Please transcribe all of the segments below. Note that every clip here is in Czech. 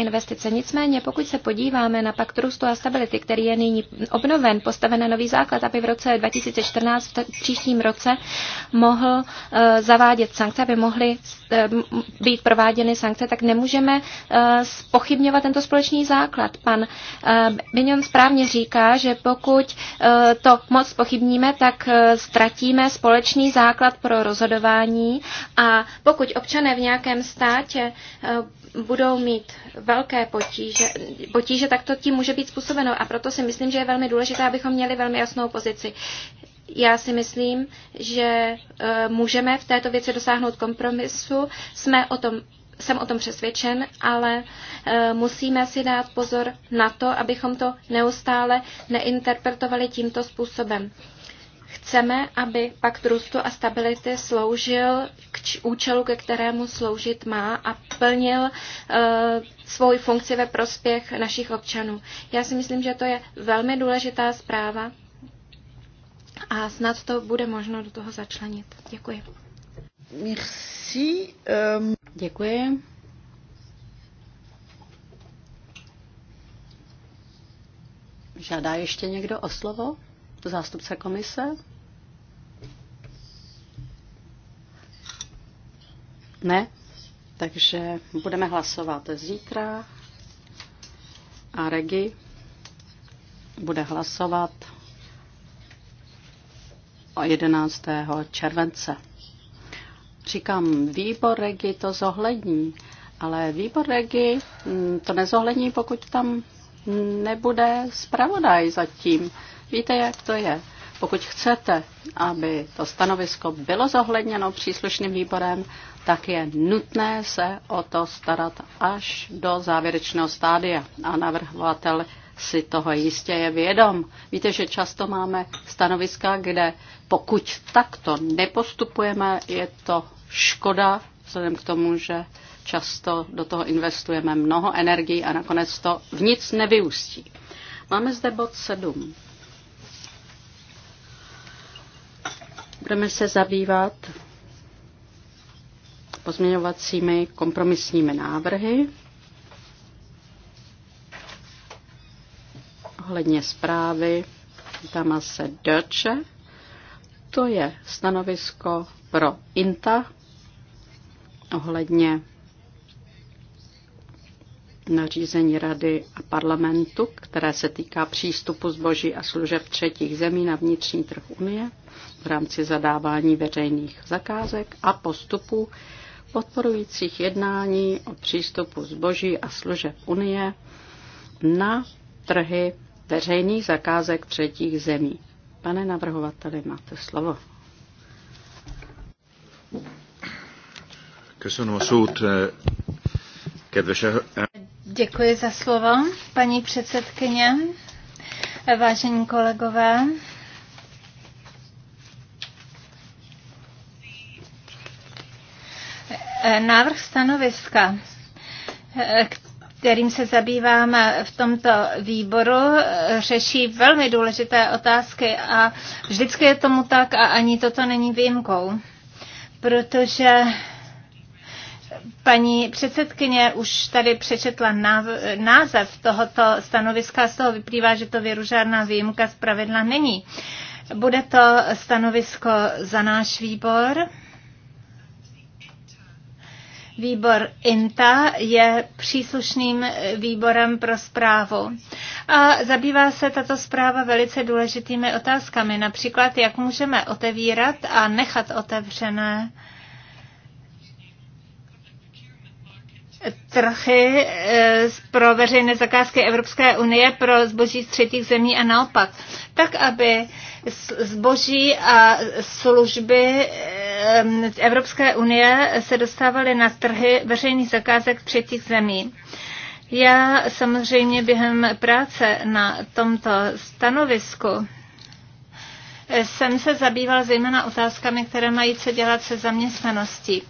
investice. Nicméně, pokud se podíváme na pakt růstu a stability, který je nyní obnoven, postaven na nový základ, aby v roce 2014, v příštím roce, mohl eh, zavádět sankce, aby mohly eh, být prováděny sankce, tak nemůžeme eh, pochybňovat tento společný základ. Pan Binion správně říká, že pokud to moc pochybníme, tak ztratíme společný základ pro rozhodování a pokud občané v nějakém státě budou mít velké potíže, potíže, tak to tím může být způsobeno. A proto si myslím, že je velmi důležité, abychom měli velmi jasnou pozici. Já si myslím, že e, můžeme v této věci dosáhnout kompromisu. Jsme o tom jsem o tom přesvědčen, ale e, musíme si dát pozor na to, abychom to neustále neinterpretovali tímto způsobem. Chceme, aby pak růstu a stability sloužil k účelu, ke kterému sloužit má a plnil uh, svoji funkci ve prospěch našich občanů. Já si myslím, že to je velmi důležitá zpráva a snad to bude možno do toho začlenit. Děkuji. Merci. Um... Děkuji. Žádá ještě někdo o slovo? Zástupce komise? Ne? Takže budeme hlasovat zítra a Regi bude hlasovat o 11. července. Říkám, výbor Regi to zohlední, ale výbor Regi mm, to nezohlední, pokud tam nebude zpravodaj zatím. Víte, jak to je? Pokud chcete, aby to stanovisko bylo zohledněno příslušným výborem, tak je nutné se o to starat až do závěrečného stádia. A navrhovatel si toho jistě je vědom. Víte, že často máme stanoviska, kde pokud takto nepostupujeme, je to škoda, vzhledem k tomu, že často do toho investujeme mnoho energií a nakonec to v nic nevyústí. Máme zde bod 7. Budeme se zabývat pozměňovacími kompromisními návrhy ohledně zprávy Damase Dörče. To je stanovisko pro INTA ohledně nařízení Rady a parlamentu, které se týká přístupu zboží a služeb třetích zemí na vnitřní trh Unie v rámci zadávání veřejných zakázek a postupů podporujících jednání o přístupu zboží a služeb Unie na trhy veřejných zakázek třetích zemí. Pane navrhovateli, máte slovo. Köszönöm a szót, kedves Děkuji za slovo, paní předsedkyně, vážení kolegové. Návrh stanoviska, kterým se zabýváme v tomto výboru, řeší velmi důležité otázky a vždycky je tomu tak a ani toto není výjimkou, protože Paní předsedkyně už tady přečetla název tohoto stanoviska, z toho vyplývá, že to věru žádná výjimka z pravidla není. Bude to stanovisko za náš výbor. Výbor INTA je příslušným výborem pro zprávu. A zabývá se tato zpráva velice důležitými otázkami, například jak můžeme otevírat a nechat otevřené uh, trhy eh, pro veřejné zakázky Evropské unie pro zboží z třetích zemí a naopak. Tak, aby zboží a služby eh, Evropské unie se dostávaly na trhy veřejných zakázek třetích zemí. Já samozřejmě během práce na tomto stanovisku jsem se zabýval zejména otázkami, které mají co dělat se zaměstnaností.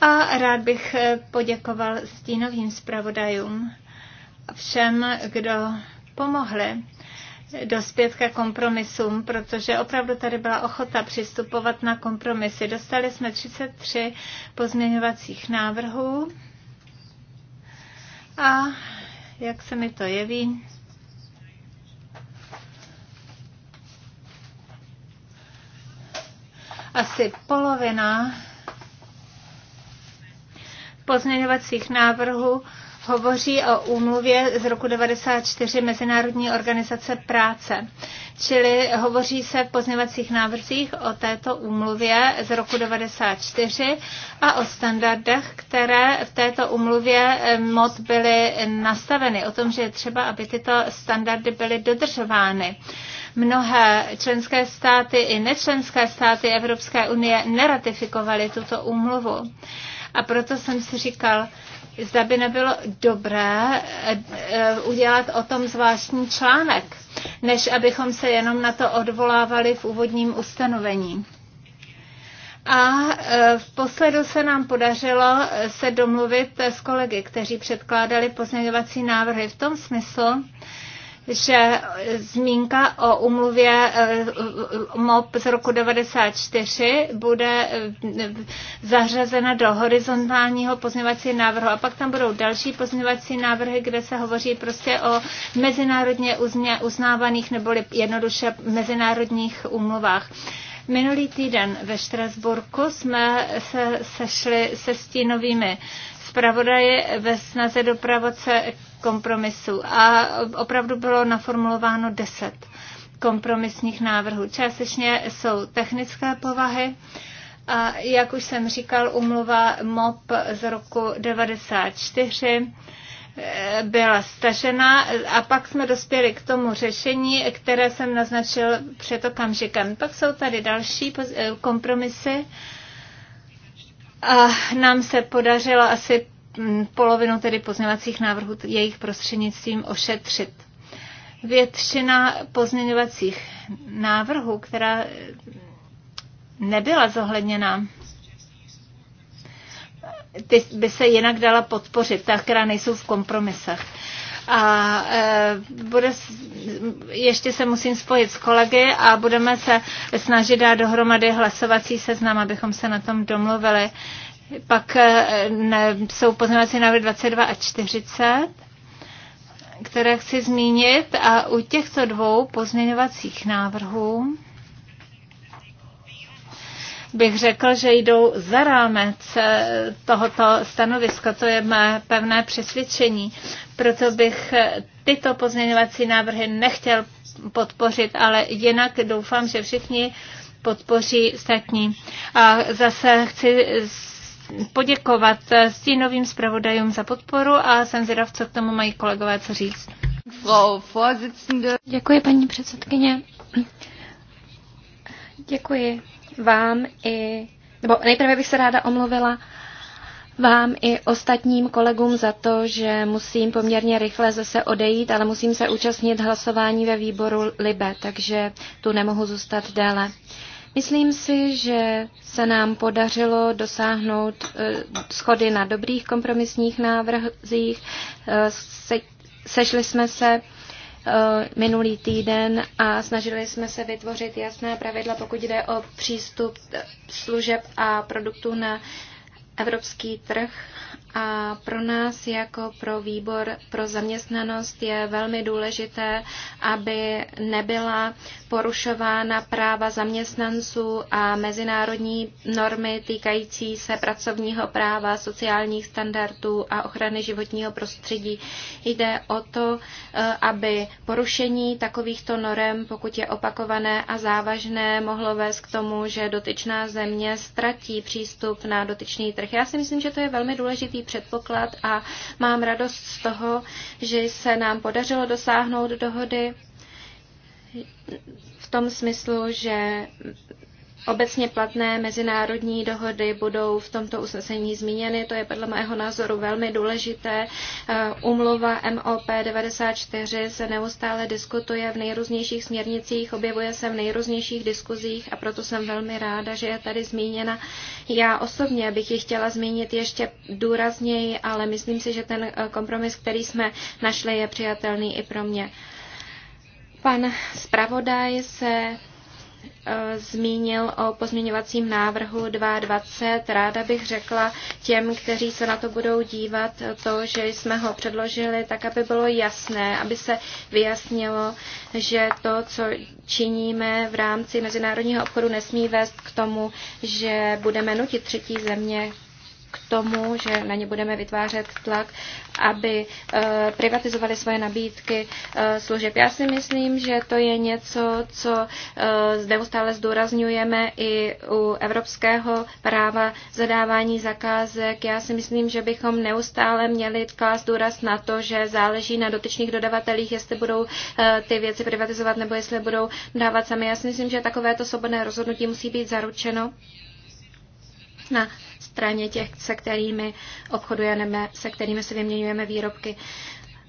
A rád bych eh, poděkoval stínovým zpravodajům a všem, kdo pomohli dospět ke kompromisům, protože opravdu tady byla ochota přistupovat na kompromisy. Dostali jsme 33 pozměňovacích návrhů a jak se mi to jeví, Asi polovina pozměňovacích návrhů hovoří o úmluvě z roku 1994 Mezinárodní organizace práce. Čili hovoří se v pozněvacích návrzích o této úmluvě z roku 1994 a o standardech, které v této úmluvě eh, moc byly nastaveny. O tom, že je třeba, aby tyto standardy byly dodržovány. Mnohé členské státy i nečlenské státy Evropské unie neratifikovaly tuto úmluvu. A proto jsem si říkal, zda by nebylo dobré e, e, udělat o tom zvláštní článek, než abychom se jenom na to odvolávali v úvodním ustanovení. A e, v posledu se nám podařilo se domluvit s kolegy, kteří předkládali pozměňovací návrhy v tom smyslu, že zmínka o umluvě eh, MOP z roku 94 bude eh, zařazena do horizontálního pozměvací návrhu. A pak tam budou další pozměvací návrhy, kde se hovoří prostě o mezinárodně uznávaných neboli jednoduše mezinárodních umluvách. Minulý týden ve Štrasburku jsme se sešli se stínovými zpravodaji ve snaze dopravoce kompromisů a opravdu bylo naformulováno deset kompromisních návrhů. Částečně jsou technické povahy a jak už jsem říkal, umluva MOP z roku 94 eh, byla stažena a pak jsme dospěli k tomu řešení, které jsem naznačil před okamžikem. Pak jsou tady další eh, kompromisy a nám se podařilo asi Mm, polovinu tedy pozměňovacích návrhů jejich prostřednictvím ošetřit. Většina pozměňovacích návrhů, která nebyla zohledněna, ty by se jinak dala podpořit, ta, která nejsou v kompromisech. A e, bude, ještě se musím spojit s kolegy a budeme se snažit dát dohromady hlasovací seznam, abychom se na tom domluvili. E, pak eh, ne, jsou poznávací návrhy 22 a 40, které chci zmínit. A u těchto dvou pozměňovacích návrhů bych řekl, že jdou za rámec eh, tohoto stanoviska. To je mé pevné přesvědčení. Proto bych eh, tyto pozměňovací návrhy nechtěl podpořit, ale jinak doufám, že všichni podpoří statní. A zase chci poděkovat stínovým zpravodajům za podporu a jsem zvědav, co k tomu mají kolegové co říct. Děkuji, paní předsedkyně. Děkuji vám i, nebo nejprve bych se ráda omluvila vám i ostatním kolegům za to, že musím poměrně rychle zase odejít, ale musím se účastnit hlasování ve výboru LIBE, takže tu nemohu zůstat déle. Myslím si, že se nám podařilo dosáhnout eh, schody na dobrých kompromisních návrzích. Eh, se, sešli jsme se eh, minulý týden a snažili jsme se vytvořit jasná pravidla, pokud jde o přístup služeb a produktů na evropský trh a pro nás jako pro výbor pro zaměstnanost je velmi důležité, aby nebyla porušována práva zaměstnanců a mezinárodní normy týkající se pracovního práva, sociálních standardů a ochrany životního prostředí. Jde o to, eh, aby porušení takovýchto norem, pokud je opakované a závažné, mohlo vést k tomu, že dotyčná země ztratí přístup na dotyčný trh. Já si myslím, že to je velmi důležitý velký předpoklad a mám radost z toho, že se nám podařilo dosáhnout dohody v tom smyslu, že obecně platné mezinárodní dohody budou v tomto usnesení zmíněny. To je podle mého názoru velmi důležité. Eh, umluva MOP 94 se neustále diskutuje v nejrůznějších směrnicích, objevuje se v nejrůznějších diskuzích a proto jsem velmi ráda, že je tady zmíněna. Já osobně bych ji chtěla zmínit ještě důrazněji, ale myslím si, že ten eh, kompromis, který jsme našli, je přijatelný i pro mě. Pan zpravodaj se Eh, zmínil o pozměňovacím návrhu 22. Ráda bych řekla těm, kteří se na to budou dívat, to, že jsme ho předložili tak, aby bylo jasné, aby se vyjasnilo, že to, co činíme v rámci mezinárodního obchodu, nesmí vést k tomu, že budeme nutit třetí země k tomu, že na ně budeme vytvářet tlak, aby eh, privatizovali svoje nabídky eh, služeb. Já si myslím, že to je něco, co zde eh, ustále zdůrazňujeme i u evropského práva zadávání zakázek. Já si myslím, že bychom neustále měli klást důraz na to, že záleží na dotyčných dodavatelích, jestli budou ty věci privatizovat nebo jestli budou dávat sami. Já si myslím, že takovéto svobodné rozhodnutí musí být zaručeno na straně těch, se kterými obchodujeme, se kterými si vyměňujeme výrobky.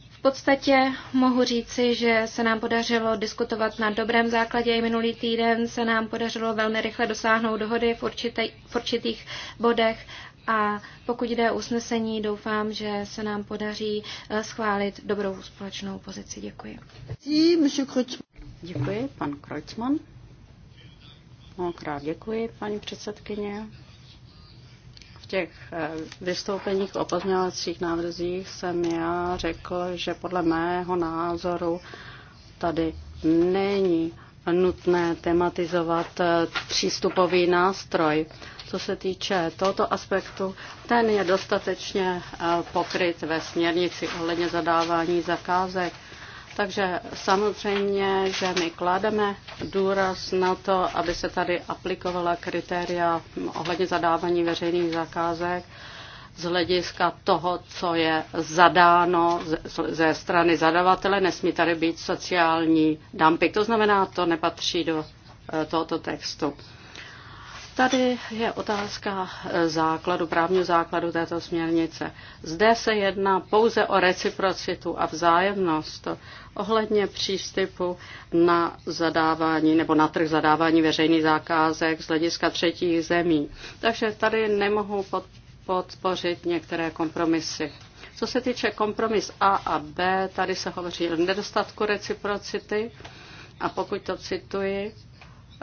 V podstatě mohu říci, že se nám podařilo diskutovat na dobrém základě. I minulý týden se nám podařilo velmi rychle dosáhnout dohody v, určitý, v určitých bodech a pokud jde o usnesení, doufám, že se nám podaří eh, schválit dobrou společnou pozici. Děkuji. Děkuji, pan Kreutzmann. Mnohokrát děkuji, paní předsedkyně těch eh, vystoupeních o pozměňovacích návrzích jsem já řekl, že podle mého názoru tady není nutné tematizovat přístupový eh, nástroj. Co se týče tohoto aspektu, ten je dostatečně eh, pokryt ve směrnici ohledně zadávání zakázek. Takže samozřejmě, že my klademe důraz na to, aby se tady aplikovala kritéria ohledně zadávání veřejných zakázek z hlediska toho, co je zadáno ze strany zadavatele. Nesmí tady být sociální dumping. To znamená, to nepatří do eh, tohoto textu. Tady je otázka eh, základu, právního základu této směrnice. Zde se jedná pouze o reciprocitu a vzájemnost ohledně přístupu na zadávání nebo na trh zadávání veřejných zakázek z hlediska třetích zemí. Takže tady nemohu podpořit některé kompromisy. Co se týče kompromis A a B, tady se hovoří o nedostatku reciprocity a pokud to cituji,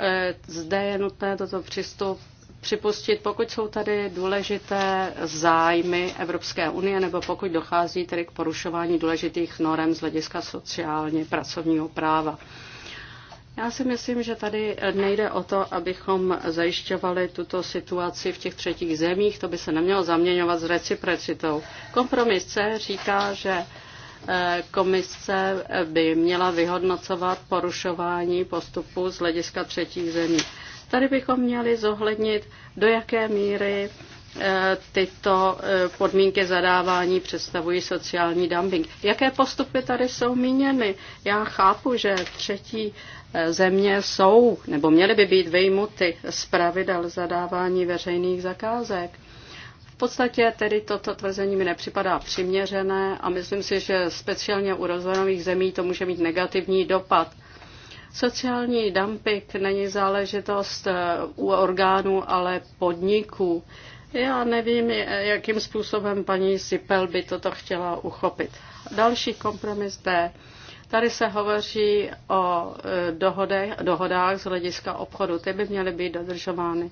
Eh, zde je nutné toto přistup připustit, pokud jsou tady důležité zájmy Evropské unie nebo pokud dochází tedy k porušování důležitých norem z hlediska sociálně pracovního práva. Já si myslím, že tady nejde o to, abychom zajišťovali tuto situaci v těch třetích zemích, to by se nemělo zaměňovat s reciprocitou. Kompromis C říká, že komise by měla vyhodnocovat porušování postupu z hlediska třetích zemí. Tady bychom měli zohlednit, do jaké míry eh, tyto eh, podmínky zadávání představují sociální dumping. Jaké postupy tady jsou míněny? Já chápu, že třetí eh, země jsou, nebo měly by být vyjmuty z pravidel zadávání veřejných zakázek podstatě tedy toto tvrzení mi nepřipadá přiměřené a myslím si, že speciálně u rozvojových zemí to může mít negativní dopad. Sociální dumping není záležitost eh, u orgánů, ale podniků. Já nevím, jakým způsobem paní Sipel by toto chtěla uchopit. Další kompromis B. Tady se hovoří o eh, dohodách z hlediska obchodu. Ty by měly být dodržovány.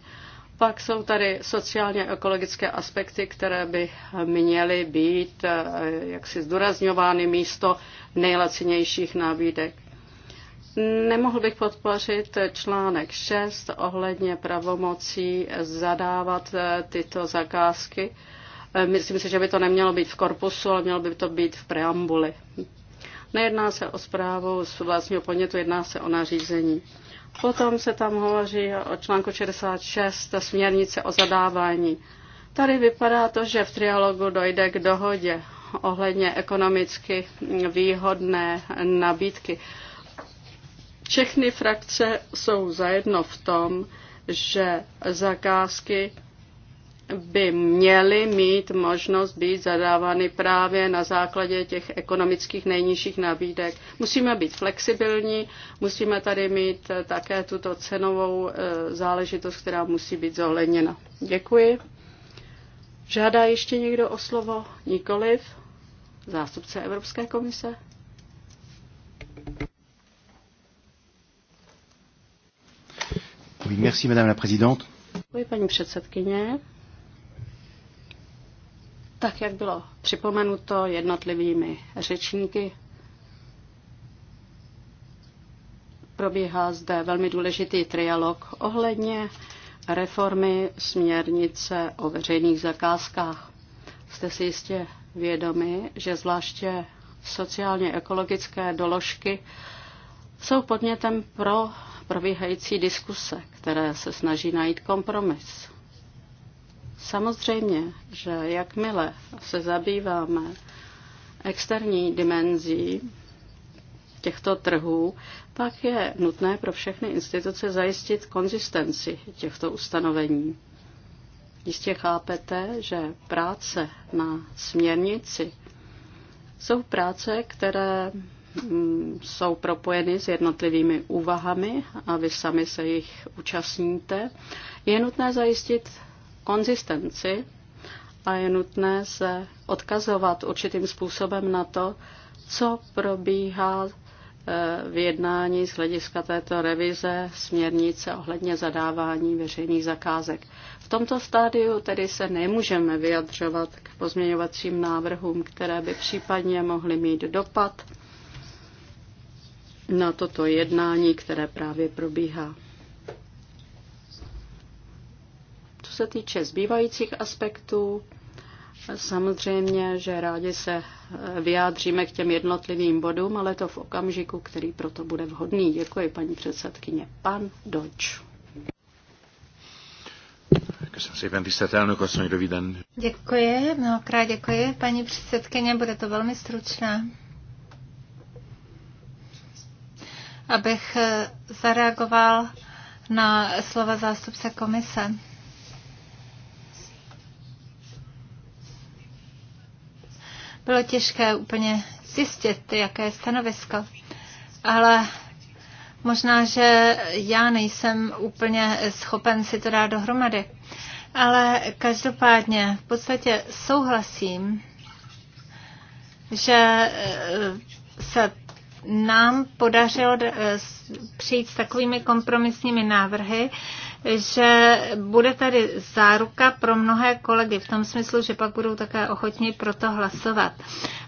Pak jsou tady sociálně ekologické aspekty, které by měly být eh, jaksi zdůrazňovány místo nejlacinějších nabídek. Nemohl bych podpořit článek 6 ohledně pravomocí zadávat eh, tyto zakázky. Eh, myslím si, že by to nemělo být v korpusu, ale mělo by to být v preambuli. Nejedná se o zprávu z vlastního podnětu, jedná se o nařízení. Potom se tam hovoří o článku 66 směrnice o zadávání. Tady vypadá to, že v trialogu dojde k dohodě ohledně ekonomicky výhodné nabídky. Všechny frakce jsou zajedno v tom, že zakázky by měly mít možnost být zadávány právě na základě těch ekonomických nejnižších nabídek. Musíme být flexibilní, musíme tady mít eh, také tuto cenovou eh, záležitost, která musí být zohledněna. Děkuji. Žádá ještě někdo o slovo? Nikoliv. Zástupce Evropské komise? Oui, merci, madame la présidente. Děkuji, paní předsedkyně. Tak, jak bylo připomenuto jednotlivými řečníky, probíhá zde velmi důležitý trialog ohledně reformy směrnice o veřejných zakázkách. Jste si jistě vědomi, že zvláště sociálně-ekologické doložky jsou podnětem pro probíhající diskuse, které se snaží najít kompromis. Samozřejmě, že jakmile se zabýváme externí dimenzí těchto trhů, pak je nutné pro všechny instituce zajistit konzistenci těchto ustanovení. Jistě chápete, že práce na směrnici jsou práce, které mm, jsou propojeny s jednotlivými úvahami a vy sami se jich účastníte. Je nutné zajistit konzistenci a je nutné se odkazovat určitým způsobem na to, co probíhá e, v jednání z hlediska této revize směrnice ohledně zadávání veřejných zakázek. V tomto stádiu tedy se nemůžeme vyjadřovat k pozměňovacím návrhům, které by případně mohly mít dopad na toto jednání, které právě probíhá. se týče zbývajících aspektů, samozřejmě, že rádi se vyjádříme k těm jednotlivým bodům, ale to v okamžiku, který proto bude vhodný. Děkuji, paní předsedkyně. Pan Doč. Děkuji, mnohokrát děkuji. Paní předsedkyně, bude to velmi stručné. Abych zareagoval na slova zástupce komise. Bylo těžké úplně zjistit, jaké je stanovisko. Ale možná, že já nejsem úplně schopen si to dát dohromady. Ale každopádně v podstatě souhlasím, že eh, se nám podařilo eh, přijít s takovými kompromisními návrhy, že bude tady záruka pro mnohé kolegy v tom smyslu, že pak budou také ochotní pro to hlasovat.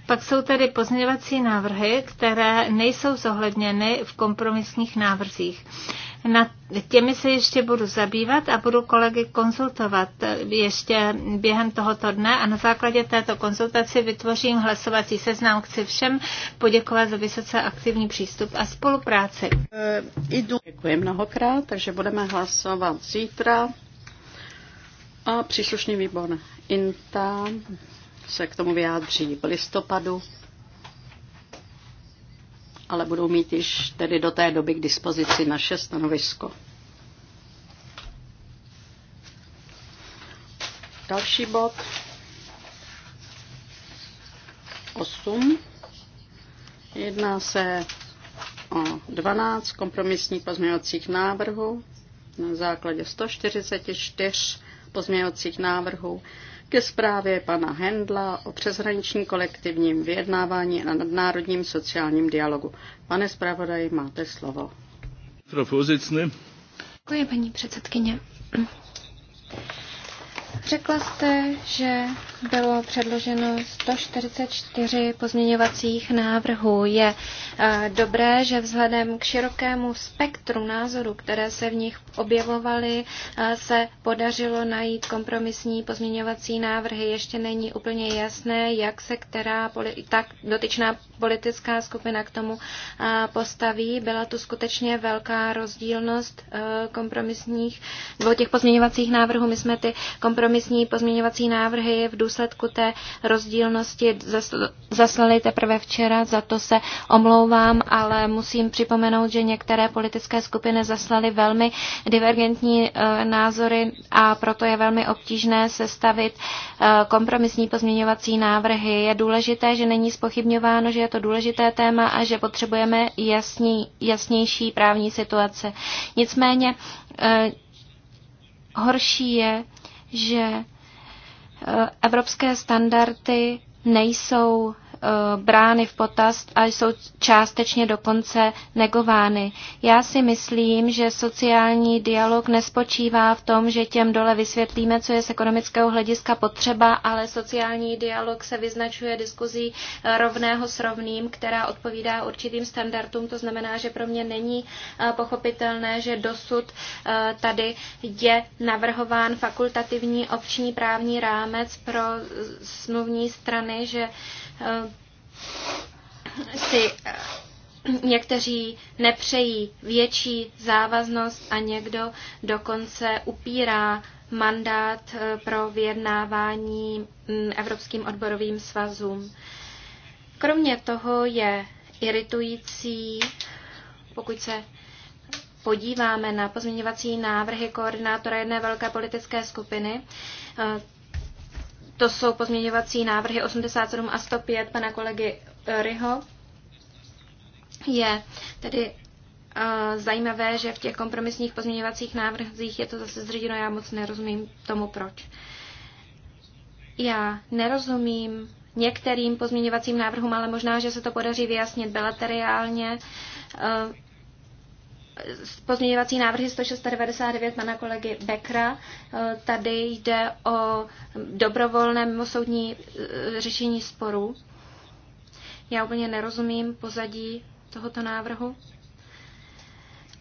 Pak jsou tady pozměňovací návrhy, které nejsou zohledněny v kompromisních návrzích. Na těmi se ještě budu zabývat a budu kolegy konzultovat ještě během tohoto dne a na základě této konzultaci vytvořím hlasovací seznam. Chci všem poděkovat za vysoce aktivní přístup a spolupráci. Eh, Děkuji mnohokrát, takže budeme hlasovat zítra a příslušný výbor INTA se k tomu vyjádří v listopadu ale budou mít již tedy do té doby k dispozici naše stanovisko. Další bod 8. Jedná se o 12 kompromisních pozměňovacích návrhů na základě 144 pozměňovacích návrhů ke zprávě pana Hendla o přeshraničním kolektivním vyjednávání a nadnárodním sociálním dialogu. Pane zpravodaji, máte slovo. Děkuji, paní předsedkyně. Řekla jste, že bylo předloženo 144 pozměňovacích návrhů. Je eh, dobré, že vzhledem k širokému spektru názorů, které se v nich objevovaly, eh, se podařilo najít kompromisní pozměňovací návrhy. Ještě není úplně jasné, jak se která tak dotyčná politická skupina k tomu eh, postaví. Byla tu skutečně velká rozdílnost kompromisních, dvou těch pozměňovacích návrhů. My jsme ty kompromisní pozměňovací návrhy v důsledku té rozdílnosti zaslali teprve včera, za to se omlouvám, ale musím připomenout, že některé politické skupiny zaslali velmi divergentní eh, názory a proto je velmi obtížné sestavit eh, kompromisní pozměňovací návrhy. Je důležité, že není spochybňováno, že je to důležité téma a že potřebujeme jasný, jasnější právní situace. Nicméně eh, horší je, že Eh, evropské standardy nejsou Eh, brány v potaz a jsou částečně dokonce negovány. Já si myslím, že sociální dialog nespočívá v tom, že těm dole vysvětlíme, co je z ekonomického hlediska potřeba, ale sociální dialog se vyznačuje diskuzí eh, rovného s rovným, která odpovídá určitým standardům. To znamená, že pro mě není eh, pochopitelné, že dosud tady je navrhován fakultativní obční právní rámec pro smluvní strany, že uh, Eh, si eh, někteří nepřejí větší závaznost a někdo dokonce upírá mandát eh, pro vyjednávání mm, Evropským odborovým svazům. Kromě toho je iritující, pokud se podíváme na pozměňovací návrhy koordinátora jedné velké politické skupiny, to jsou pozměňovací návrhy 87 a 105 pana kolegy eh, Ryho. Je tedy uh, zajímavé, že v těch kompromisních pozměňovacích návrzích je to zase zředěno, já moc nerozumím tomu, proč. Já nerozumím některým pozměňovacím návrhům, ale možná, že se to podaří vyjasnit bilateriálně. Uh, pozměňovací návrhy 1699 pana kolegy Bekra. Eh, tady jde o dobrovolné mimosoudní eh, řešení sporů. Já úplně nerozumím pozadí tohoto návrhu.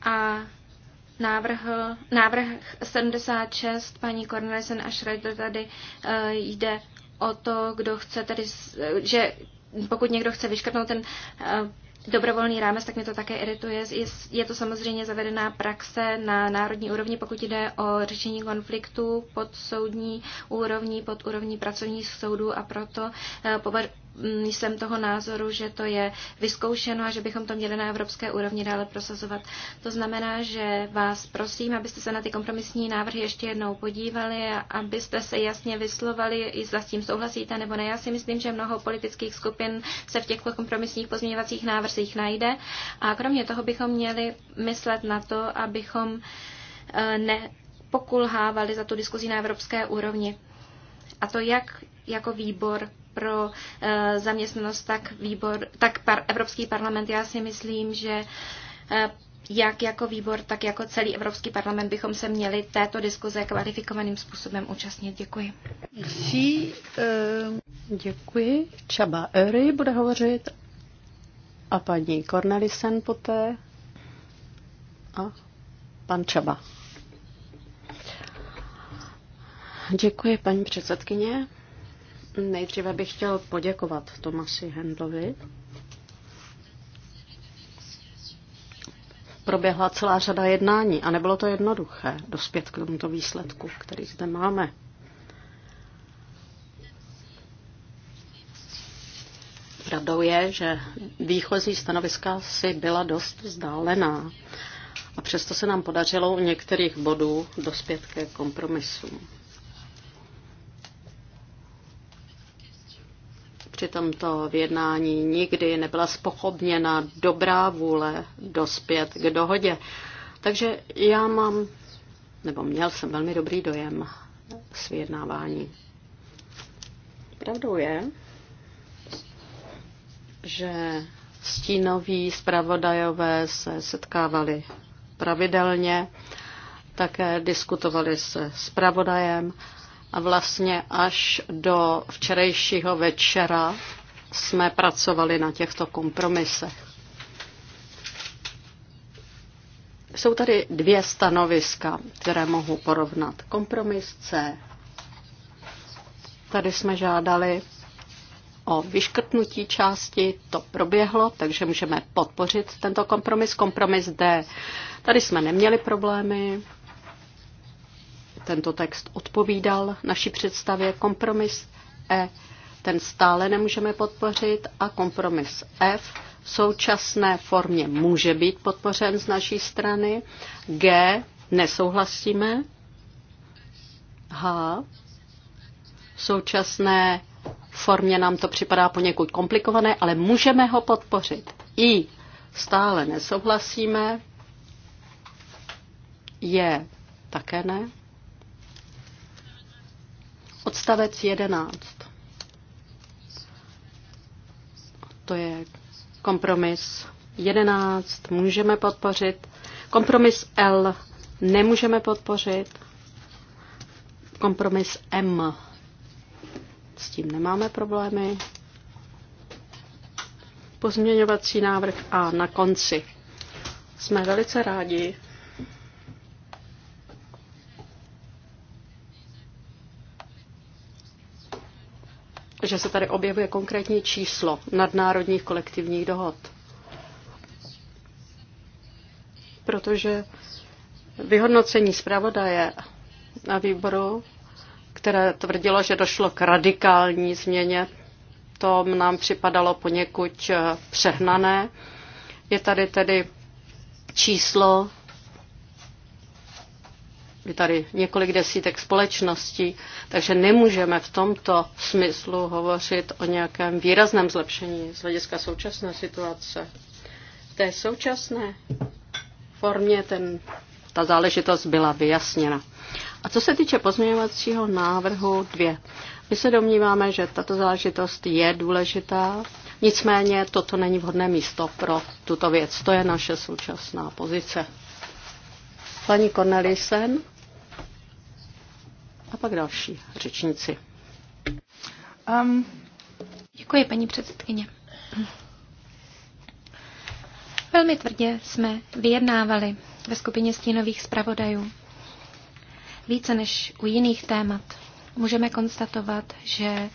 A návrh, návrh 76 paní Cornelisen a Schroeder tady eh, jde o to, kdo chce tady, že pokud někdo chce vyškrtnout ten dobrovolný rámec, tak mě to také irituje. Je to samozřejmě zavedená praxe na národní úrovni, pokud jde o řešení konfliktu pod soudní úrovní, pod úrovní pracovních soudů a proto eh, jsem toho názoru, že to je vyzkoušeno a že bychom to měli na evropské úrovni dále prosazovat. To znamená, že vás prosím, abyste se na ty kompromisní návrhy ještě jednou podívali a abyste se jasně vyslovali, jestli s tím souhlasíte nebo ne. Já si myslím, že mnoho politických skupin se v těchto kompromisních pozměňovacích návrzích najde a kromě toho bychom měli myslet na to, abychom eh, ne pokulhávali za tu diskuzi na evropské úrovni. A to jak jako výbor pro eh, zaměstnanost, tak, výbor, tak par, Evropský parlament. Já si myslím, že eh, jak jako výbor, tak jako celý Evropský parlament bychom se měli této diskuze kvalifikovaným způsobem účastnit. Děkuji. Merci. Eh. Děkuji. Čaba Öry bude hovořit a paní Cornelisen poté a pan Čaba. Děkuji, paní předsedkyně. Nejdříve bych chtěl poděkovat Tomasi Hendlovi. Proběhla celá řada jednání a nebylo to jednoduché dospět k tomuto výsledku, který zde máme. Pravdou je, že výchozí stanoviska si byla dost vzdálená a přesto se nám podařilo u některých bodů dospět ke kompromisům. při tomto vyjednání nikdy nebyla spochobněna dobrá vůle dospět k dohodě. Takže já mám, nebo měl jsem velmi dobrý dojem s vyjednávání. Pravdou je, že stínoví zpravodajové se setkávali pravidelně, také diskutovali se zpravodajem a vlastně až do včerejšího večera jsme pracovali na těchto kompromisech. Jsou tady dvě stanoviska, které mohu porovnat. Kompromis C. Tady jsme žádali o vyškrtnutí části, to proběhlo, takže můžeme podpořit tento kompromis. Kompromis D. Tady jsme neměli problémy, tento text odpovídal naší představě kompromis E. Ten stále nemůžeme podpořit a kompromis F v současné formě může být podpořen z naší strany. G nesouhlasíme. H v současné formě nám to připadá poněkud komplikované, ale můžeme ho podpořit. I stále nesouhlasíme. Je také ne odstavec 11. To je kompromis 11, můžeme podpořit. Kompromis L nemůžeme podpořit. Kompromis M. S tím nemáme problémy. Pozměňovací návrh A na konci. Jsme velice rádi, že se tady objevuje konkrétní číslo nadnárodních kolektivních dohod. Protože vyhodnocení zpravodaje na výboru, které tvrdilo, že došlo k radikální změně, to nám připadalo poněkud eh, přehnané. Je tady tedy číslo je tady několik desítek společností, takže nemůžeme v tomto smyslu hovořit o nějakém výrazném zlepšení z hlediska současné situace. V té současné formě ten, ta záležitost byla vyjasněna. A co se týče pozměňovacího návrhu 2, my se domníváme, že tato záležitost je důležitá, nicméně toto není vhodné místo pro tuto věc. To je naše současná pozice. Paní Cornelisen, a pak další řečníci. Um, děkuji, paní předsedkyně. Velmi tvrdě jsme vyjednávali ve skupině stínových zpravodajů. Více než u jiných témat můžeme konstatovat, že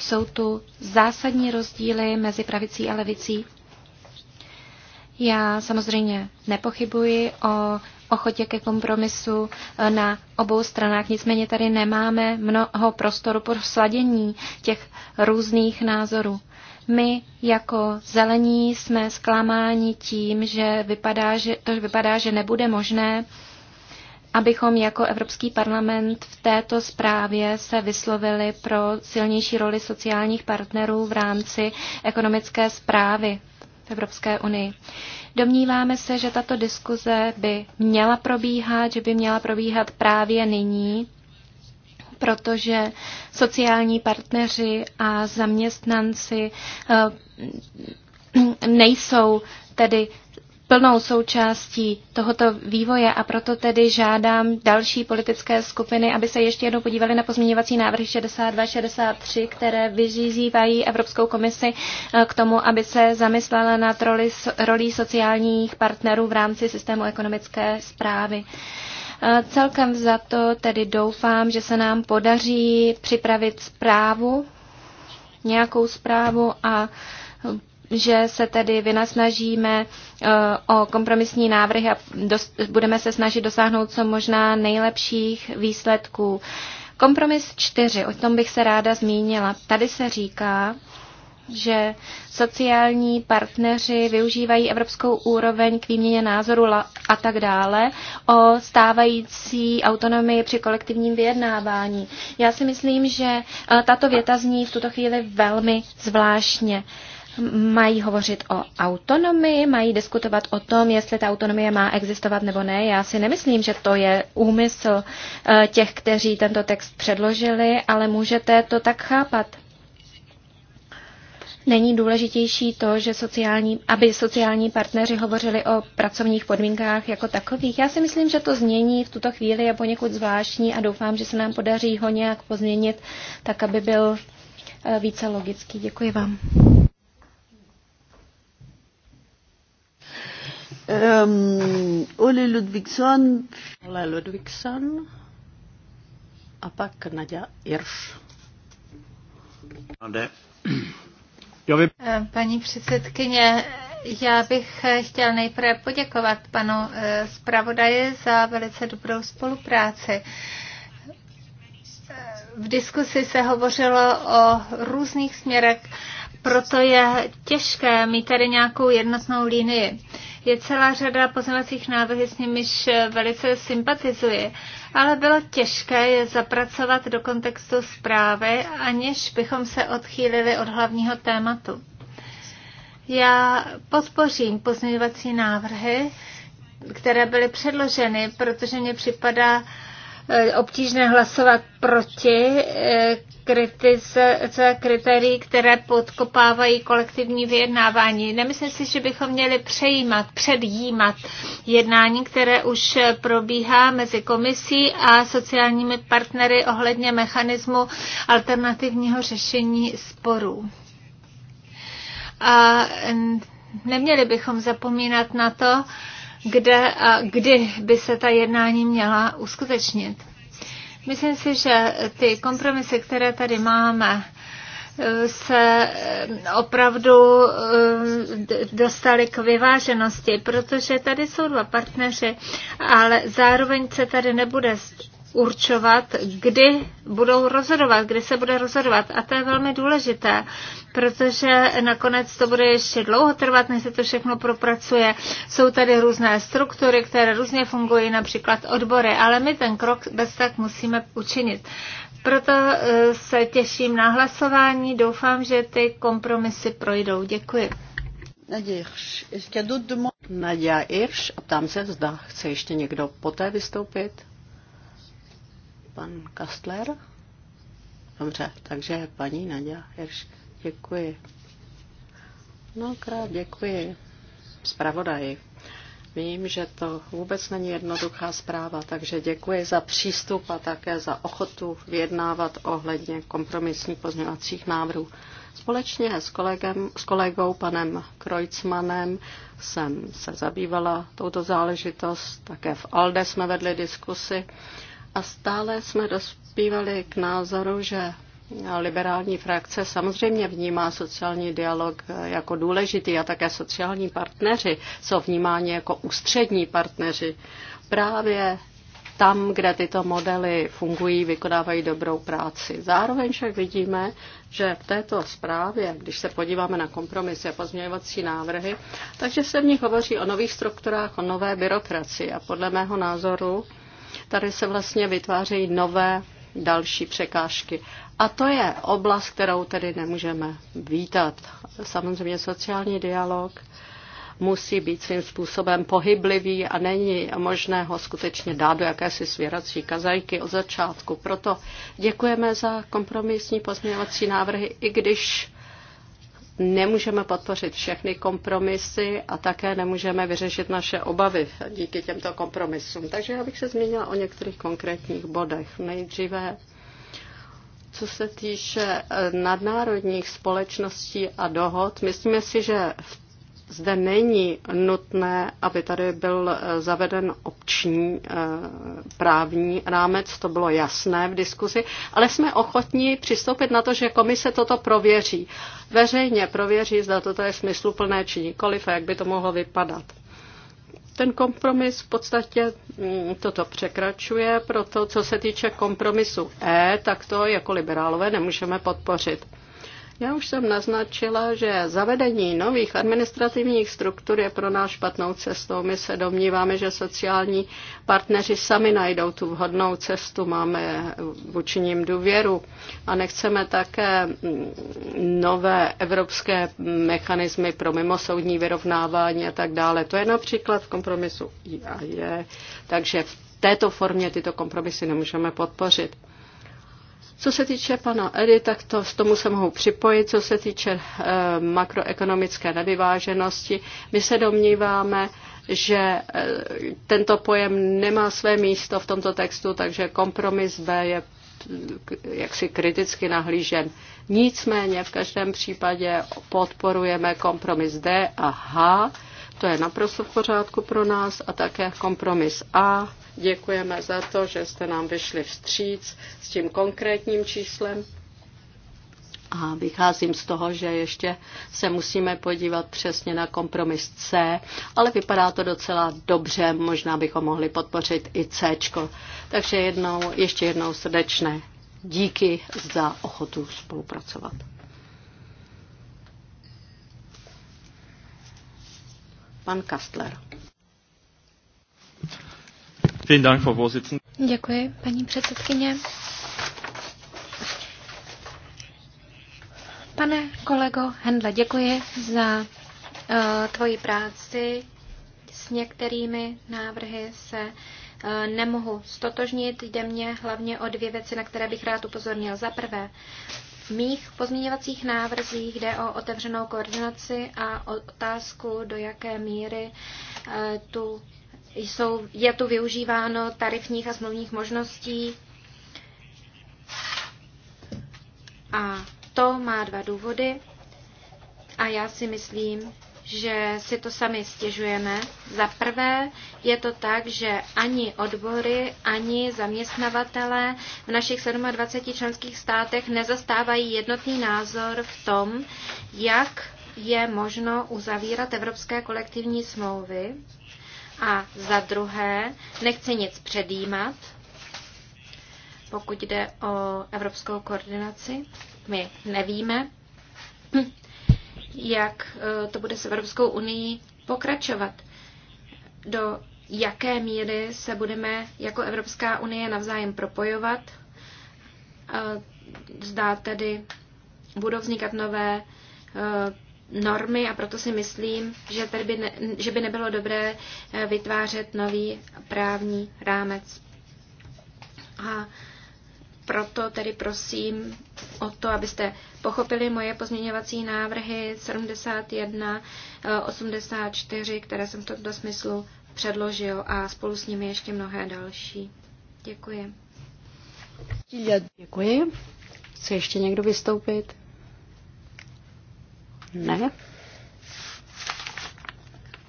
jsou tu zásadní rozdíly mezi pravicí a levicí. Já samozřejmě nepochybuji o ochotě ke kompromisu eh, na obou stranách. Nicméně tady nemáme mnoho prostoru pro sladění těch různých názorů. My jako zelení jsme zklamáni tím, že vypadá, že, to vypadá, že nebude možné, abychom jako Evropský parlament v této zprávě se vyslovili pro silnější roli sociálních partnerů v rámci ekonomické zprávy v Evropské unii. Domníváme se, že tato diskuze by měla probíhat, že by měla probíhat právě nyní, protože sociální partneři a zaměstnanci eh, nejsou tedy plnou součástí tohoto vývoje a proto tedy žádám další politické skupiny, aby se ještě jednou podívali na pozměňovací návrhy 62-63, které vyzývají Evropskou komisi eh, k tomu, aby se zamyslela nad roli, rolí sociálních partnerů v rámci systému ekonomické zprávy. Eh, celkem za to tedy doufám, že se nám podaří připravit zprávu, nějakou zprávu a že se tedy vynasnažíme eh, o kompromisní návrhy a budeme se snažit dosáhnout co možná nejlepších výsledků. Kompromis čtyři. o tom bych se ráda zmínila. Tady se říká, že sociální partneři využívají evropskou úroveň k výměně názoru a tak dále o stávající autonomii při kolektivním vyjednávání. Já si myslím, že eh, tato věta zní v tuto chvíli velmi zvláštně. Uh, Mají hovořit o autonomii, mají diskutovat o tom, jestli ta autonomie má existovat nebo ne. Já si nemyslím, že to je úmysl eh, těch, kteří tento text předložili, ale můžete to tak chápat. Není důležitější to, že sociální, aby sociální partneři hovořili o pracovních podmínkách jako takových. Já si myslím, že to změní v tuto chvíli je poněkud zvláštní a doufám, že se nám podaří ho nějak pozměnit tak, aby byl eh, více logický. Děkuji vám. Um, Ole Ludvíkson. Ole Ludvíkson. A pak Nadia Irš. Eh, paní předsedkyně, já bych eh, chtěl nejprve poděkovat panu eh, zpravodaji za velice dobrou spolupráci. V diskusi se hovořilo o různých směrech proto je těžké mít tady nějakou jednotnou linii. Je celá řada pozemacích návrhů, s nimiž velice sympatizuji, ale bylo těžké je zapracovat do kontextu zprávy, aniž bychom se odchýlili od hlavního tématu. Já podpořím pozměňovací návrhy, které byly předloženy, protože mě připadá Eh, obtížné hlasovat proti eh, kritice kritérií, které podkopávají kolektivní vyjednávání. Nemyslím si, že bychom měli přejímat, předjímat jednání, které už probíhá mezi komisí a sociálními partnery ohledně mechanismu alternativního řešení sporů. A neměli bychom zapomínat na to, kde a kdy by se ta jednání měla uskutečnit. Myslím si, že ty kompromisy, které tady máme, eh, se eh, opravdu eh, dostali k vyváženosti, protože tady jsou dva partneři, ale zároveň se tady nebude určovat, kdy budou rozhodovat, kdy se bude rozhodovat. A to je velmi důležité, protože nakonec to bude ještě dlouho trvat, než se to všechno propracuje. Jsou tady různé struktury, které různě fungují, například odbory, ale my ten krok bez tak musíme učinit. Proto eh, se těším na hlasování, doufám, že ty kompromisy projdou. Děkuji. Naděja Irš, ptám se, zda chce ještě někdo poté vystoupit. Pan Kastler? Dobře, takže paní Nadia Hirš, děkuji. Mnohokrát děkuji zpravodaji. Vím, že to vůbec není jednoduchá zpráva, takže děkuji za přístup a také za ochotu vyjednávat ohledně kompromisních pozměňovacích návrhů. Společně s, kolegem, s kolegou panem Krojcmanem jsem se zabývala touto záležitost, také v ALDE jsme vedli diskusy a stále jsme dospívali k názoru, že liberální frakce samozřejmě vnímá sociální dialog jako důležitý a také sociální partneři jsou vnímáni jako ústřední partneři. Právě tam, kde tyto modely fungují, vykonávají dobrou práci. Zároveň však vidíme, že v této zprávě, když se podíváme na kompromisy a pozměňovací návrhy, takže se v nich hovoří o nových strukturách, o nové byrokracii a podle mého názoru tady se vlastně vytvářejí nové další překážky. A to je oblast, kterou tedy nemůžeme vítat. Samozřejmě sociální dialog musí být svým způsobem pohyblivý a není možné ho skutečně dát do jakési svěrací kazajky od začátku. Proto děkujeme za kompromisní pozměňovací návrhy, i když nemůžeme podpořit všechny kompromisy a také nemůžeme vyřešit naše obavy díky těmto kompromisům. Takže já bych se zmínila o některých konkrétních bodech. Nejdříve, co se týče nadnárodních společností a dohod, myslíme si, že v zde není nutné, aby tady byl eh, zaveden obční eh, právní rámec, to bylo jasné v diskuzi, ale jsme ochotní přistoupit na to, že komise toto prověří. Veřejně prověří, zda toto je smysluplné či nikoliv a jak by to mohlo vypadat. Ten kompromis v podstatě mm, toto překračuje, proto co se týče kompromisu E, tak to jako liberálové nemůžeme podpořit. Já už jsem naznačila, že zavedení nových administrativních struktur je pro nás špatnou cestou. My se domníváme, že sociální partneři sami najdou tu vhodnou cestu, máme vůči ním důvěru a nechceme také mm, nové evropské mechanismy pro mimosoudní vyrovnávání a tak dále. To je například v kompromisu I je, takže v této formě tyto kompromisy nemůžeme podpořit. Co se týče pana Edy, tak to, s tomu se mohu připojit. Co se týče e, makroekonomické nevyváženosti, my se domníváme, že e, tento pojem nemá své místo v tomto textu, takže kompromis B je eh, jaksi kriticky nahlížen. Nicméně v každém případě podporujeme kompromis D a H to je naprosto v pořádku pro nás a také kompromis A. Děkujeme za to, že jste nám vyšli vstříc s tím konkrétním číslem. A vycházím z toho, že ještě se musíme podívat přesně na kompromis C, ale vypadá to docela dobře, možná bychom mohli podpořit i C. Takže jednou, ještě jednou srdečné díky za ochotu spolupracovat. pan Kastler. Děkuji, paní předsedkyně. Pane kolego Hendle, děkuji za uh, tvoji práci. S některými návrhy se uh, nemohu stotožnit. Jde mě hlavně o dvě věci, na které bych rád upozornil. Za prvé, mých pozměňovacích návrzích jde o otevřenou koordinaci a otázku, do jaké míry eh, tu jsou, je tu využíváno tarifních a smluvních možností. A to má dva důvody. A já si myslím, že si to sami stěžujeme. Za prvé je to tak, že ani odbory, ani zaměstnavatele v našich 27 členských státech nezastávají jednotný názor v tom, jak je možno uzavírat evropské kolektivní smlouvy. A za druhé, nechci nic předjímat, pokud jde o evropskou koordinaci. My nevíme, jak e, to bude s Evropskou unii pokračovat. Do jaké míry se budeme jako Evropská unie navzájem propojovat. E, Zdá tedy, budou vznikat nové e, normy a proto si myslím, že, tady by, ne, že by nebylo dobré vytvářet nový právní rámec. A proto tedy prosím o to, abyste pochopili moje pozměňovací návrhy 71, 84, eh, které jsem v tomto smyslu předložil a spolu s nimi ještě mnohé další. Děkuji. Děkuji. Chce ještě někdo vystoupit? Ne.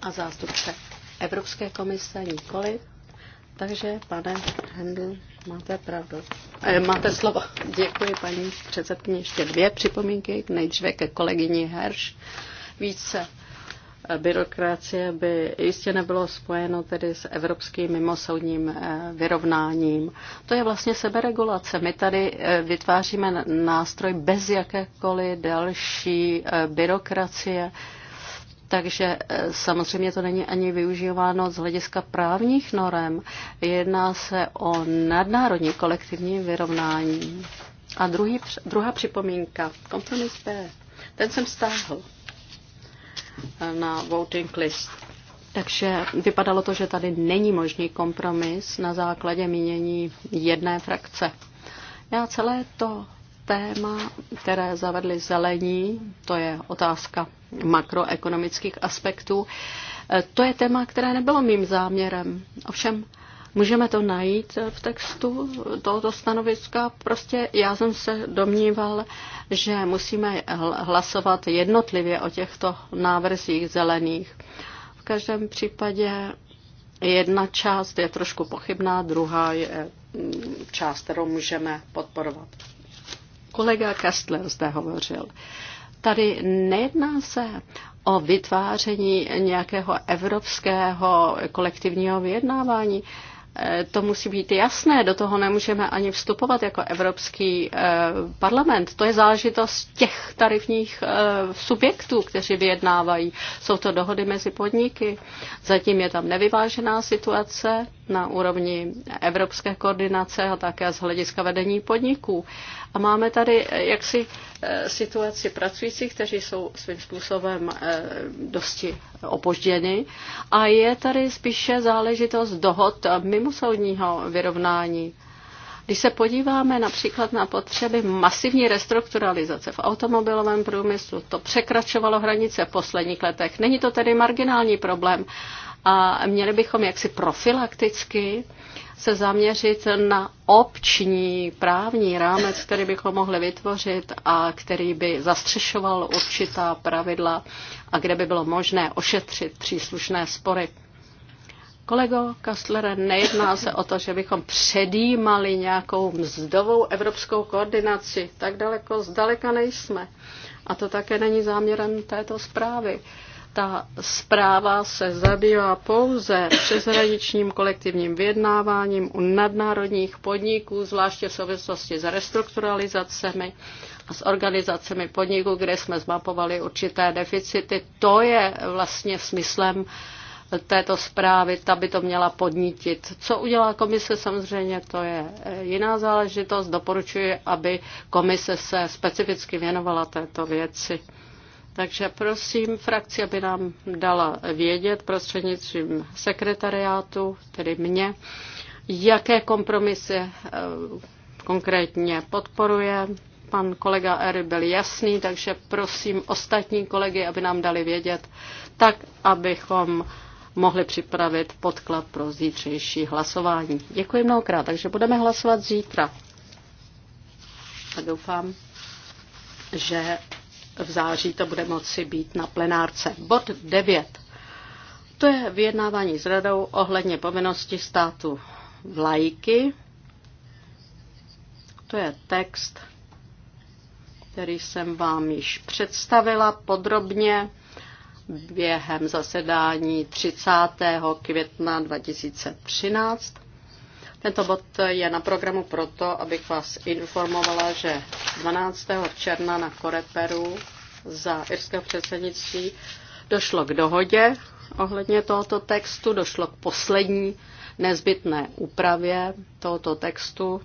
A zástupce Evropské komise nikoli. Takže, pane Hendl, Máte pravdu. E, máte slovo. Děkuji, paní předsedkyně. Ještě dvě připomínky. Nejdříve ke kolegyni Herš. Více e, byrokracie by jistě nebylo spojeno tedy s evropským mimosoudním e, vyrovnáním. To je vlastně seberegulace. My tady vytváříme nástroj bez jakékoliv další byrokracie takže eh, samozřejmě to není ani využíváno z hlediska právních norem. Jedná se o nadnárodní kolektivní vyrovnání. A druhý, druhá připomínka, kompromis B, ten jsem stáhl eh, na voting list. Takže vypadalo to, že tady není možný kompromis na základě mínění jedné frakce. Já celé to téma, které zavedli zelení, to je otázka makroekonomických aspektů. E, to je téma, které nebylo mým záměrem. Ovšem, můžeme to najít v textu tohoto stanoviska. Prostě já jsem se domníval, že musíme hlasovat jednotlivě o těchto návrzích zelených. V každém případě jedna část je trošku pochybná, druhá je mm, část, kterou můžeme podporovat. Kolega Kastler zde hovořil. Tady nejedná se o vytváření nějakého evropského kolektivního vyjednávání. Eh, to musí být jasné, do toho nemůžeme ani vstupovat jako Evropský eh, parlament. To je záležitost těch tarifních eh, subjektů, kteří vyjednávají. Jsou to dohody mezi podniky. Zatím je tam nevyvážená situace na úrovni evropské koordinace a také z hlediska vedení podniků. A máme tady eh, jaksi eh, situaci pracujících, kteří jsou svým způsobem eh, dosti opožděni. A je tady spíše záležitost dohod mimosoudního vyrovnání. Když se podíváme například na potřeby masivní restrukturalizace v automobilovém průmyslu, to překračovalo hranice v posledních letech. Není to tedy marginální problém, a měli bychom jaksi profilakticky se zaměřit na obční právní rámec, který bychom mohli vytvořit a který by zastřešoval určitá pravidla a kde by bylo možné ošetřit příslušné spory. Kolego Kastlere, nejedná se o to, že bychom předjímali nějakou mzdovou evropskou koordinaci. Tak daleko zdaleka nejsme. A to také není záměrem této zprávy ta zpráva se zabývá pouze přeshraničním kolektivním vyjednáváním u nadnárodních podniků, zvláště v souvislosti s restrukturalizacemi a s organizacemi podniků, kde jsme zmapovali určité deficity. To je vlastně smyslem této zprávy, ta by to měla podnítit. Co udělá komise, samozřejmě to je jiná záležitost. Doporučuji, aby komise se specificky věnovala této věci. Takže prosím frakci, aby nám dala vědět prostřednictvím sekretariátu, tedy mě, jaké kompromisy eh, konkrétně podporuje. Pan kolega Ery byl jasný, takže prosím ostatní kolegy, aby nám dali vědět, tak abychom mohli připravit podklad pro zítřejší hlasování. Děkuji mnohokrát, takže budeme hlasovat zítra. A doufám, že v září to bude moci být na plenárce. Bod 9. To je vyjednávání s radou ohledně povinnosti státu vlajky. To je text, který jsem vám již představila podrobně během zasedání 30. května 2013. Tento bod je na programu proto, abych vás informovala, že 12. června na Koreperu za irského předsednictví došlo k dohodě ohledně tohoto textu, došlo k poslední nezbytné úpravě tohoto textu,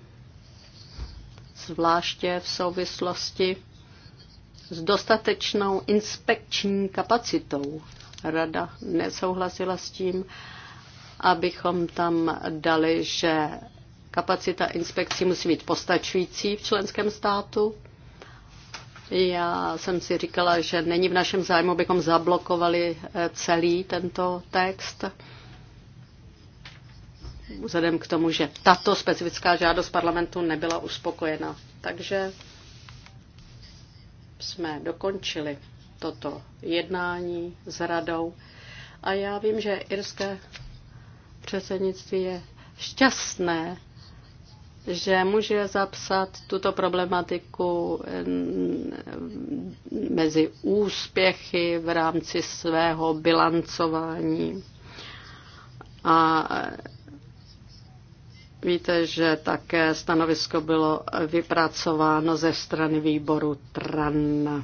zvláště v souvislosti s dostatečnou inspekční kapacitou. Rada nesouhlasila s tím, abychom tam dali, že kapacita inspekcí musí být postačující v členském státu. Já jsem si říkala, že není v našem zájmu, abychom zablokovali eh, celý tento text. Vzhledem k tomu, že tato specifická žádost parlamentu nebyla uspokojena. Takže jsme dokončili toto jednání s radou. A já vím, že irské předsednictví je šťastné, že může zapsat tuto problematiku mezi úspěchy v rámci svého bilancování. A víte, že také stanovisko bylo vypracováno ze strany výboru TRAN.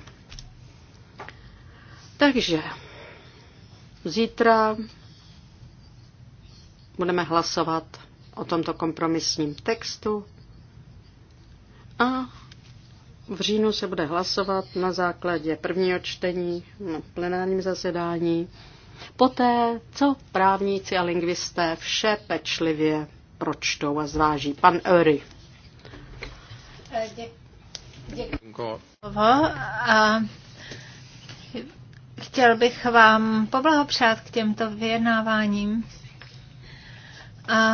Takže zítra Budeme hlasovat o tomto kompromisním textu a v říjnu se bude hlasovat na základě prvního čtení na plenárním zasedání, poté co právníci a lingvisté vše pečlivě pročtou a zváží. Pan Öry. Děkuji. A chtěl bych vám poblahopřát k těmto vyjednáváním. A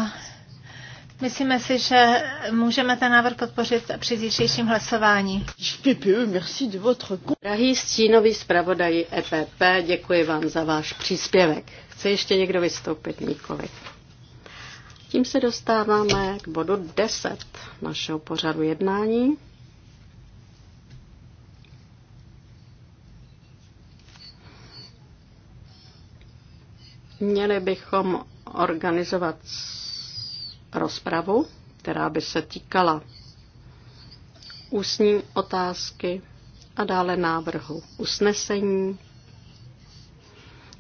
myslíme si, že můžeme ten návrh podpořit při zítřejším hlasování. Drahý stínový zpravodaj EPP, děkuji vám za váš příspěvek. Chce ještě někdo vystoupit? Nikoli. Tím se dostáváme k bodu 10 našeho pořadu jednání. Měli bychom organizovat rozpravu, která by se týkala ústní otázky a dále návrhu usnesení.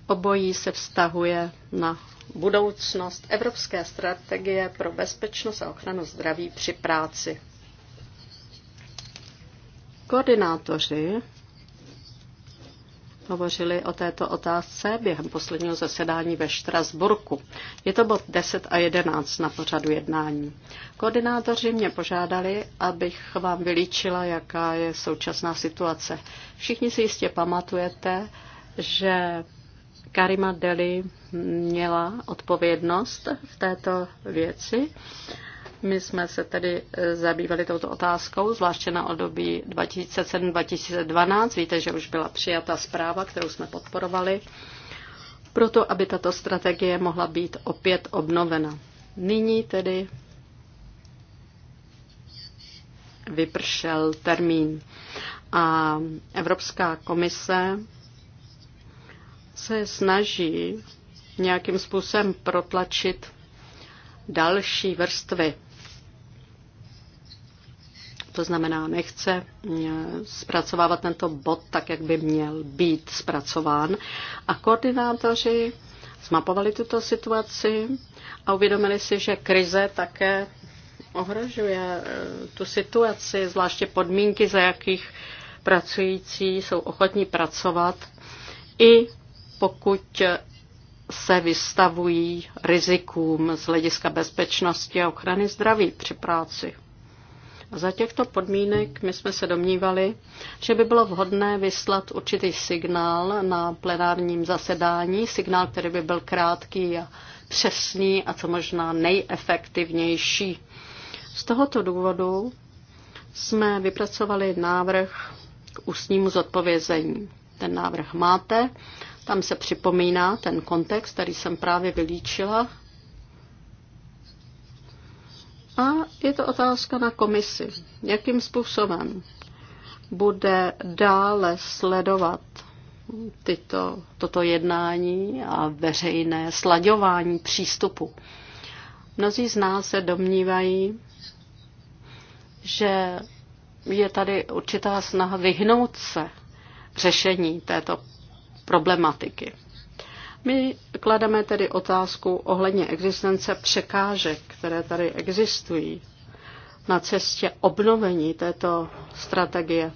Obojí se vztahuje na budoucnost Evropské strategie pro bezpečnost a ochranu zdraví při práci. Koordinátoři hovořili o této otázce během posledního zasedání ve Štrasburku. Je to bod 10 a 11 na pořadu jednání. Koordinátoři mě požádali, abych vám vylíčila, jaká je současná situace. Všichni si jistě pamatujete, že Karima Deli měla odpovědnost v této věci my jsme se tedy eh, zabývali touto otázkou, zvláště na období 2007-2012. Víte, že už byla přijata zpráva, kterou jsme podporovali, proto aby tato strategie mohla být opět obnovena. Nyní tedy vypršel termín a Evropská komise se snaží nějakým způsobem protlačit další vrstvy to znamená, nechce eh, zpracovávat tento bod tak, jak by měl být zpracován. A koordinátoři zmapovali tuto situaci a uvědomili si, že krize také ohrožuje eh, tu situaci, zvláště podmínky, za jakých pracující jsou ochotní pracovat, i pokud eh, se vystavují rizikům z hlediska bezpečnosti a ochrany zdraví při práci. Za těchto podmínek my jsme se domnívali, že by bylo vhodné vyslat určitý signál na plenárním zasedání, signál, který by byl krátký a přesný a co možná nejefektivnější. Z tohoto důvodu jsme vypracovali návrh k ústnímu zodpovězení. Ten návrh máte, tam se připomíná ten kontext, který jsem právě vylíčila a je to otázka na komisi, jakým způsobem bude dále sledovat tyto, toto jednání a veřejné slaďování přístupu. Mnozí z nás se domnívají, že je tady určitá snaha vyhnout se řešení této problematiky. My klademe tedy otázku ohledně existence překážek, které tady existují na cestě obnovení této strategie.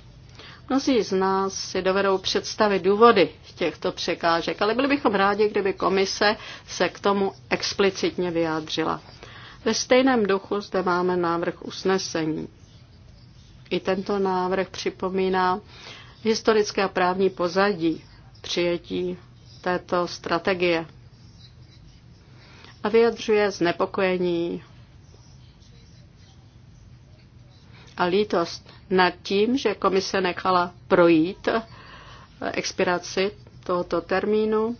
Mnozí z nás si dovedou představit důvody těchto překážek, ale byli bychom rádi, kdyby komise se k tomu explicitně vyjádřila. Ve stejném duchu zde máme návrh usnesení. I tento návrh připomíná historické a právní pozadí přijetí této strategie a vyjadřuje znepokojení a lítost nad tím, že komise nechala projít eh, expiraci tohoto termínu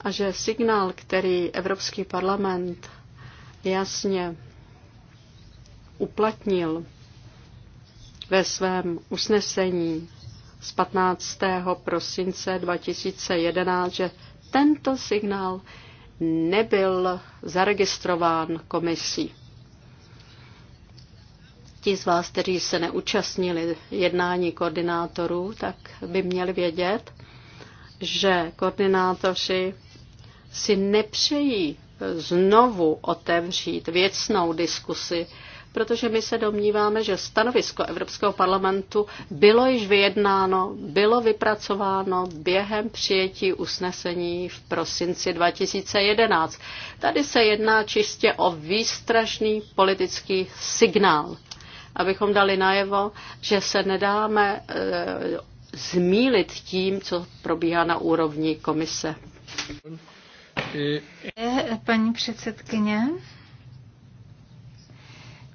a že signál, který Evropský parlament jasně uplatnil ve svém usnesení z 15. prosince 2011, že tento signál nebyl zaregistrován komisí. Ti z vás, kteří se neúčastnili jednání koordinátorů, tak by měli vědět, že koordinátoři si nepřejí znovu otevřít věcnou diskusi protože my se domníváme, že stanovisko Evropského parlamentu bylo již vyjednáno, bylo vypracováno během přijetí usnesení v prosinci 2011. Tady se jedná čistě o výstražný politický signál, abychom dali najevo, že se nedáme e, zmílit tím, co probíhá na úrovni komise. Eh, paní předsedkyně.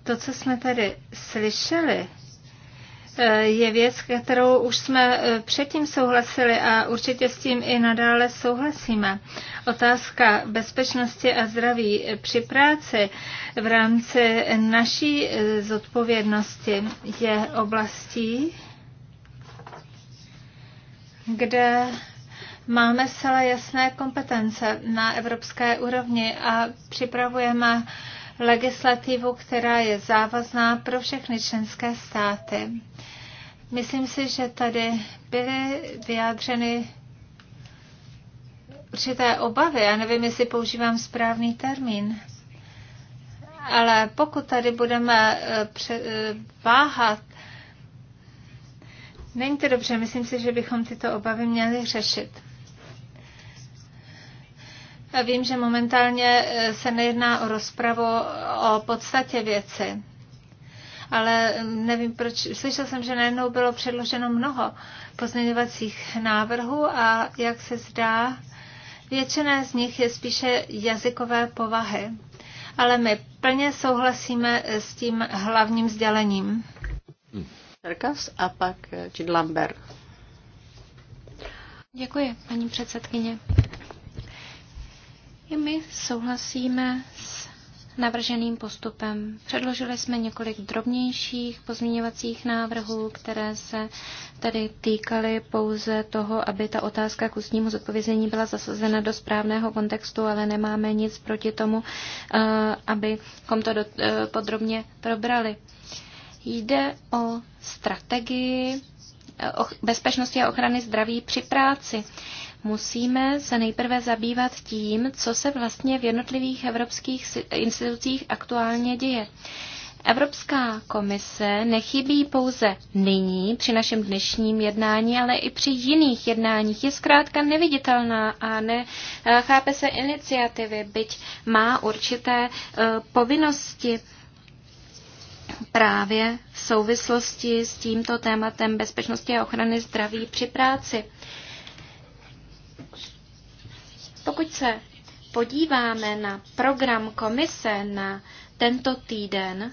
To, co jsme tady slyšeli, eh, je věc, kterou už jsme eh, předtím souhlasili a určitě s tím i nadále souhlasíme. Otázka bezpečnosti a zdraví při práci v rámci naší eh, zodpovědnosti je oblastí, kde máme celé jasné kompetence na evropské úrovni a připravujeme legislativu, která je závazná pro všechny členské státy. Myslím si, že tady byly vyjádřeny určité obavy. Já nevím, jestli používám správný termín. Ale pokud tady budeme eh, eh, váhat, není to dobře. Myslím si, že bychom tyto obavy měli řešit. Vím, že momentálně eh, se nejedná o rozpravu o podstatě věci, ale mm, nevím proč. Slyšel jsem, že najednou bylo předloženo mnoho pozměňovacích návrhů a jak se zdá, většina z nich je spíše jazykové povahy. Ale my plně souhlasíme eh, s tím hlavním sdělením. Serkas a pak eh, Jean Lambert. Děkuji, paní předsedkyně. I my souhlasíme s navrženým postupem. Předložili jsme několik drobnějších pozměňovacích návrhů, které se tedy týkaly pouze toho, aby ta otázka k ústnímu zodpovězení byla zasazena do správného kontextu, ale nemáme nic proti tomu, eh, abychom to eh, podrobně probrali. Jde o strategii eh, bezpečnosti a ochrany zdraví při práci musíme se nejprve zabývat tím, co se vlastně v jednotlivých evropských institucích aktuálně děje. Evropská komise nechybí pouze nyní, při našem dnešním jednání, ale i při jiných jednáních. Je zkrátka neviditelná a nechápe eh, se iniciativy, byť má určité eh, povinnosti právě v souvislosti s tímto tématem bezpečnosti a ochrany zdraví při práci. Uh, pokud se podíváme na program komise na tento týden,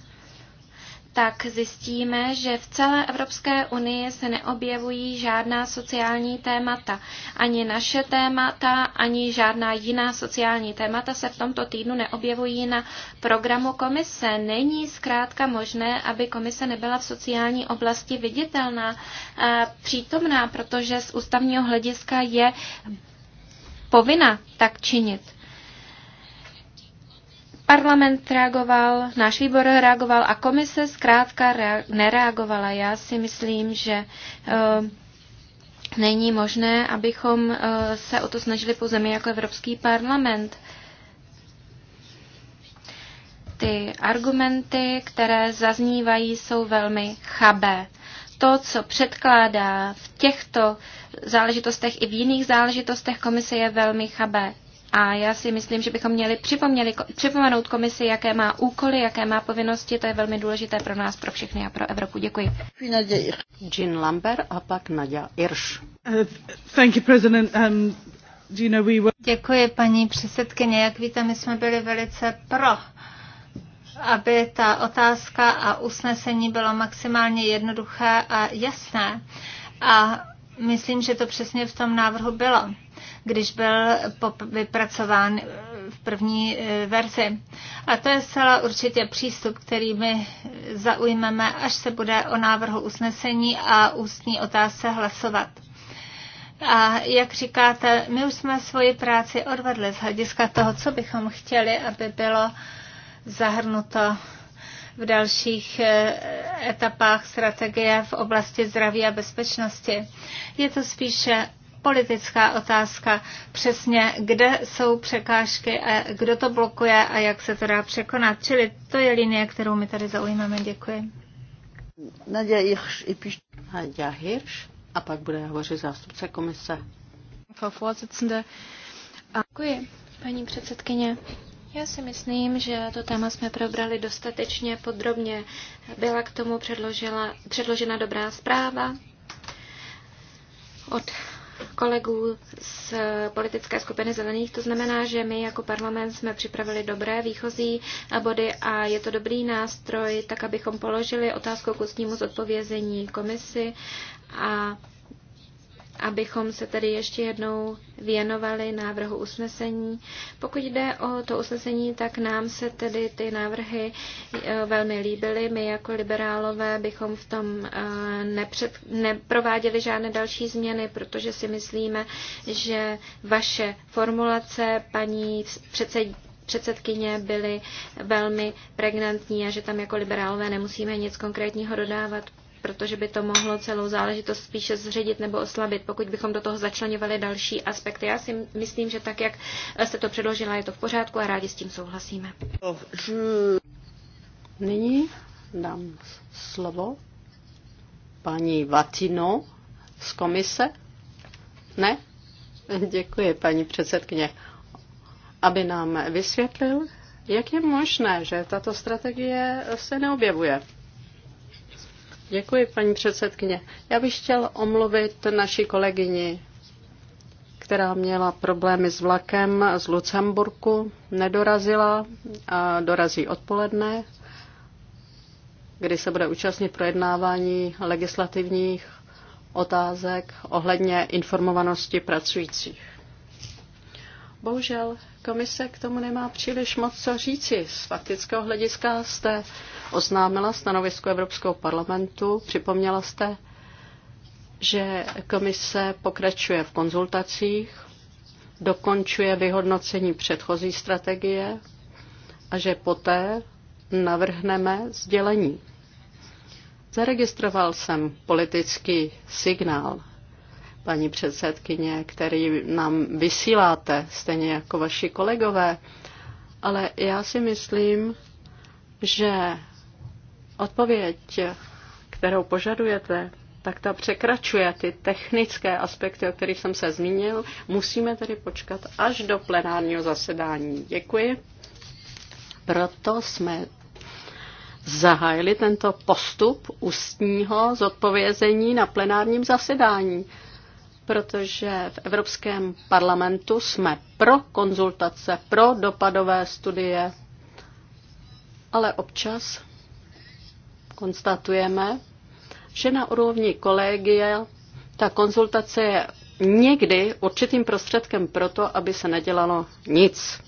tak zjistíme, že v celé Evropské unii se neobjevují žádná sociální témata. Ani naše témata, ani žádná jiná sociální témata se v tomto týdnu neobjevují na programu komise. Není zkrátka možné, aby komise nebyla v sociální oblasti viditelná, eh, přítomná, protože z ústavního hlediska je povinna tak činit. Parlament reagoval, náš výbor reagoval a komise zkrátka nereagovala. Já si myslím, že eh, není možné, abychom eh, se o to snažili po zemi jako Evropský parlament. Ty argumenty, které zaznívají, jsou velmi chabé. To, co předkládá v těchto záležitostech i v jiných záležitostech komise je velmi chabé. A já si myslím, že bychom měli připomenout komisi, jaké má úkoly, jaké má povinnosti. To je velmi důležité pro nás, pro všechny a pro Evropu. Děkuji. Jean Lambert a pak Nadia Irš. Uh, thank you, President. Um, Děkuji, paní předsedkyně. Jak víte, my jsme byli velice pro aby ta otázka a usnesení bylo maximálně jednoduché a jasné. A Myslím, že to přesně v tom návrhu bylo, když byl vypracován eh, v první eh, verzi. A to je zcela určitě přístup, který my zaujmeme, až se bude o návrhu usnesení a ústní otázce hlasovat. A jak říkáte, my už jsme svoji práci odvedli z hlediska toho, co bychom chtěli, aby bylo zahrnuto v dalších eh, etapách strategie v oblasti zdraví a bezpečnosti. Je to spíše politická otázka, přesně kde jsou překážky, a kdo to blokuje a jak se to dá překonat. Čili to je linie, kterou my tady zaujímáme. Děkuji. Nadia Hirsch, Nadia Hirsch a pak bude hovořit zástupce komise. Děkuji, paní předsedkyně. Já si myslím, že to téma jsme probrali dostatečně podrobně. Byla k tomu předložila, předložena dobrá zpráva od kolegů z politické skupiny zelených. To znamená, že my jako parlament jsme připravili dobré výchozí body a je to dobrý nástroj, tak abychom položili otázku k ústnímu zodpovězení komisi a abychom se tedy ještě jednou věnovali návrhu usnesení. Pokud jde o to usnesení, tak nám se tedy ty návrhy eh, velmi líbily. My jako liberálové bychom v tom eh, nepřed, neprováděli žádné další změny, protože si myslíme, že vaše formulace, paní předsedí, předsedkyně byly velmi pregnantní a že tam jako liberálové nemusíme nic konkrétního dodávat protože by to mohlo celou záležitost spíše zředit nebo oslabit, pokud bychom do toho začlenovali další aspekty. Já si myslím, že tak, jak jste to předložila, je to v pořádku a rádi s tím souhlasíme. Nyní dám slovo paní Vatino z komise. Ne? Děkuji, paní předsedkyně. Aby nám vysvětlil, jak je možné, že tato strategie se neobjevuje. Děkuji, paní předsedkyně. Já bych chtěl omluvit naši kolegyni, která měla problémy s vlakem z Lucemburku, nedorazila a dorazí odpoledne, kdy se bude účastnit projednávání legislativních otázek ohledně informovanosti pracujících. Bohužel komise k tomu nemá příliš moc co říci. Z faktického hlediska jste oznámila stanovisko Evropského parlamentu, připomněla jste, že komise pokračuje v konzultacích, dokončuje vyhodnocení předchozí strategie a že poté navrhneme sdělení. Zaregistroval jsem politický signál paní předsedkyně, který nám vysíláte, stejně jako vaši kolegové. Ale já si myslím, že odpověď, kterou požadujete, tak ta překračuje ty technické aspekty, o kterých jsem se zmínil. Musíme tedy počkat až do plenárního zasedání. Děkuji. Proto jsme zahájili tento postup ústního zodpovězení na plenárním zasedání protože v Evropském parlamentu jsme pro konzultace, pro dopadové studie, ale občas konstatujeme, že na úrovni kolegie ta konzultace je někdy určitým prostředkem pro to, aby se nedělalo nic.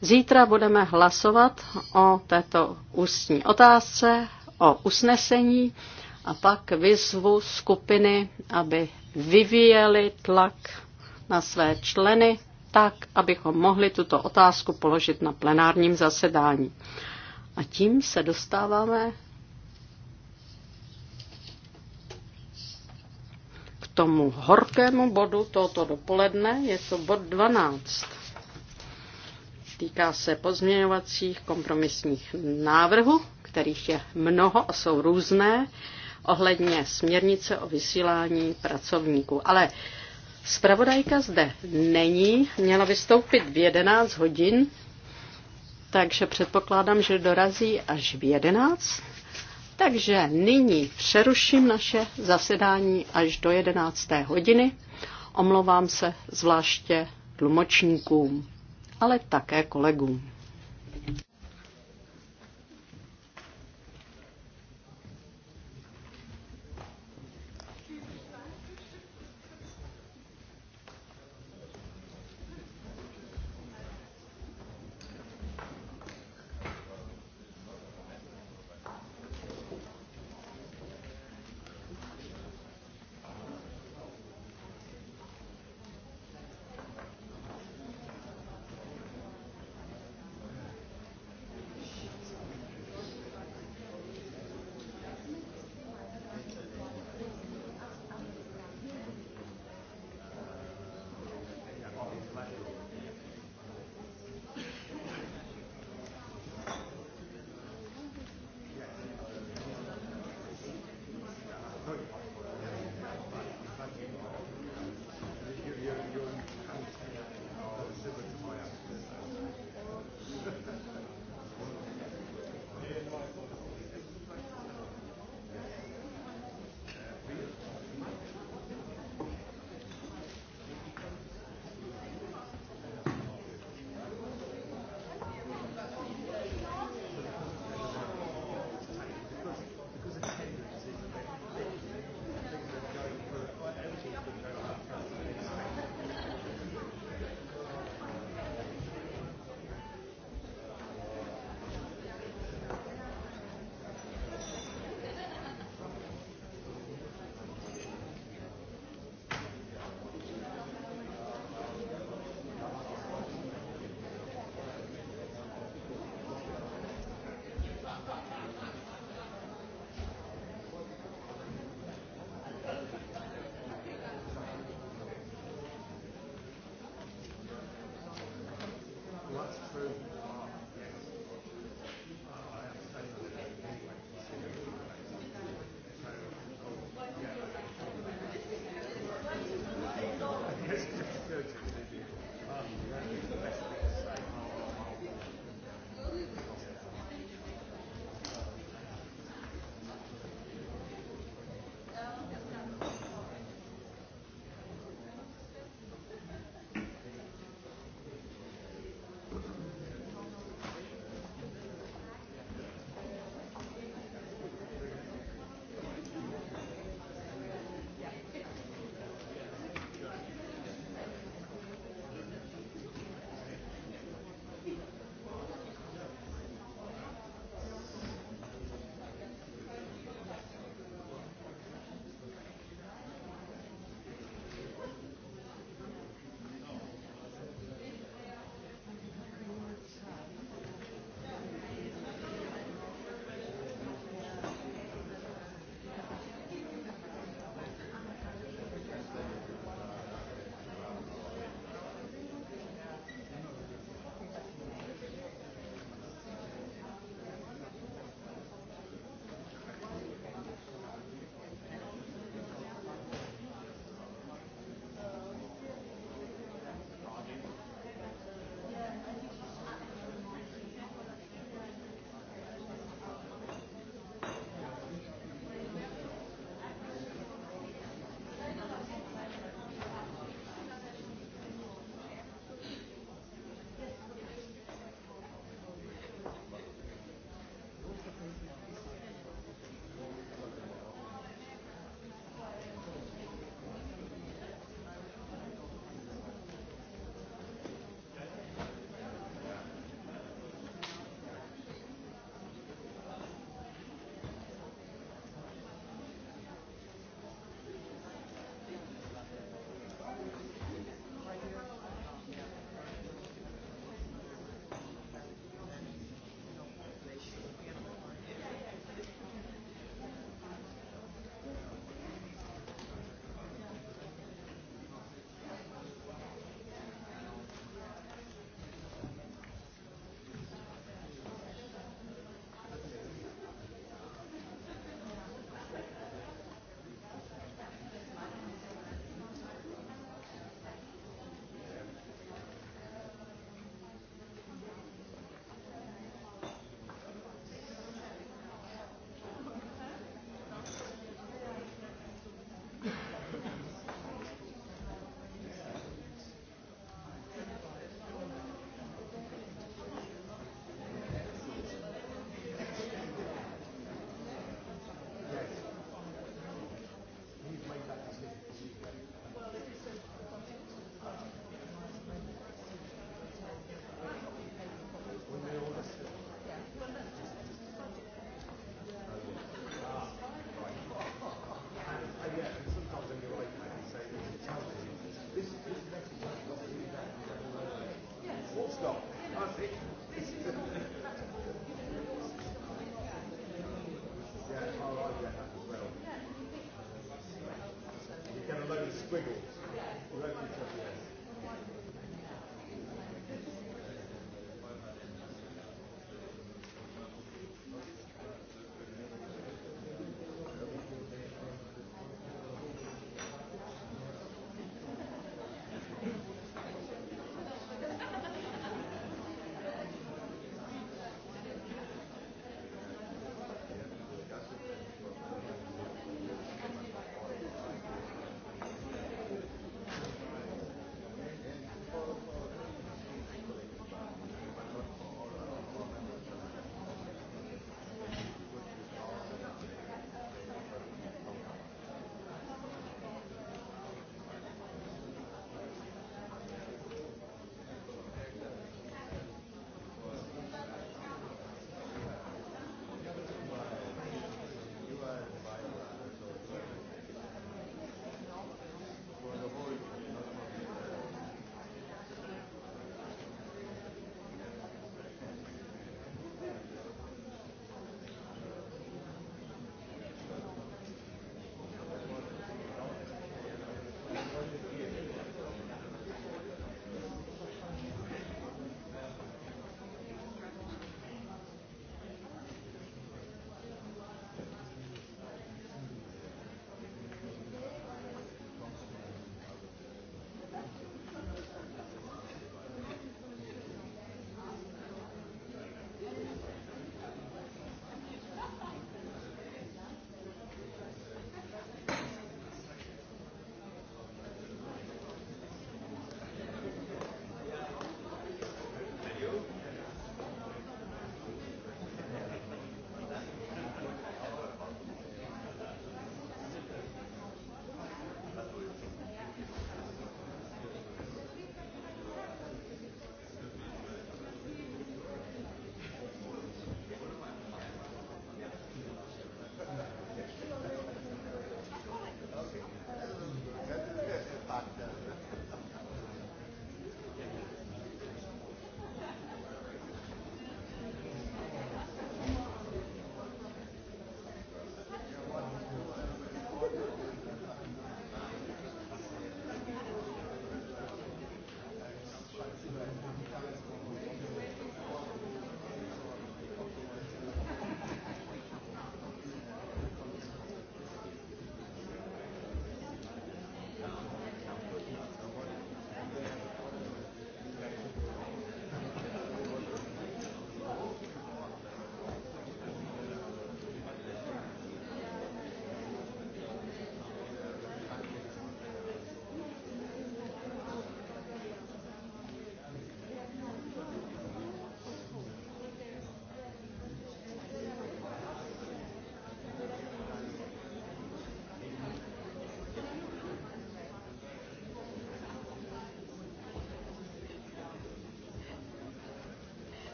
Zítra budeme hlasovat o této ústní otázce, o usnesení a pak vyzvu skupiny, aby vyvíjeli tlak na své členy tak, abychom mohli tuto otázku položit na plenárním zasedání. A tím se dostáváme k tomu horkému bodu tohoto dopoledne. Je to bod 12. Týká se pozměňovacích kompromisních návrhů, kterých je mnoho a jsou různé ohledně směrnice o vysílání pracovníků. Ale zpravodajka zde není, měla vystoupit v 11 hodin, takže předpokládám, že dorazí až v 11. Takže nyní přeruším naše zasedání až do 11. hodiny. Omlouvám se zvláště tlumočníkům, ale také kolegům.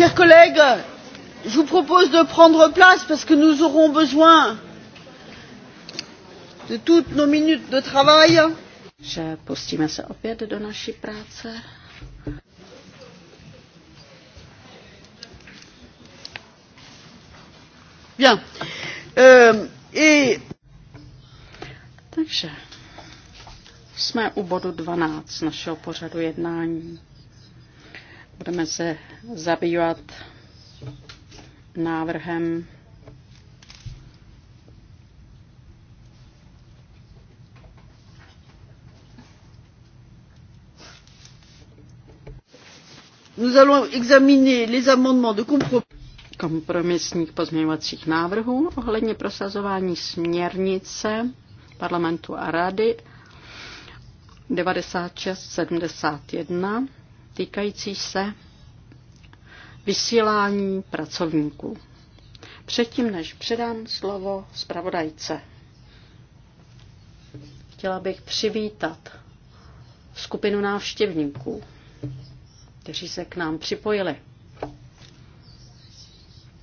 chers collègues je vous propose de prendre place parce que nous aurons besoin de toutes nos minutes de travail. Bien. Euh, et... Takže jsme u bodu 12 našeho pořadu jednání budeme se zabývat návrhem Nous allons examiner les amendements de compromis kompromisních pozměňovacích návrhů ohledně prosazování směrnice parlamentu a rady 9671 týkající se vysílání pracovníků. Předtím, než předám slovo zpravodajce, chtěla bych přivítat skupinu návštěvníků, kteří se k nám připojili.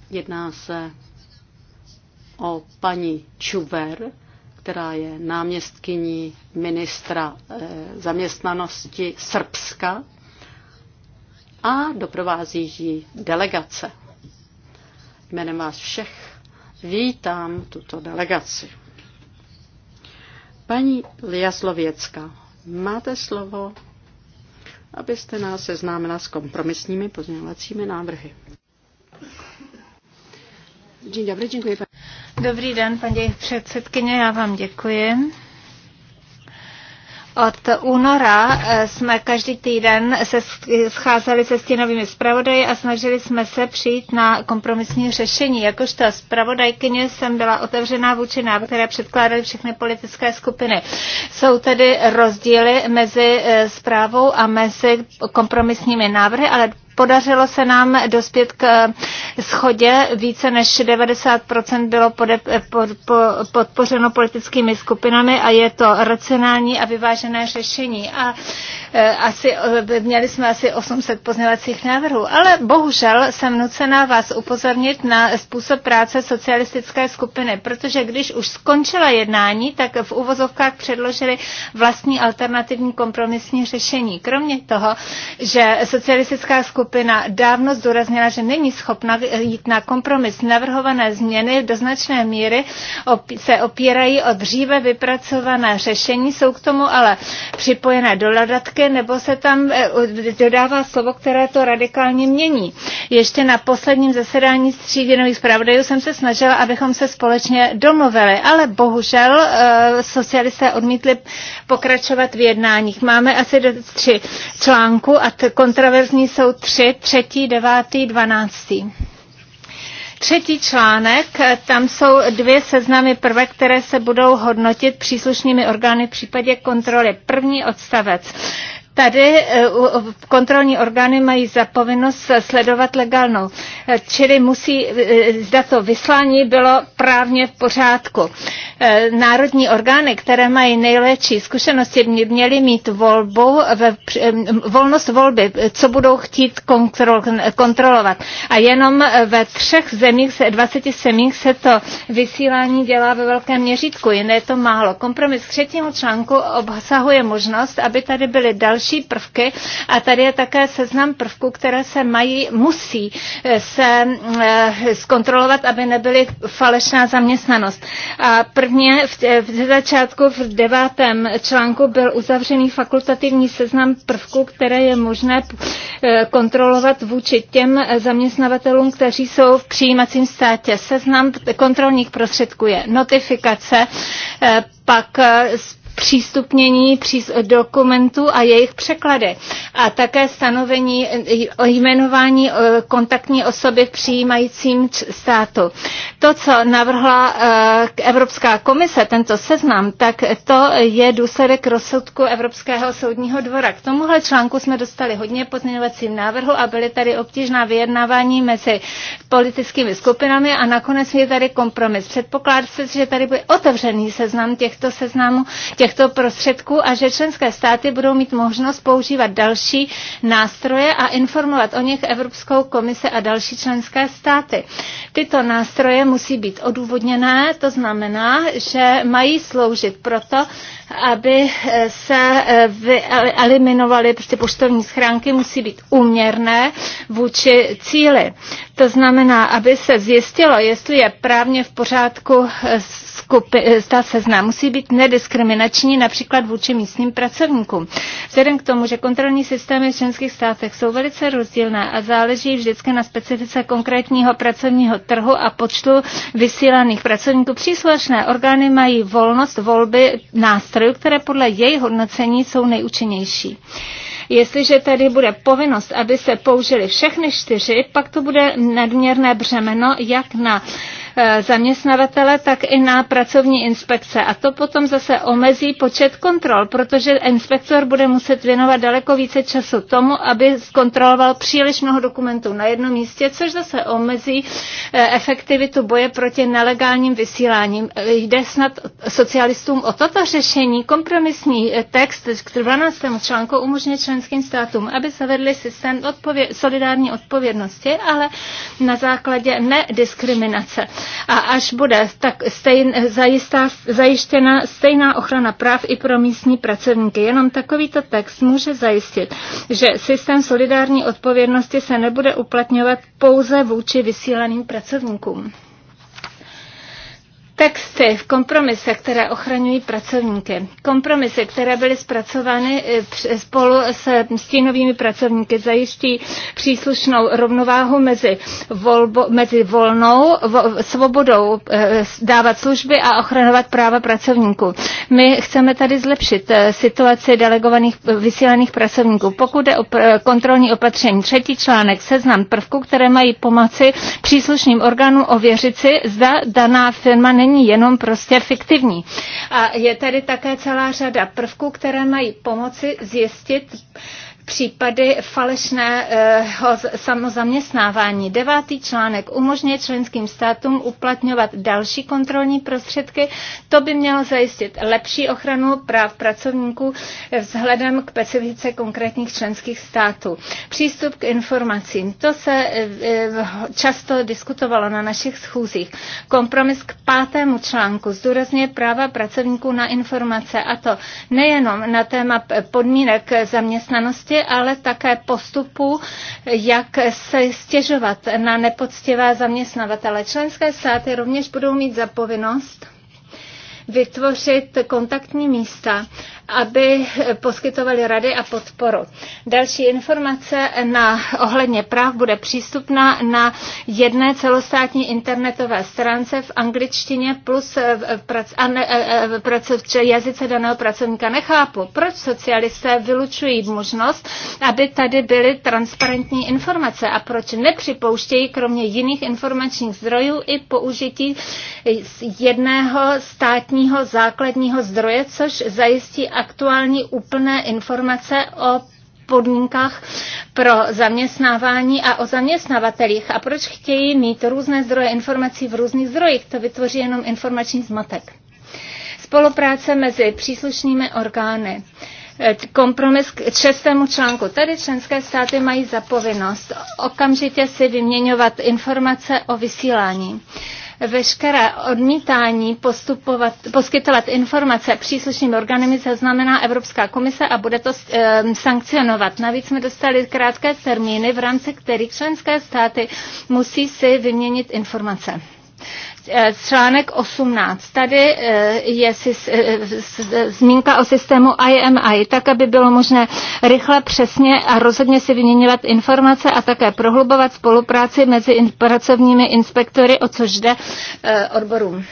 Jedná se o paní Čuver, která je náměstkyní ministra eh, zaměstnanosti Srbska a doprovází ji delegace. Jménem vás všech vítám tuto delegaci. Paní Liaslověcka, máte slovo, abyste nás seznámila s kompromisními pozměňovacími návrhy. Dobrý den, paní předsedkyně, já vám děkuji. Od února eh, jsme každý týden se scházeli se stěnovými zpravodaji a snažili jsme se přijít na kompromisní řešení. Jakožto zpravodajkyně jsem byla otevřená vůči návrhu, které předkládaly všechny politické skupiny. Jsou tedy rozdíly mezi eh, zprávou a mezi kompromisními návrhy, ale Podařilo se nám dospět k schodě. Více než 90% bylo pode, pod, po, podpořeno politickými skupinami a je to racionální a vyvážené řešení. A e, asi, e, měli jsme asi 800 pozměvacích návrhů, ale bohužel jsem nucená vás upozornit na způsob práce socialistické skupiny, protože když už skončila jednání, tak v uvozovkách předložili vlastní alternativní kompromisní řešení. Kromě toho, že socialistická skupina skupina dávno zdůraznila, že není schopna jít na kompromis. Navrhované změny do značné míry se opírají o dříve vypracované řešení, jsou k tomu ale připojené dodatky, nebo se tam eh, dodává slovo, které to radikálně mění. Ještě na posledním zasedání stříděnových zpravodajů jsem se snažila, abychom se společně domluvili, ale bohužel eh, socialisté odmítli pokračovat v jednáních. Máme asi tři článku a kontroverzní jsou tři 3, 3, 9, 12. Třetí článek, tam jsou dvě seznamy prve, které se budou hodnotit příslušnými orgány v případě kontroly. První odstavec. Tady eh, kontrolní orgány mají zapovinnost sledovat legálnou, eh, čili musí, eh, zda to vyslání bylo právně v pořádku. Národní orgány, které mají nejlepší zkušenosti, měly mít volbu, volnost volby, co budou chtít kontrolovat. A jenom ve třech zemích 20 zemích se to vysílání dělá ve velkém měřítku, jiné je to málo. Kompromis k třetímu článku obsahuje možnost, aby tady byly další další prvky a tady je také seznam prvků, které se mají, musí eh, se eh, zkontrolovat, aby nebyly falešná zaměstnanost. A prvně v, eh, v začátku v devátém článku byl uzavřený fakultativní seznam prvků, které je možné kontrolovat vůči těm zaměstnavatelům, kteří jsou v přijímacím státě. Seznam kontrolních prostředků je notifikace, pak zpřístupnění dokumentů a jejich překlady a také stanovení eh, jmenování eh, kontaktní osoby v přijímajícím státu. To, co navrhla eh, Evropská komise, tento seznam, tak to je důsledek rozsudku Evropského soudního dvora. K tomuhle článku jsme dostali hodně pozměňovacím návrhu a byly tady obtížná vyjednávání mezi politickými skupinami a nakonec je tady kompromis. Předpokládá se, že tady bude otevřený seznam těchto seznamů, těch těchto prostředků a že členské státy budou mít možnost používat další nástroje a informovat o nich Evropskou komise a další členské státy. Tyto nástroje musí být odůvodněné, to znamená, že mají sloužit proto, aby se eh, eh, eliminovaly prostě poštovní schránky, musí být uměrné vůči cíli. To znamená, aby se zjistilo, jestli je právně v pořádku skupi, eh, ta seznam musí být nediskriminační například vůči místním pracovníkům. Vzhledem k tomu, že kontrolní systémy v členských státech jsou velice rozdílné a záleží vždycky na specifice konkrétního pracovního trhu a počtu vysílaných pracovníků, příslušné orgány mají volnost volby nástrojů, které podle jejich hodnocení jsou nejúčinnější. Jestliže tady bude povinnost, aby se použili všechny čtyři, pak to bude nadměrné břemeno jak na Eh, zaměstnavatele, tak i na pracovní inspekce. A to potom zase omezí počet kontrol, protože inspektor bude muset věnovat daleko více času tomu, aby zkontroloval příliš mnoho dokumentů na jednom místě, což zase omezí eh, efektivitu boje proti nelegálním vysíláním. Eh, jde snad socialistům o toto řešení. Kompromisní text k 12. článku umožňuje členským státům, aby zavedli systém odpově- solidární odpovědnosti, ale na základě nediskriminace a až bude tak stejn, zajistá, zajištěna stejná ochrana práv i pro místní pracovníky. Jenom takovýto text může zajistit, že systém solidární odpovědnosti se nebude uplatňovat pouze vůči vysílaným pracovníkům texty v kompromisech, které ochraňují pracovníky. Kompromisy, které byly zpracovány e, spolu se stínovými pracovníky, zajistí příslušnou rovnováhu mezi, volbo, mezi volnou vo, svobodou e, dávat služby a ochranovat práva pracovníků. My chceme tady zlepšit e, situaci delegovaných vysílaných pracovníků. Pokud je o kontrolní opatření, třetí článek, seznam prvků, které mají pomoci příslušným orgánům ověřit si, zda daná firma není není jenom prostě fiktivní. A je tady také celá řada prvků, které mají pomoci zjistit, případy falešného eh, samozaměstnávání. Devátý článek umožňuje členským státům uplatňovat další kontrolní prostředky. To by mělo zajistit lepší ochranu práv pracovníků vzhledem k specifice konkrétních členských států. Přístup k informacím. To se eh, eh, často diskutovalo na našich schůzích. Kompromis k pátému článku zdůrazňuje práva pracovníků na informace a to nejenom na téma podmínek zaměstnanosti, činnosti, ale také postupu, jak se stěžovat na nepoctivé zaměstnavatele. Členské státy rovněž budou mít zapovinnost vytvořit kontaktní místa aby poskytovali rady a podporu. Další informace na ohledně práv bude přístupná na jedné celostátní internetové stránce v angličtině plus eh, v prac, a ne, prac, eh, eh, v jazyce daného pracovníka. Nechápu, proč socialisté vylučují možnost, aby tady byly transparentní informace a proč nepřipouštějí kromě jiných informačních zdrojů i použití jedného státního základního zdroje, což zajistí aktuální úplné informace o podmínkách pro zaměstnávání a o zaměstnavatelích a proč chtějí mít různé zdroje informací v různých zdrojích. To vytvoří jenom informační zmatek. Spolupráce mezi příslušnými orgány kompromis k šestému článku. Tady členské státy mají zapovinnost okamžitě si vyměňovat informace o vysílání veškeré odmítání postupovat, poskytovat informace příslušným orgánem zaznamená Evropská komise a bude to eh, sankcionovat. Navíc jsme dostali krátké termíny, v rámci kterých členské státy musí si vyměnit informace. Eh, článek 18. Tady eh, je eh, zmínka o systému IMI, tak, aby bylo možné rychle, přesně a rozhodně si vyměňovat informace a také prohlubovat spolupráci mezi pracovními inspektory, o což jde odborům.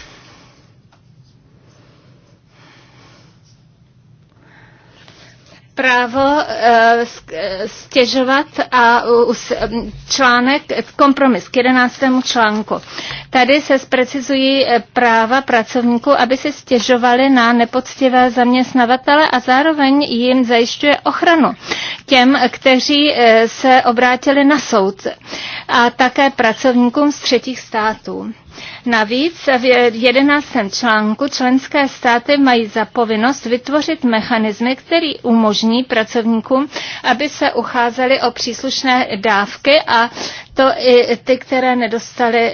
právo eh, eh, stěžovat a článek, kompromis k 11. článku. Tady se zprecizují eh, práva pracovníků, aby se stěžovali na nepoctivé zaměstnavatele a zároveň jim zajišťuje ochranu těm, kteří se obrátili na soud a také pracovníkům z třetích států. Navíc v jedenáctém článku členské státy mají povinnost vytvořit mechanismy, který umožní umožní pracovníkům, aby se ucházeli o příslušné dávky a to i ty, které nedostali,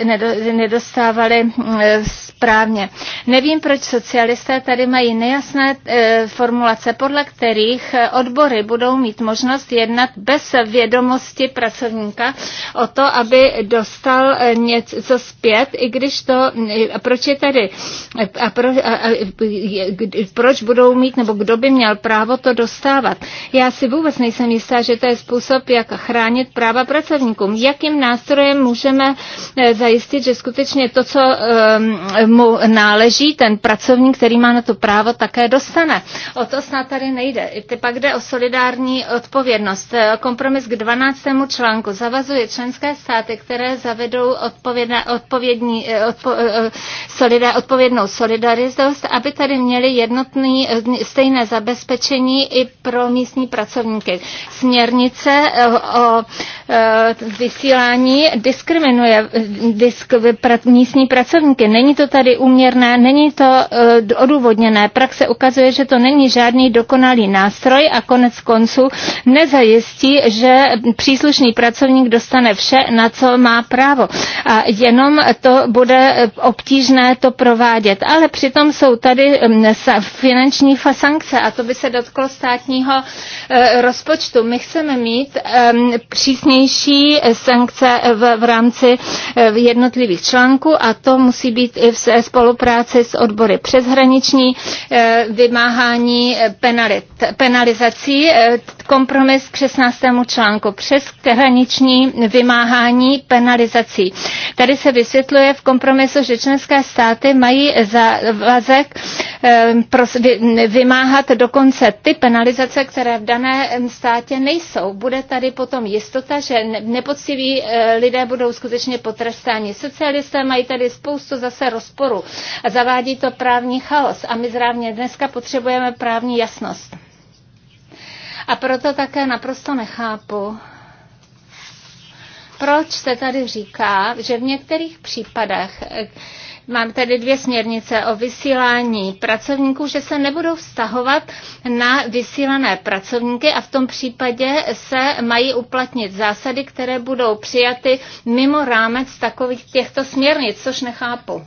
nedostávali eh, správně. Nevím, proč socialisté tady mají nejasné e, formulace, podle kterých e, odbory budou mít možnost jednat bez vědomosti pracovníka o to, aby dostal e, něco zpět, i když to, a proč je tady, a, pro, a, a proč budou mít, nebo kdo by měl právo to dostávat. Já si vůbec nejsem jistá, že to je způsob, jak chránit práva pracovníkům. Jakým nástrojem můžeme zajistit, že skutečně to, co mu náleží, ten pracovník, který má na to právo, také dostane. O to snad tady nejde. I pak jde o solidární odpovědnost. Kompromis k 12. článku zavazuje členské státy, které zavedou odpovědné, odpovědní, eh, odpo, eh, solidá, odpovědnou solidarizost, aby tady měli jednotný, eh, stejné zabezpečení i pro místní pracovníky. Směrnice o, o vysílání diskriminuje disk, pra, místní pracovníky. Není to tady tady uměrné, není to eh, odůvodněné. Praxe ukazuje, že to není žádný dokonalý nástroj a konec konců nezajistí, že příslušný pracovník dostane vše, na co má právo. A jenom to bude eh, obtížné to provádět. Ale přitom jsou tady hm, finanční sankce a to by se dotklo státního eh, rozpočtu. My chceme mít hm, přísnější sankce v, v rámci jednotlivých článků a to musí být i v E, spolupráci s odbory přeshraniční, e, vymáhání e, penalit, penalizací, kompromis k 16. článku přeshraniční vymáhání penalizací. Tady se vysvětluje v kompromisu, že členské státy mají závazek vymáhat dokonce ty penalizace, které v daném státě nejsou. Bude tady potom jistota, že nepoctiví lidé budou skutečně potrestáni. Socialisté mají tady spoustu zase rozpočtů sporu. A zavádí to právní chaos a my zrávně dneska potřebujeme právní jasnost. A proto také naprosto nechápu, proč se tady říká, že v některých případech, mám tedy dvě směrnice o vysílání pracovníků, že se nebudou vztahovat na vysílané pracovníky a v tom případě se mají uplatnit zásady, které budou přijaty mimo rámec takových těchto směrnic, což nechápu.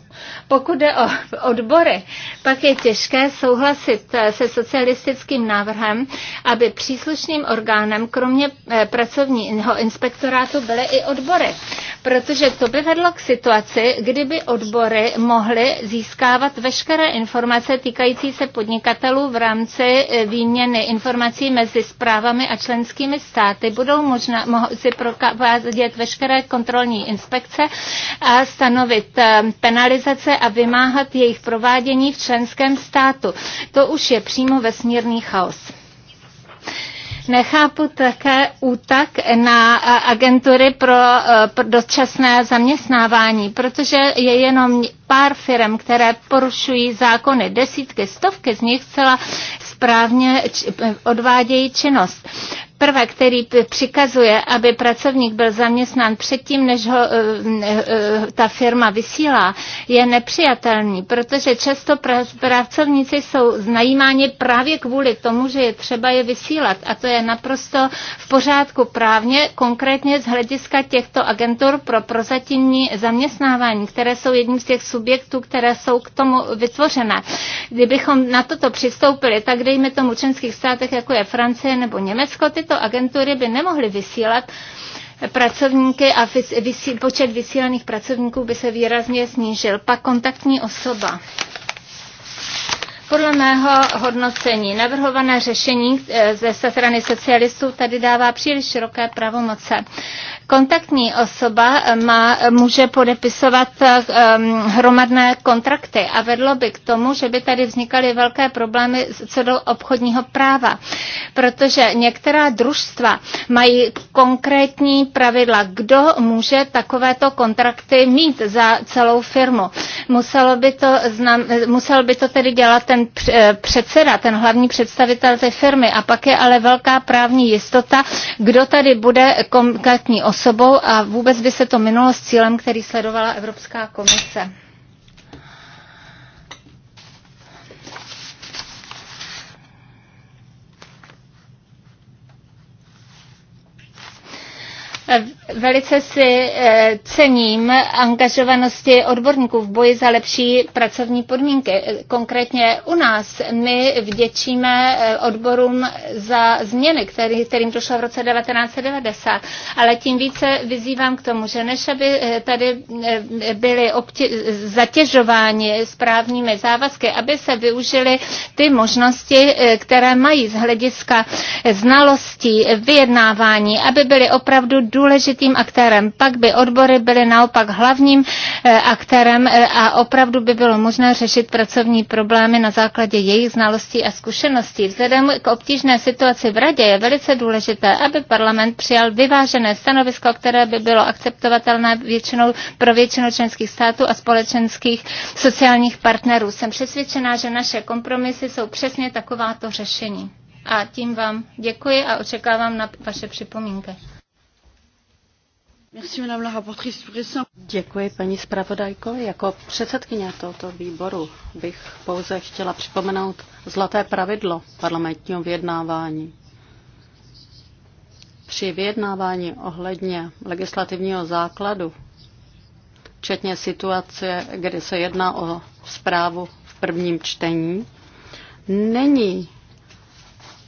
Pokud jde o odbory, pak je těžké souhlasit se socialistickým návrhem, aby příslušným orgánem, kromě eh, pracovního inspektorátu, byly i odbory. Protože to by vedlo k situaci, kdyby odbory mohli získávat veškeré informace týkající se podnikatelů v rámci eh, výměny informací mezi zprávami a členskými státy. Budou možná, si provádět veškeré kontrolní inspekce a stanovit eh, penalizace a vymáhat jejich provádění v členském státu. To už je přímo vesmírný chaos. Nechápu také útak na agentury pro dočasné zaměstnávání, protože je jenom pár firm, které porušují zákony, desítky, stovky z nich zcela správně odvádějí činnost prvek, který přikazuje, aby pracovník byl zaměstnán předtím, než ho eh, eh, eh, ta firma vysílá, je nepřijatelný, protože často pracovníci jsou znajímáni právě kvůli tomu, že je třeba je vysílat. A to je naprosto v pořádku právně, konkrétně z hlediska těchto agentur pro prozatímní zaměstnávání, které jsou jedním z těch subjektů, které jsou k tomu vytvořené. Kdybychom na toto přistoupili, tak dejme tomu v členských státech, jako je Francie nebo Německo, ty tyto agentury by nemohly vysílat pracovníky a vysí, počet vysílaných pracovníků by se výrazně snížil. Pak kontaktní osoba. Podle mého hodnocení navrhované řešení eh, ze strany socialistů tady dává příliš široké pravomoce Kontaktní osoba eh, má, může podepisovat eh, ehm, hromadné kontrakty a vedlo by k tomu, že by tady vznikaly velké problémy co do obchodního práva, protože některá družstva mají konkrétní pravidla, kdo může takovéto kontrakty mít za celou firmu. Muselo by to znam, musel by to tedy dělat ten eh, předseda, ten hlavní představitel té firmy a pak je ale velká právní jistota, kdo tady bude konkrétní osoba osobou a vůbec by se to minulo s cílem, který sledovala Evropská komise. Velice si eh, cením angažovanosti odborníků v boji za lepší pracovní podmínky. Konkrétně u nás my vděčíme eh, odborům za změny, který, kterým došlo v roce 1990, ale tím více vyzývám k tomu, že než aby eh, tady byly obtě- zatěžováni správními závazky, aby se využili ty možnosti, které mají z hlediska znalostí, vyjednávání, aby byly opravdu důležitým aktérem. Pak by odbory byly naopak hlavním eh, aktérem eh, a opravdu by bylo možné řešit pracovní problémy na základě jejich znalostí a zkušeností. Vzhledem k obtížné situaci v radě je velice důležité, aby parlament přijal vyvážené stanovisko, které by bylo akceptovatelné většinou pro většinu členských států a společenských sociálních partnerů. Jsem přesvědčená, že naše kompromisy jsou přesně takováto řešení. A tím vám děkuji a očekávám na vaše připomínky. Děkuji, paní zpravodajko. Jako předsedkyně tohoto výboru bych pouze chtěla připomenout zlaté pravidlo parlamentního vyjednávání. Při vyjednávání ohledně legislativního základu, včetně situace, kdy se jedná o zprávu v prvním čtení, není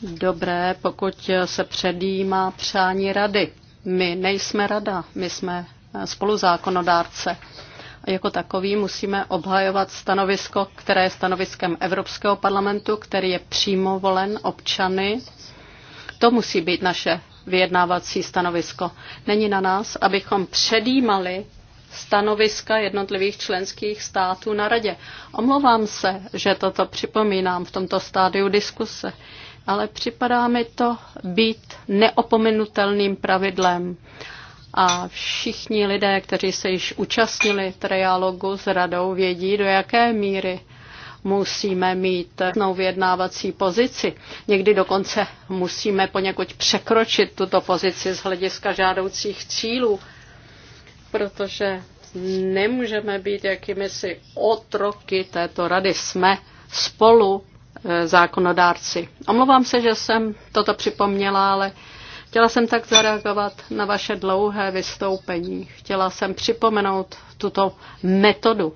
dobré, pokud se předjímá přání rady my nejsme rada, my jsme eh, spoluzákonodárce. A jako takový musíme obhajovat stanovisko, které je stanoviskem Evropského parlamentu, který je přímo volen občany. To musí být naše vyjednávací stanovisko. Není na nás, abychom předjímali stanoviska jednotlivých členských států na radě. Omlouvám se, že toto připomínám v tomto stádiu diskuse ale připadá mi to být neopomenutelným pravidlem. A všichni lidé, kteří se již účastnili triálogu s radou, vědí, do jaké míry musíme mít novou vyjednávací pozici. Někdy dokonce musíme poněkud překročit tuto pozici z hlediska žádoucích cílů, protože nemůžeme být jakými si otroky této rady. Jsme spolu E, zákonodárci. Omlouvám se, že jsem toto připomněla, ale chtěla jsem tak zareagovat na vaše dlouhé vystoupení. Chtěla jsem připomenout tuto metodu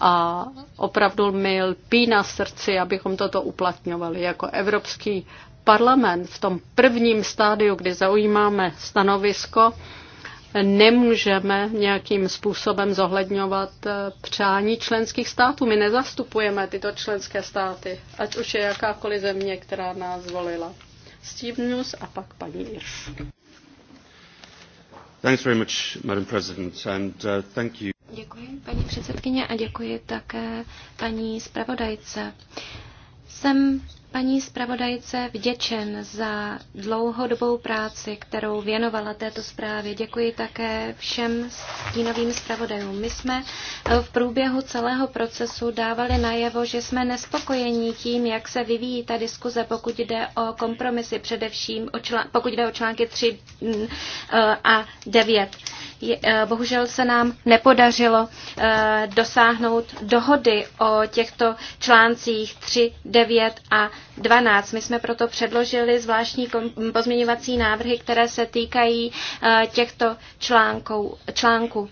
a opravdu mi lpí na srdci, abychom toto uplatňovali jako Evropský parlament v tom prvním stádiu, kdy zaujímáme stanovisko, nemůžeme nějakým způsobem zohledňovat eh, přání členských států. My nezastupujeme tyto členské státy, ať už je jakákoliv země, která nás zvolila. Steve News a pak paní Irš. Thanks very much, Madam President, and uh, thank you. Děkuji, paní předsedkyně, a děkuji také paní zpravodajce. Jsem paní zpravodajce vděčen za dlouhodobou práci, kterou věnovala této zprávě. Děkuji také všem stínovým zpravodajům. My jsme eh, v průběhu celého procesu dávali najevo, že jsme nespokojení tím, jak se vyvíjí ta diskuze, pokud jde o kompromisy, především o člán, pokud jde o články 3 mm, eh, a 9. Eh, bohužel se nám nepodařilo eh, dosáhnout dohody o těchto článcích 3, 9 a 12. My jsme proto předložili zvláštní pozměňovací návrhy, které se týkají eh, těchto článků.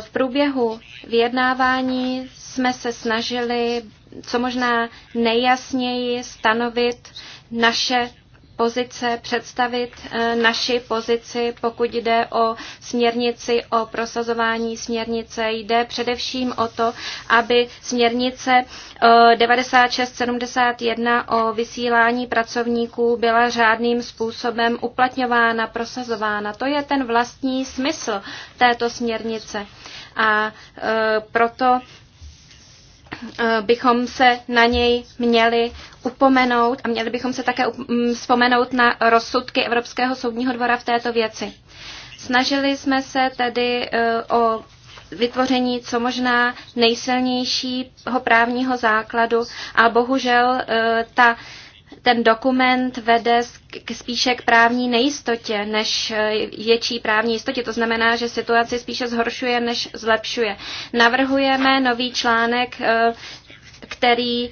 V průběhu vyjednávání jsme se snažili co možná nejjasněji stanovit naše pozice, představit eh, naši pozici, pokud jde o směrnici, o prosazování směrnice. Jde především o to, aby směrnice 9671 eh, o vysílání pracovníků byla řádným způsobem uplatňována, prosazována. To je ten vlastní smysl této směrnice. A eh, proto Eh, bychom se na něj měli upomenout a měli bychom se také mm, vzpomenout na rozsudky Evropského soudního dvora v této věci. Snažili jsme se tedy eh, o vytvoření co možná nejsilnějšího právního základu a bohužel eh, ta ten dokument vede k spíše k právní nejistotě než větší právní jistotě. To znamená, že situaci spíše zhoršuje než zlepšuje. Navrhujeme nový článek, eh, který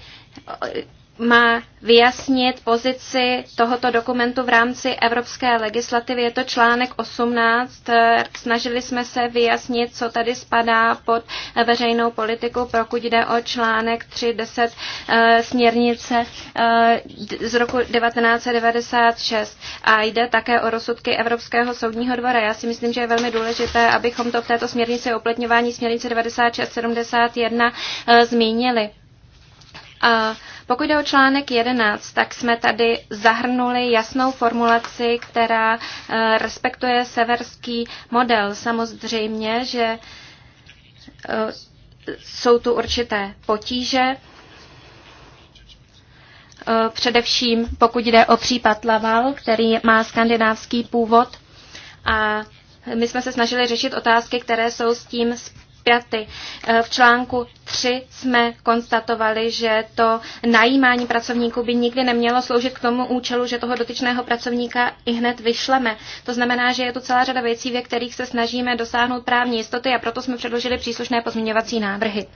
má vyjasnit pozici tohoto dokumentu v rámci evropské legislativy. Je to článek 18. Snažili jsme se vyjasnit, co tady spadá pod veřejnou politiku, pokud jde o článek 310 eh, směrnice eh, z roku 1996. A jde také o rozsudky Evropského soudního dvora. Já si myslím, že je velmi důležité, abychom to v této směrnici opletňování směrnice 9671 eh, zmínili. Pokud jde o článek 11, tak jsme tady zahrnuli jasnou formulaci, která eh, respektuje severský model. Samozřejmě, že eh, jsou tu určité potíže, eh, především pokud jde o případ Laval, který má skandinávský původ. A my jsme se snažili řešit otázky, které jsou s tím zpěty. E, v článku 3 jsme konstatovali, že to najímání pracovníků by nikdy nemělo sloužit k tomu účelu, že toho dotyčného pracovníka i hned vyšleme. To znamená, že je tu celá řada věcí, ve kterých se snažíme dosáhnout právní jistoty a proto jsme předložili příslušné pozměňovací návrhy.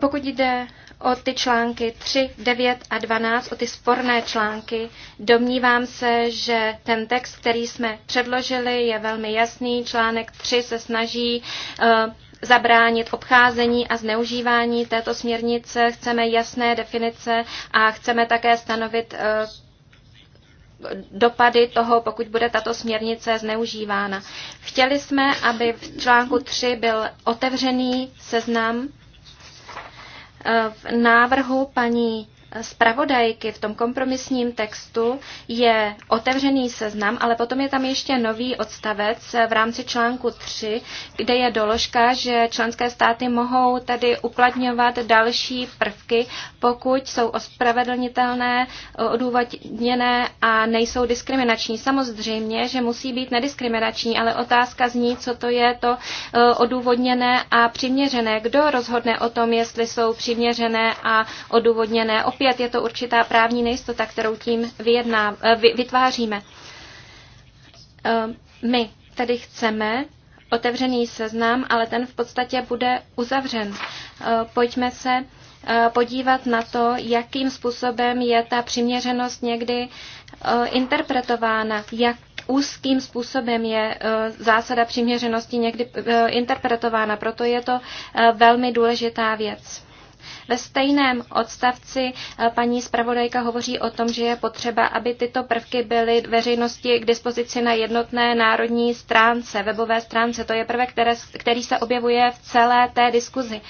Pokud jde o ty články 3, 9 a 12, o ty sporné články. Domnívám se, že ten text, který jsme předložili, je velmi jasný. Článek 3 se snaží eh, zabránit obcházení a zneužívání této směrnice. Chceme jasné definice a chceme také stanovit eh, dopady toho, pokud bude tato směrnice zneužívána. Chtěli jsme, aby v článku 3 byl otevřený seznam v návrhu paní zpravodajky v tom kompromisním textu je otevřený seznam, ale potom je tam ještě nový odstavec v rámci článku 3, kde je doložka, že členské státy mohou tady uplatňovat další prvky, pokud jsou ospravedlnitelné, odůvodněné a nejsou diskriminační. Samozřejmě, že musí být nediskriminační, ale otázka zní, co to je to e, odůvodněné a přiměřené. Kdo rozhodne o tom, jestli jsou přiměřené a odůvodněné? Opět je to určitá právní nejistota, kterou tím vyjedná, eh, vytváříme. Eh, my tedy chceme otevřený seznam, ale ten v podstatě bude uzavřen. Eh, pojďme se podívat na to, jakým způsobem je ta přiměřenost někdy interpretována, jak úzkým způsobem je zásada přiměřenosti někdy interpretována. Proto je to velmi důležitá věc. Ve stejném odstavci eh, paní zpravodajka hovoří o tom, že je potřeba, aby tyto prvky byly veřejnosti k dispozici na jednotné národní stránce, webové stránce. To je prvek, které, který se objevuje v celé té diskuzi.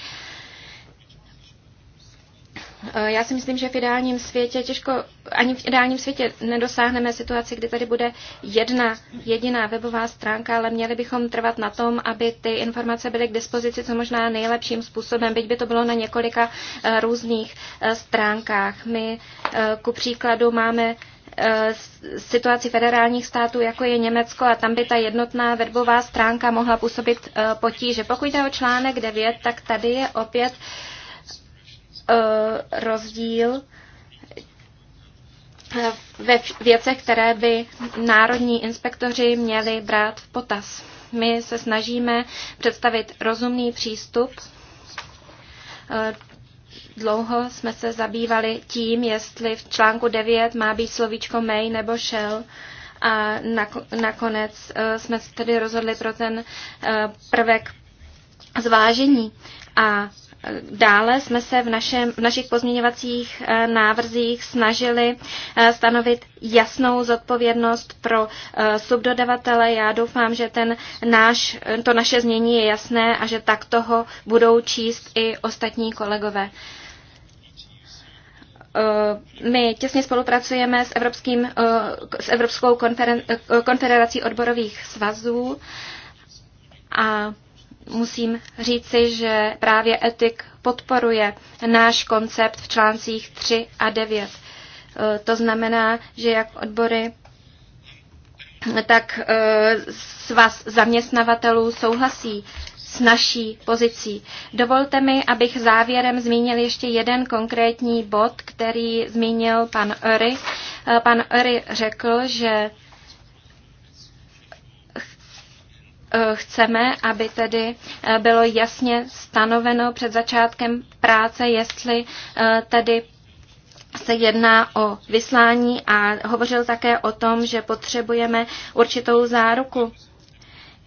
Eh, já si myslím, že v ideálním světě těžko, ani v ideálním světě nedosáhneme situaci, kdy tady bude jedna jediná webová stránka, ale měli bychom trvat na tom, aby ty informace byly k dispozici co možná nejlepším způsobem, byť by to bylo na několika eh, různých eh, stránkách. My ku příkladu máme situaci federálních států, jako je Německo, a tam by ta jednotná webová stránka mohla působit potíže. Pokud jde o článek 9, tak tady je opět uh, Eh, rozdíl eh, ve věcech, které by národní inspektoři měli brát v potaz. My se snažíme představit rozumný přístup. Eh, dlouho jsme se zabývali tím, jestli v článku 9 má být slovíčko may nebo shall. A nakonec jsme se tedy rozhodli pro ten prvek zvážení. A Dále jsme se v, našem, v našich pozměňovacích eh, návrzích snažili eh, stanovit jasnou zodpovědnost pro eh, subdodavatele. Já doufám, že ten náš, to naše znění je jasné a že tak toho budou číst i ostatní kolegové. My těsně spolupracujeme s, Evropským, s Evropskou konferen, konfederací odborových svazů a musím říci, že právě etik podporuje náš koncept v článcích 3 a 9. E, to znamená, že jak odbory, tak e, svaz zaměstnavatelů souhlasí s naší pozicí. Dovolte mi, abych závěrem zmínil ještě jeden konkrétní bod, který zmínil pan Öry. E, pan Öry řekl, že Eh, chceme, aby tedy eh, bylo jasně stanoveno před začátkem práce, jestli eh, tedy se jedná o vyslání a hovořil také o tom, že potřebujeme určitou záruku.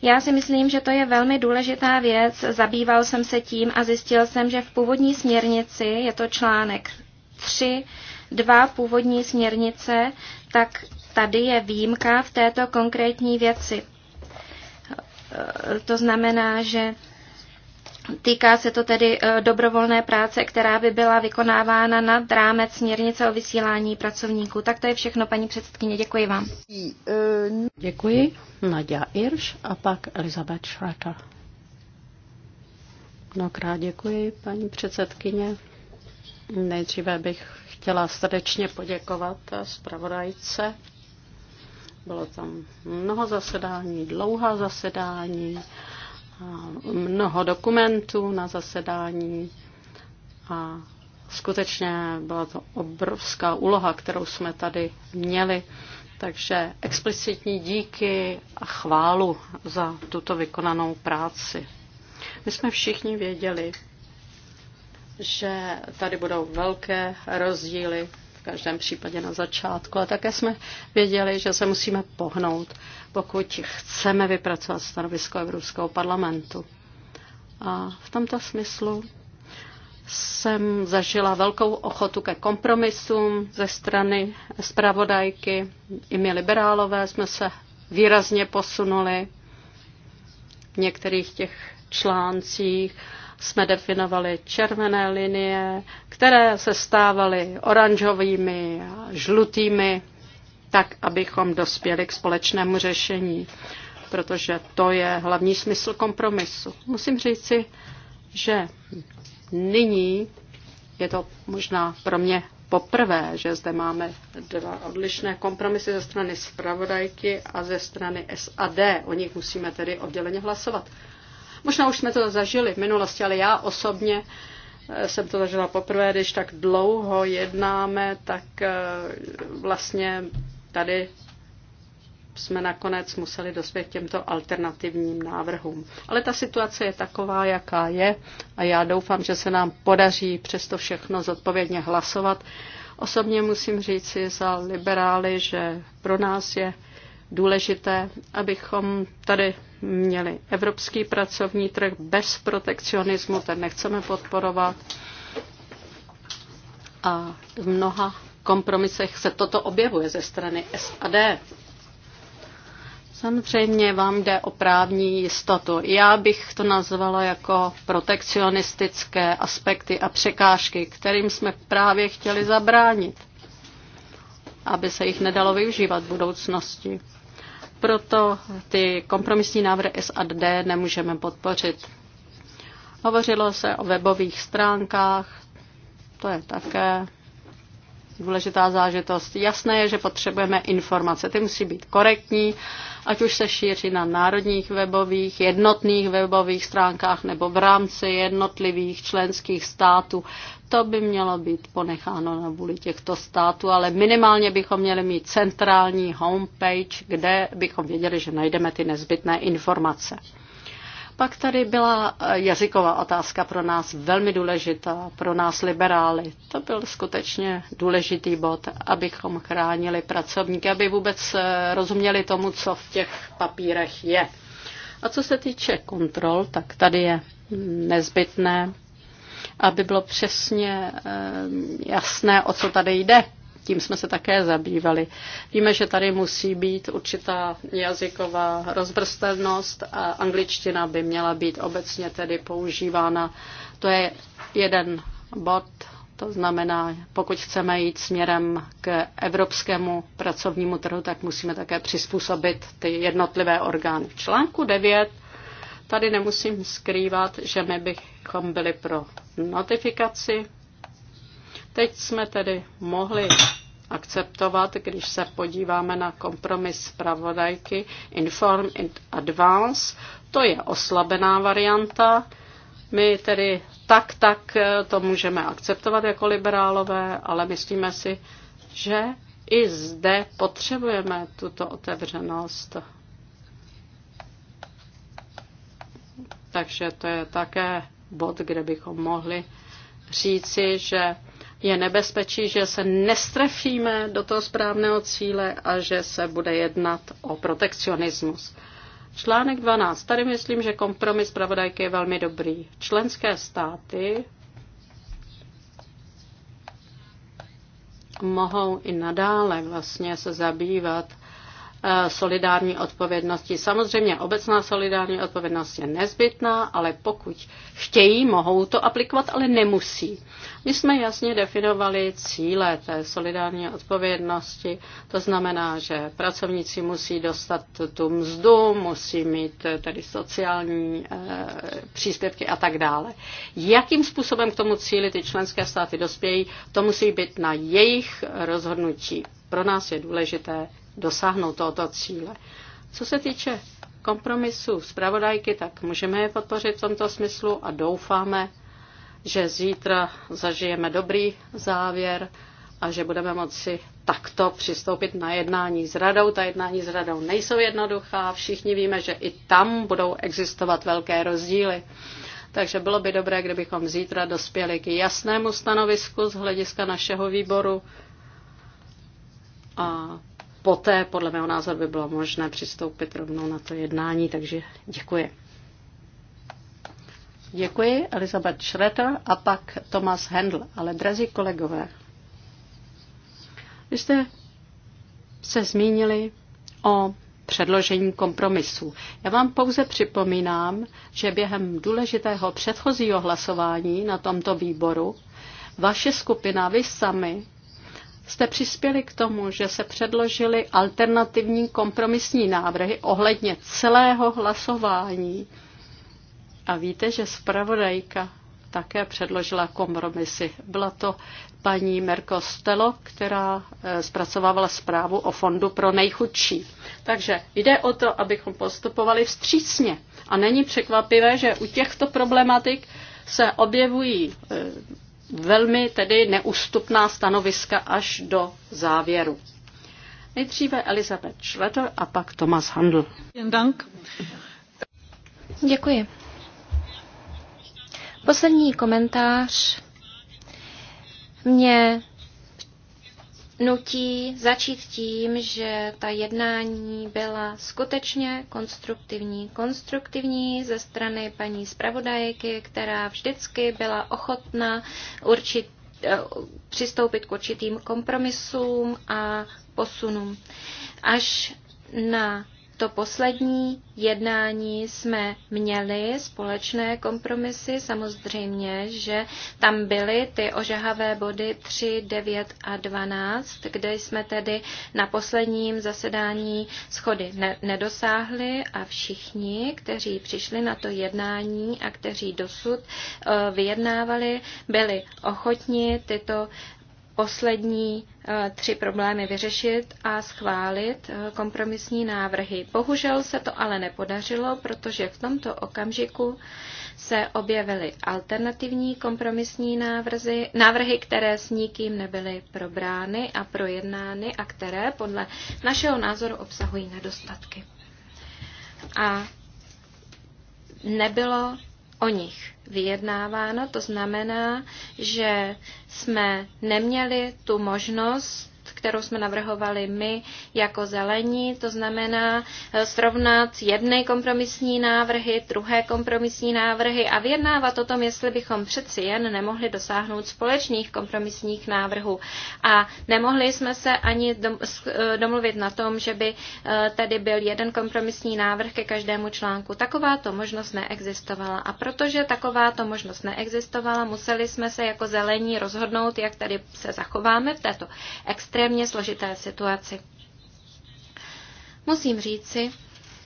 Já si myslím, že to je velmi důležitá věc. Zabýval jsem se tím a zjistil jsem, že v původní směrnici, je to článek 3, 2 původní směrnice, tak tady je výjimka v této konkrétní věci. To znamená, že Týká se to tedy e, dobrovolné práce, která by byla vykonávána nad rámec směrnice o vysílání pracovníků. Tak to je všechno, paní předsedkyně, děkuji vám. Děkuji. Nadia Irš a pak Elizabeth No Mnohokrát děkuji, paní předsedkyně. Nejdříve bych chtěla srdečně poděkovat zpravodajce bylo tam mnoho zasedání, dlouhá zasedání, mnoho dokumentů na zasedání a skutečně byla to obrovská úloha, kterou jsme tady měli. Takže explicitní díky a chválu za tuto vykonanou práci. My jsme všichni věděli, že tady budou velké rozdíly každém případě na začátku. A také jsme věděli, že se musíme pohnout, pokud chceme vypracovat stanovisko Evropského parlamentu. A v tomto smyslu jsem zažila velkou ochotu ke kompromisům ze strany zpravodajky. I my liberálové jsme se výrazně posunuli v některých těch článcích jsme definovali červené linie, které se stávaly oranžovými a žlutými, tak abychom dospěli k společnému řešení, protože to je hlavní smysl kompromisu. Musím říci, že nyní je to možná pro mě poprvé, že zde máme dva odlišné kompromisy ze strany zpravodajky a ze strany SAD. O nich musíme tedy odděleně hlasovat. Možná už jsme to zažili v minulosti, ale já osobně eh, jsem to zažila poprvé, když tak dlouho jednáme, tak eh, vlastně tady jsme nakonec museli dospět těmto alternativním návrhům. Ale ta situace je taková, jaká je a já doufám, že se nám podaří přesto všechno zodpovědně hlasovat. Osobně musím říci za liberály, že pro nás je důležité, abychom tady měli evropský pracovní trh bez protekcionismu, ten nechceme podporovat. A v mnoha kompromisech se toto objevuje ze strany SAD. Samozřejmě vám jde o právní jistotu. Já bych to nazvala jako protekcionistické aspekty a překážky, kterým jsme právě chtěli zabránit, aby se jich nedalo využívat v budoucnosti. Proto ty kompromisní návrhy SAD nemůžeme podpořit. Hovořilo se o webových stránkách, to je také důležitá zážitost. Jasné je, že potřebujeme informace. Ty musí být korektní, ať už se šíří na národních webových, jednotných webových stránkách nebo v rámci jednotlivých členských států. To by mělo být ponecháno na vůli těchto států, ale minimálně bychom měli mít centrální homepage, kde bychom věděli, že najdeme ty nezbytné informace. Pak tady byla eh, jazyková otázka pro nás velmi důležitá, pro nás liberály. To byl skutečně důležitý bod, abychom chránili pracovníky, aby vůbec eh, rozuměli tomu, co v těch papírech je. A co se týče kontrol, tak tady je nezbytné, aby bylo přesně eh, jasné, o co tady jde tím jsme se také zabývali. Víme, že tady musí být určitá jazyková rozbrstevnost a angličtina by měla být obecně tedy používána. To je jeden bod, to znamená, pokud chceme jít směrem k evropskému pracovnímu trhu, tak musíme také přizpůsobit ty jednotlivé orgány. V článku 9 tady nemusím skrývat, že my bychom byli pro notifikaci Teď jsme tedy mohli akceptovat, když se podíváme na kompromis zpravodajky Inform in Advance. To je oslabená varianta. My tedy tak, tak to můžeme akceptovat jako liberálové, ale myslíme si, že i zde potřebujeme tuto otevřenost. Takže to je také bod, kde bychom mohli říci, že je nebezpečí, že se nestrefíme do toho správného cíle a že se bude jednat o protekcionismus. Článek 12. Tady myslím, že kompromis pravodajky je velmi dobrý. Členské státy mohou i nadále vlastně se zabývat Eh, solidární odpovědnosti. Samozřejmě obecná solidární odpovědnost je nezbytná, ale pokud chtějí, mohou to aplikovat, ale nemusí. My jsme jasně definovali cíle té solidární odpovědnosti. To znamená, že pracovníci musí dostat tu mzdu, musí mít eh, tedy sociální e, příspěvky a tak dále. Jakým způsobem k tomu cíli ty členské státy dospějí, to musí být na jejich rozhodnutí. Pro nás je důležité dosáhnout tohoto cíle. Co se týče kompromisu zpravodajky, tak můžeme je podpořit v tomto smyslu a doufáme, že zítra zažijeme dobrý závěr a že budeme moci takto přistoupit na jednání s radou. Ta jednání s radou nejsou jednoduchá, všichni víme, že i tam budou existovat velké rozdíly. Takže bylo by dobré, kdybychom zítra dospěli k jasnému stanovisku z hlediska našeho výboru a poté, podle mého názoru, by bylo možné přistoupit rovnou na to jednání, takže děkuji. Děkuji, Elizabeth Schroeder a pak Thomas Hendl. Ale, drazí kolegové, vy jste se zmínili o předložení kompromisu. Já vám pouze připomínám, že během důležitého předchozího hlasování na tomto výboru vaše skupina, vy sami, jste přispěli k tomu, že se předložili alternativní kompromisní návrhy ohledně celého hlasování. A víte, že zpravodajka také předložila kompromisy. Byla to paní Merko Stelo, která eh, zpracovávala zprávu o fondu pro nejchudší. Takže jde o to, abychom postupovali vstřícně. A není překvapivé, že u těchto problematik se objevují eh, velmi tedy neústupná stanoviska až do závěru. Nejdříve Elizabeth Schroeder a pak Thomas Handl. Děkuji. Poslední komentář mě nutí začít tím, že ta jednání byla skutečně konstruktivní. Konstruktivní ze strany paní zpravodajky, která vždycky byla ochotna určit, eh, přistoupit k určitým kompromisům a posunům. Až na to poslední jednání jsme měli společné kompromisy. Samozřejmě, že tam byly ty ožahavé body 3, 9 a 12, kde jsme tedy na posledním zasedání schody ne- nedosáhli a všichni, kteří přišli na to jednání a kteří dosud eh, vyjednávali, byli ochotni tyto poslední eh, tři problémy vyřešit a schválit eh, kompromisní návrhy. Bohužel se to ale nepodařilo, protože v tomto okamžiku se objevily alternativní kompromisní návrzy, návrhy, které s nikým nebyly probrány a projednány a které podle našeho názoru obsahují nedostatky. A nebylo o nich vyjednáváno. To znamená, že jsme neměli tu možnost kterou jsme navrhovali my jako zelení, to znamená eh, srovnat jedné kompromisní návrhy, druhé kompromisní návrhy a vyjednávat o tom, jestli bychom přeci jen nemohli dosáhnout společných kompromisních návrhů. A nemohli jsme se ani eh, domluvit na tom, že by eh, tady byl jeden kompromisní návrh ke každému článku. Takováto možnost neexistovala. A protože takováto možnost neexistovala, museli jsme se jako zelení rozhodnout, jak tady se zachováme v této extra extrémně složité situaci. Musím říci,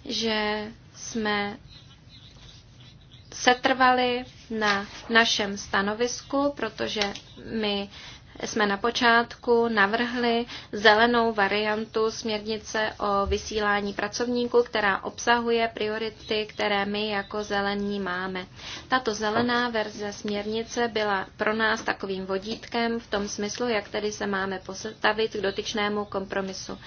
že jsme setrvali na našem stanovisku, protože my jsme na počátku navrhli zelenou variantu směrnice o vysílání pracovníků, která obsahuje priority, které my jako zelení máme. Tato zelená verze směrnice byla pro nás takovým vodítkem v tom smyslu, jak tedy se máme postavit k dotyčnému kompromisu.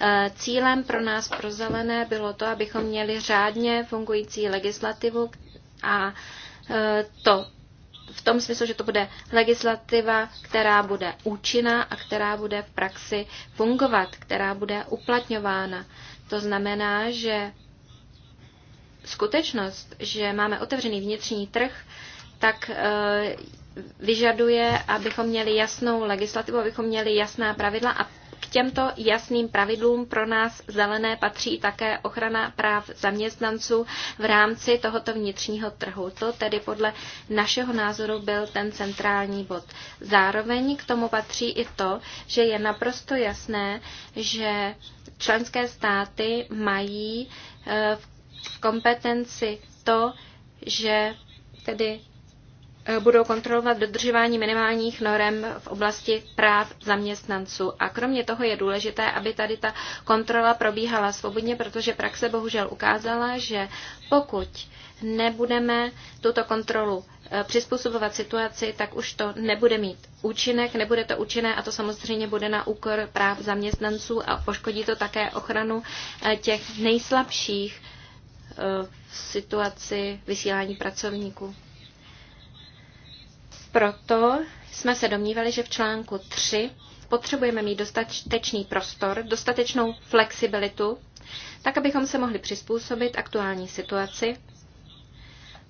E, cílem pro nás pro zelené bylo to, abychom měli řádně fungující legislativu a e, to v tom smyslu, že to bude legislativa, která bude účinná a která bude v praxi fungovat, která bude uplatňována. To znamená, že skutečnost, že máme otevřený vnitřní trh, tak e, vyžaduje, abychom měli jasnou legislativu, abychom měli jasná pravidla a k těmto jasným pravidlům pro nás zelené patří také ochrana práv zaměstnanců v rámci tohoto vnitřního trhu. To tedy podle našeho názoru byl ten centrální bod. Zároveň k tomu patří i to, že je naprosto jasné, že členské státy mají eh, v kompetenci to, že tedy Eh, budou kontrolovat dodržování minimálních norem v oblasti práv zaměstnanců. A kromě toho je důležité, aby tady ta kontrola probíhala svobodně, protože praxe bohužel ukázala, že pokud nebudeme tuto kontrolu eh, přizpůsobovat situaci, tak už to nebude mít účinek, nebude to účinné a to samozřejmě bude na úkor práv zaměstnanců a poškodí to také ochranu eh, těch nejslabších v situaci vysílání pracovníků. Proto jsme se domnívali, že v článku 3 potřebujeme mít dostatečný prostor, dostatečnou flexibilitu, tak abychom se mohli přizpůsobit aktuální situaci.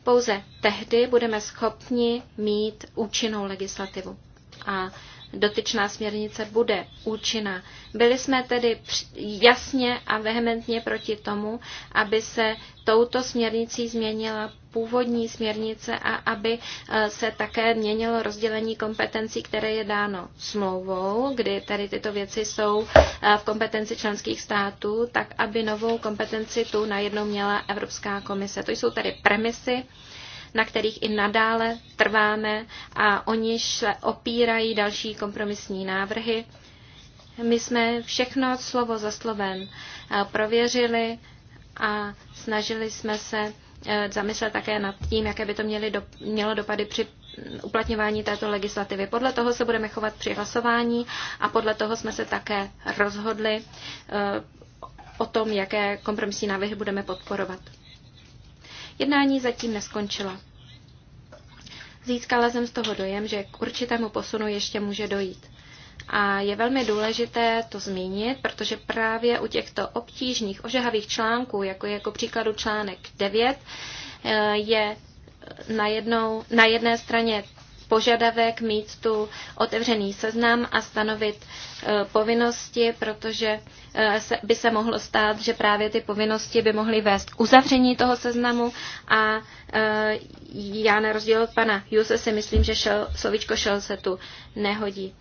Pouze tehdy budeme schopni mít účinnou legislativu. A dotyčná směrnice bude účinná. Byli jsme tedy jasně a vehementně proti tomu, aby se touto směrnicí změnila původní směrnice a aby eh, se také měnilo rozdělení kompetencí, které je dáno smlouvou, kdy tady tyto věci jsou eh, v kompetenci členských států, tak aby novou kompetenci tu najednou měla Evropská komise. To jsou tady premisy na kterých i nadále trváme a oni se opírají další kompromisní návrhy. My jsme všechno slovo za slovem eh, prověřili a snažili jsme se Eh, zamyslet také nad tím, jaké by to měly do, mělo dopady při uplatňování této legislativy. Podle toho se budeme chovat při hlasování a podle toho jsme se také rozhodli eh, o tom, jaké kompromisní návrhy budeme podporovat. Jednání zatím neskončila. Získala jsem z toho dojem, že k určitému posunu ještě může dojít. A je velmi důležité to zmínit, protože právě u těchto obtížných, ožehavých článků, jako, jako příkladu článek 9, eh, je na, jednou, na jedné straně požadavek mít tu otevřený seznam a stanovit e, povinnosti, protože e, by se mohlo stát, že právě ty povinnosti by mohly vést k uzavření toho seznamu a e, já na rozdíl od pana Juse si myslím, že šel, slovičko šel se tu nehodí.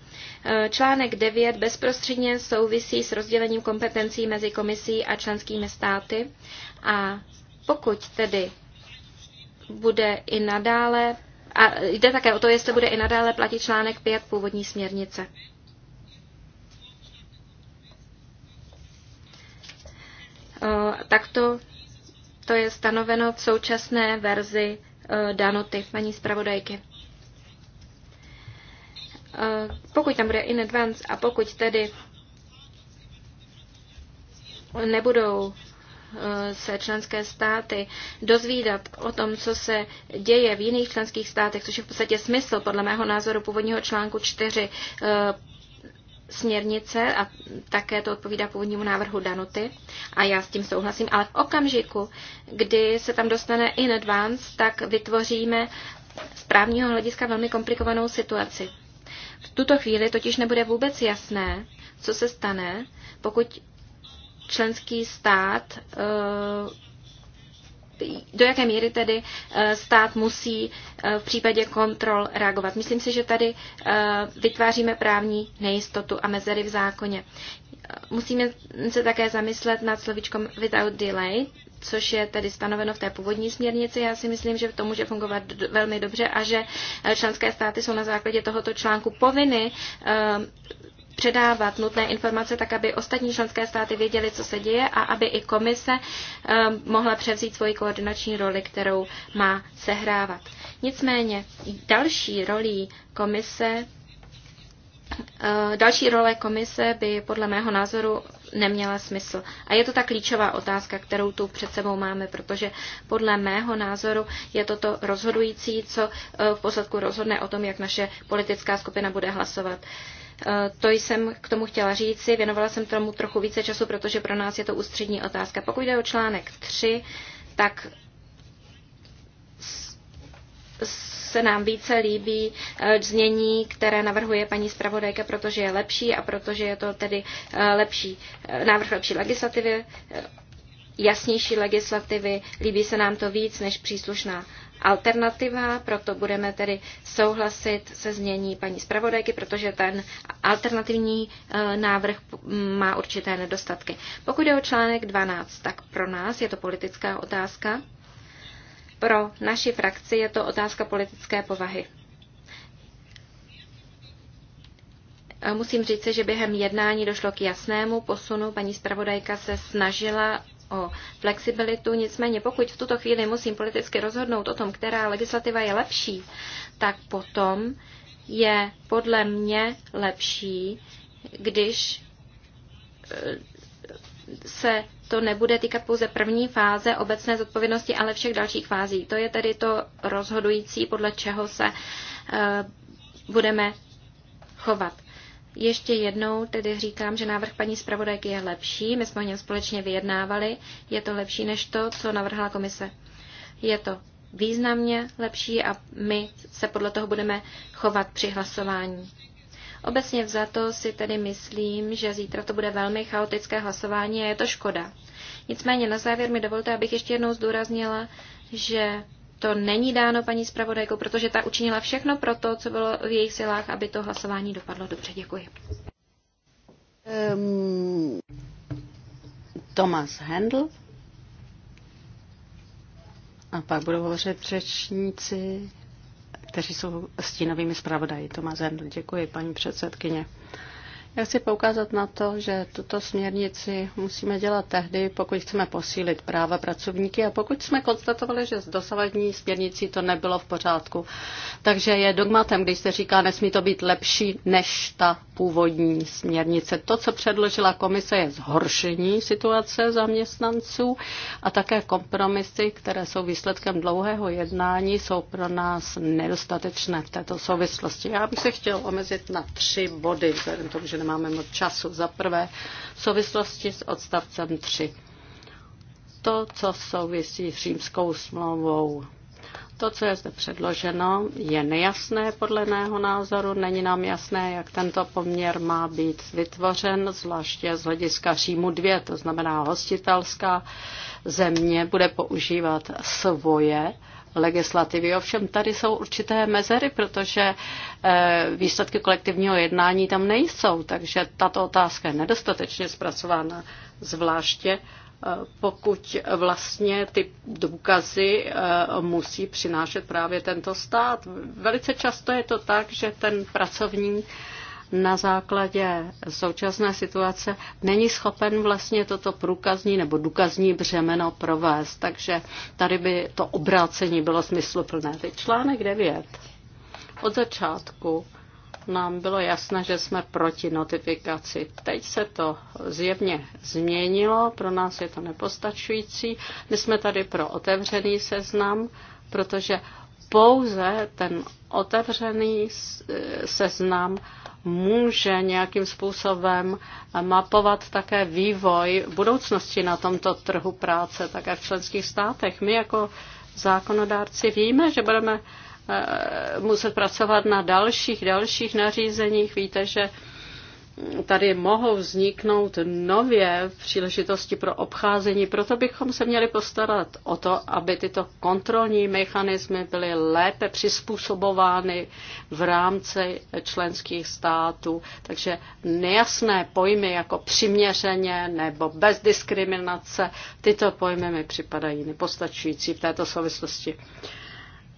Článek 9 bezprostředně souvisí s rozdělením kompetencí mezi komisí a členskými státy a pokud tedy bude i nadále a jde také o to, jestli bude i nadále platit článek 5 původní směrnice. Takto to je stanoveno v současné verzi Danoty, paní zpravodajky. Pokud tam bude in advance a pokud tedy nebudou Eh, se členské státy dozvídat o tom, co se děje v jiných členských státech, což je v podstatě smysl podle mého názoru původního článku 4 eh, směrnice a také to odpovídá původnímu návrhu Danuty a já s tím souhlasím, ale v okamžiku, kdy se tam dostane in advance, tak vytvoříme z právního hlediska velmi komplikovanou situaci. V tuto chvíli totiž nebude vůbec jasné, co se stane, pokud členský stát eh, do jaké míry tedy eh, stát musí eh, v případě kontrol reagovat. Myslím si, že tady vytváříme právní nejistotu a mezery v zákoně. Musíme se také zamyslet nad slovičkom without delay, což je tedy stanoveno v té původní směrnici. Já si myslím, že to může fungovat velmi dobře a že členské státy jsou na základě tohoto článku povinny předávat nutné informace tak, aby ostatní členské státy věděly, co se děje a aby i komise ehm, mohla převzít svoji koordinační roli, kterou má sehrávat. Nicméně další rolí komise ehm, Další role komise by podle mého názoru neměla smysl. A je to ta klíčová otázka, kterou tu před sebou máme, protože podle mého názoru je toto rozhodující, co ehm, v posledku rozhodne o tom, jak naše politická skupina bude hlasovat. Uh, Eh, to jsem k tomu chtěla říci. Věnovala jsem tomu trochu více času, protože pro nás je to ústřední otázka. Pokud jde o článek 3, tak se nám více líbí eh, znění, které navrhuje paní zpravodajka, protože je lepší a protože je to tedy eh, lepší návrh lepší legislativy, jasnější legislativy. Líbí se nám to víc než příslušná alternativa, proto budeme tedy souhlasit se změní paní zpravodajky, protože ten alternativní eh, návrh má určité nedostatky. Pokud je o článek 12, tak pro nás je to politická otázka. Pro naši frakci je to otázka politické povahy. Eh, musím říct, že během jednání došlo k jasnému posunu. Paní zpravodajka se snažila o flexibilitu, nicméně pokud v tuto chvíli musím politicky rozhodnout o tom, která legislativa je lepší, tak potom je podle mě lepší, když eh, se to nebude týkat pouze první fáze obecné zodpovědnosti, ale všech dalších fází. To je tedy to rozhodující, podle čeho se eh, budeme chovat. Ještě jednou tedy říkám, že návrh paní zpravodajky je lepší. My jsme o něm společně vyjednávali. Je to lepší než to, co navrhla komise. Je to významně lepší a my se podle toho budeme chovat při hlasování. Obecně vzato si tedy myslím, že zítra to bude velmi chaotické hlasování a je to škoda. Nicméně na závěr mi dovolte, abych ještě jednou zdůraznila, že to není dáno paní zpravodajkou, protože ta učinila všechno pro to, co bylo v jejich silách, aby to hlasování dopadlo dobře. Děkuji. Um, Thomas Handel. A pak budou hovořit řečníci, kteří jsou stínovými zpravodaji. Tomáš Handel, děkuji, paní předsedkyně. Já chci poukázat na to, že tuto směrnici musíme dělat tehdy, pokud chceme posílit práva pracovníky a pokud jsme konstatovali, že s dosavadní směrnicí to nebylo v pořádku. Takže je dogmatem, když se říká, nesmí to být lepší než ta původní směrnice. To, co předložila komise, je zhoršení situace zaměstnanců a také kompromisy, které jsou výsledkem dlouhého jednání, jsou pro nás nedostatečné v této souvislosti. Já bych se chtěl omezit na tři body, vzhledem tomu, že nemáme moc času. Za prvé v souvislosti s odstavcem 3. To, co souvisí s římskou smlouvou. To, co je zde předloženo, je nejasné podle mého názoru. Není nám jasné, jak tento poměr má být vytvořen, zvláště z hlediska Římu 2, to znamená hostitelská země bude používat svoje legislativy. Ovšem tady jsou určité mezery, protože eh, výsledky kolektivního jednání tam nejsou, takže tato otázka je nedostatečně zpracována, zvláště eh, pokud vlastně ty důkazy eh, musí přinášet právě tento stát. Velice často je to tak, že ten pracovník na základě současné situace není schopen vlastně toto průkazní nebo důkazní břemeno provést. Takže tady by to obrácení bylo smysluplné. Teď článek 9. Od začátku nám bylo jasné, že jsme proti notifikaci. Teď se to zjevně změnilo, pro nás je to nepostačující. My jsme tady pro otevřený seznam, protože pouze ten otevřený e, seznam může nějakým způsobem mapovat také vývoj budoucnosti na tomto trhu práce, také v členských státech. My jako zákonodárci víme, že budeme eh, muset pracovat na dalších, dalších nařízeních. Víte, že tady mohou vzniknout nově příležitosti pro obcházení. Proto bychom se měli postarat o to, aby tyto kontrolní mechanismy byly lépe přizpůsobovány v rámci členských států. Takže nejasné pojmy jako přiměřeně nebo bez diskriminace, tyto pojmy mi připadají nepostačující v této souvislosti.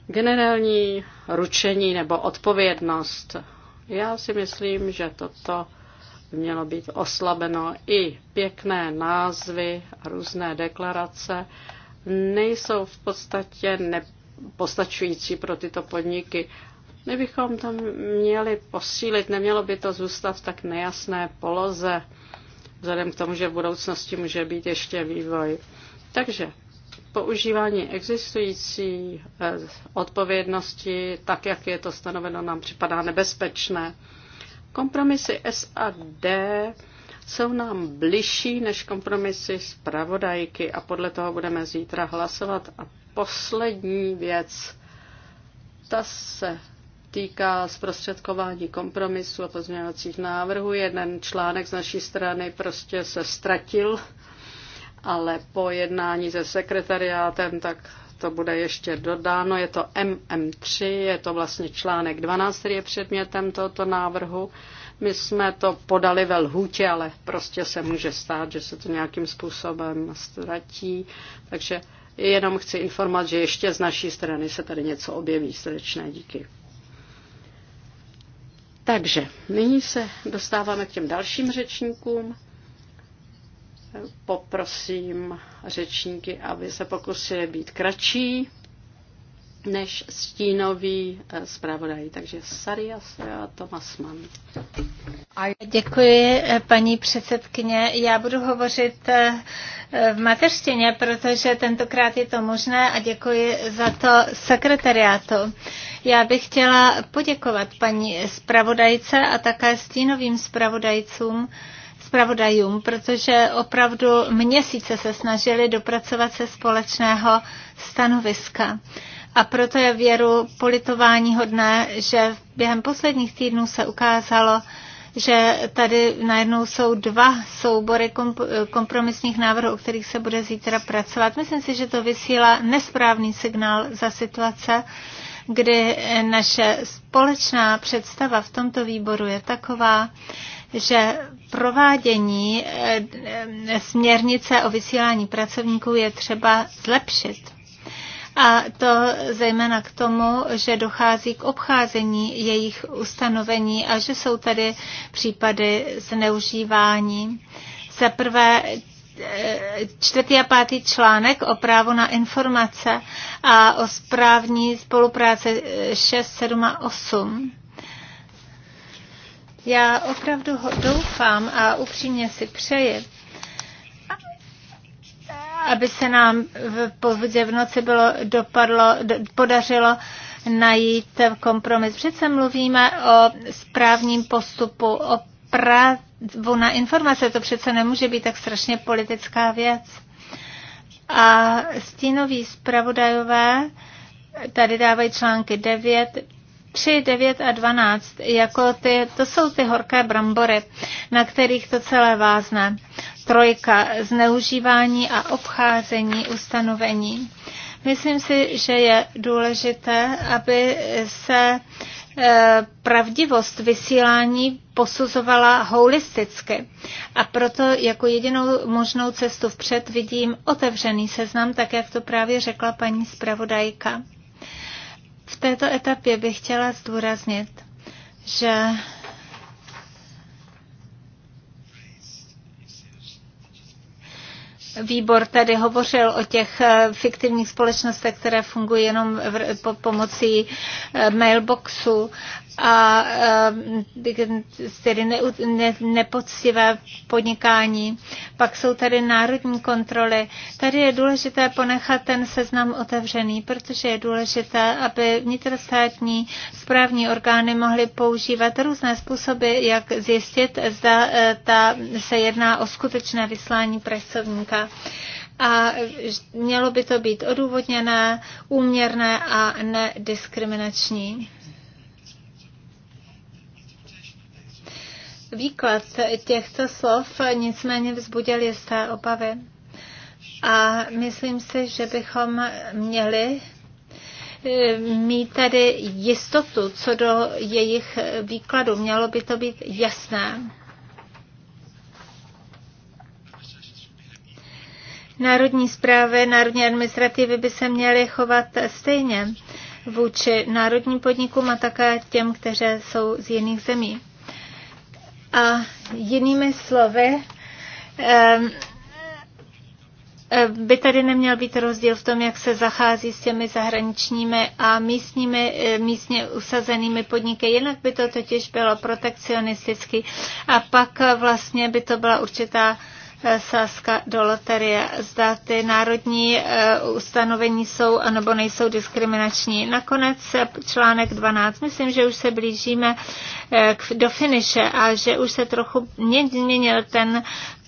Generální ručení nebo odpovědnost. Já si myslím, že toto mělo být oslabeno i pěkné názvy a různé deklarace nejsou v podstatě nepostačující pro tyto podniky. My bychom to měli posílit, nemělo by to zůstat v tak nejasné poloze, vzhledem k tomu, že v budoucnosti může být ještě vývoj. Takže používání existující eh, odpovědnosti, tak jak je to stanoveno, nám připadá nebezpečné. Kompromisy S a D jsou nám bližší než kompromisy pravodajky a podle toho budeme zítra hlasovat. A poslední věc, ta se týká zprostředkování kompromisu a pozměňovacích návrhů. Jeden článek z naší strany prostě se ztratil, ale po jednání se sekretariátem tak to bude ještě dodáno, je to MM3, je to vlastně článek 12, který je předmětem tohoto návrhu. My jsme to podali ve lhůtě, ale prostě se může stát, že se to nějakým způsobem ztratí. Takže jenom chci informovat, že ještě z naší strany se tady něco objeví. Srdečné díky. Takže nyní se dostáváme k těm dalším řečníkům. Poprosím řečníky, aby se pokusili být kratší než stínový eh, zpravodaj. Takže Saria a Tomas Mann. Děkuji, eh, paní předsedkyně. Já budu hovořit eh, v mateřštině, protože tentokrát je to možné a děkuji za to sekretariátu. Já bych chtěla poděkovat paní zpravodajce a také stínovým zpravodajcům, zpravodajům, protože opravdu měsíce se snažili dopracovat se společného stanoviska. A proto je věru politování hodné, že během posledních týdnů se ukázalo, že tady najednou jsou dva soubory kompromisních návrhů, o kterých se bude zítra pracovat. Myslím si, že to vysílá nesprávný signál za situace, kdy naše společná představa v tomto výboru je taková, že provádění eh, směrnice o vysílání pracovníků je třeba zlepšit. A to zejména k tomu, že dochází k obcházení jejich ustanovení a že jsou tady případy zneužívání. Za prvé eh, čtvrtý a pátý článek o právu na informace a o správní spolupráce 6, 7 a 8 já opravdu doufám a upřímně si přeji, aby se nám v, v noci bylo dopadlo, podařilo najít kompromis. Přece mluvíme o správním postupu, o právu na informace. To přece nemůže být tak strašně politická věc. A stínoví zpravodajové tady dávají články 9, 3, 9 a 12, jako ty, to jsou ty horké brambory, na kterých to celé vázne. Trojka, zneužívání a obcházení ustanovení. Myslím si, že je důležité, aby se e, pravdivost vysílání posuzovala holisticky. A proto jako jedinou možnou cestu vpřed vidím otevřený seznam, tak jak to právě řekla paní zpravodajka. V této etapě bych chtěla zdůraznit, že Výbor tady hovořil o těch eh, fiktivních společnostech, které fungují jenom pomocí eh, mailboxu a um, tedy ne, ne, nepoctivé podnikání. Pak jsou tady národní kontroly. Tady je důležité ponechat ten seznam otevřený, protože je důležité, aby vnitrostátní správní orgány mohly používat různé způsoby, jak zjistit, zda eh, ta, se jedná o skutečné vyslání pracovníka a mělo by to být odůvodněné, úměrné a nediskriminační. Výklad těchto slov nicméně vzbudil jisté obavy. A myslím si, že bychom měli eh, mít tady jistotu co do jejich výkladu. Mělo by to být jasné. Národní zprávy, národní administrativy by se měly chovat stejně vůči národním podnikům a také těm, kteří jsou z jiných zemí. A jinými slovy, by tady neměl být rozdíl v tom, jak se zachází s těmi zahraničními a místními, e, místně usazenými podniky. Jinak by to totiž bylo protekcionistický a pak vlastně by to byla určitá sázka do loterie. Zda ty národní eh, ustanovení jsou anebo nejsou diskriminační. Nakonec článek 12. Myslím, že už se blížíme eh, do finiše a že už se trochu změnil ten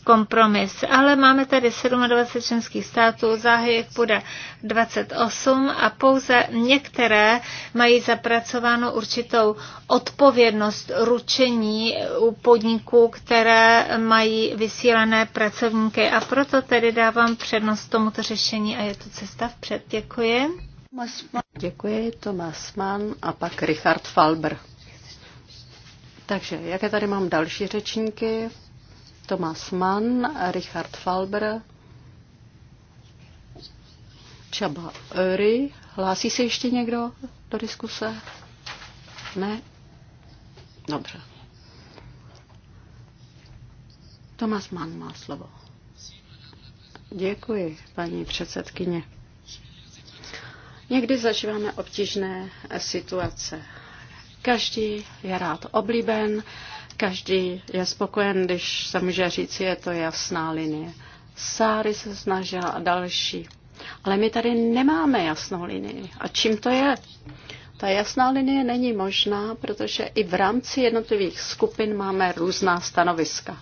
kompromis. Ale máme tady 27 členských států, záhyjek bude 28 a pouze některé mají zapracováno určitou odpovědnost ručení u podniků, které mají vysílané pracovníky. A proto tedy dávám přednost tomuto řešení a je to cesta vpřed. Děkuji. Děkuji, Tomas Mann a pak Richard Falber. Takže, jaké tady mám další řečníky? Thomas Mann, Richard Falber, Čaba Öry. Hlásí se ještě někdo do diskuse? Ne? Dobře. Tomas Mann má slovo. Děkuji, paní předsedkyně. Někdy zažíváme obtížné situace. Každý je rád oblíben, Každý je spokojen, když se může říct, je to jasná linie. Sáry se snažila a další. Ale my tady nemáme jasnou linii. A čím to je? Ta jasná linie není možná, protože i v rámci jednotlivých skupin máme různá stanoviska.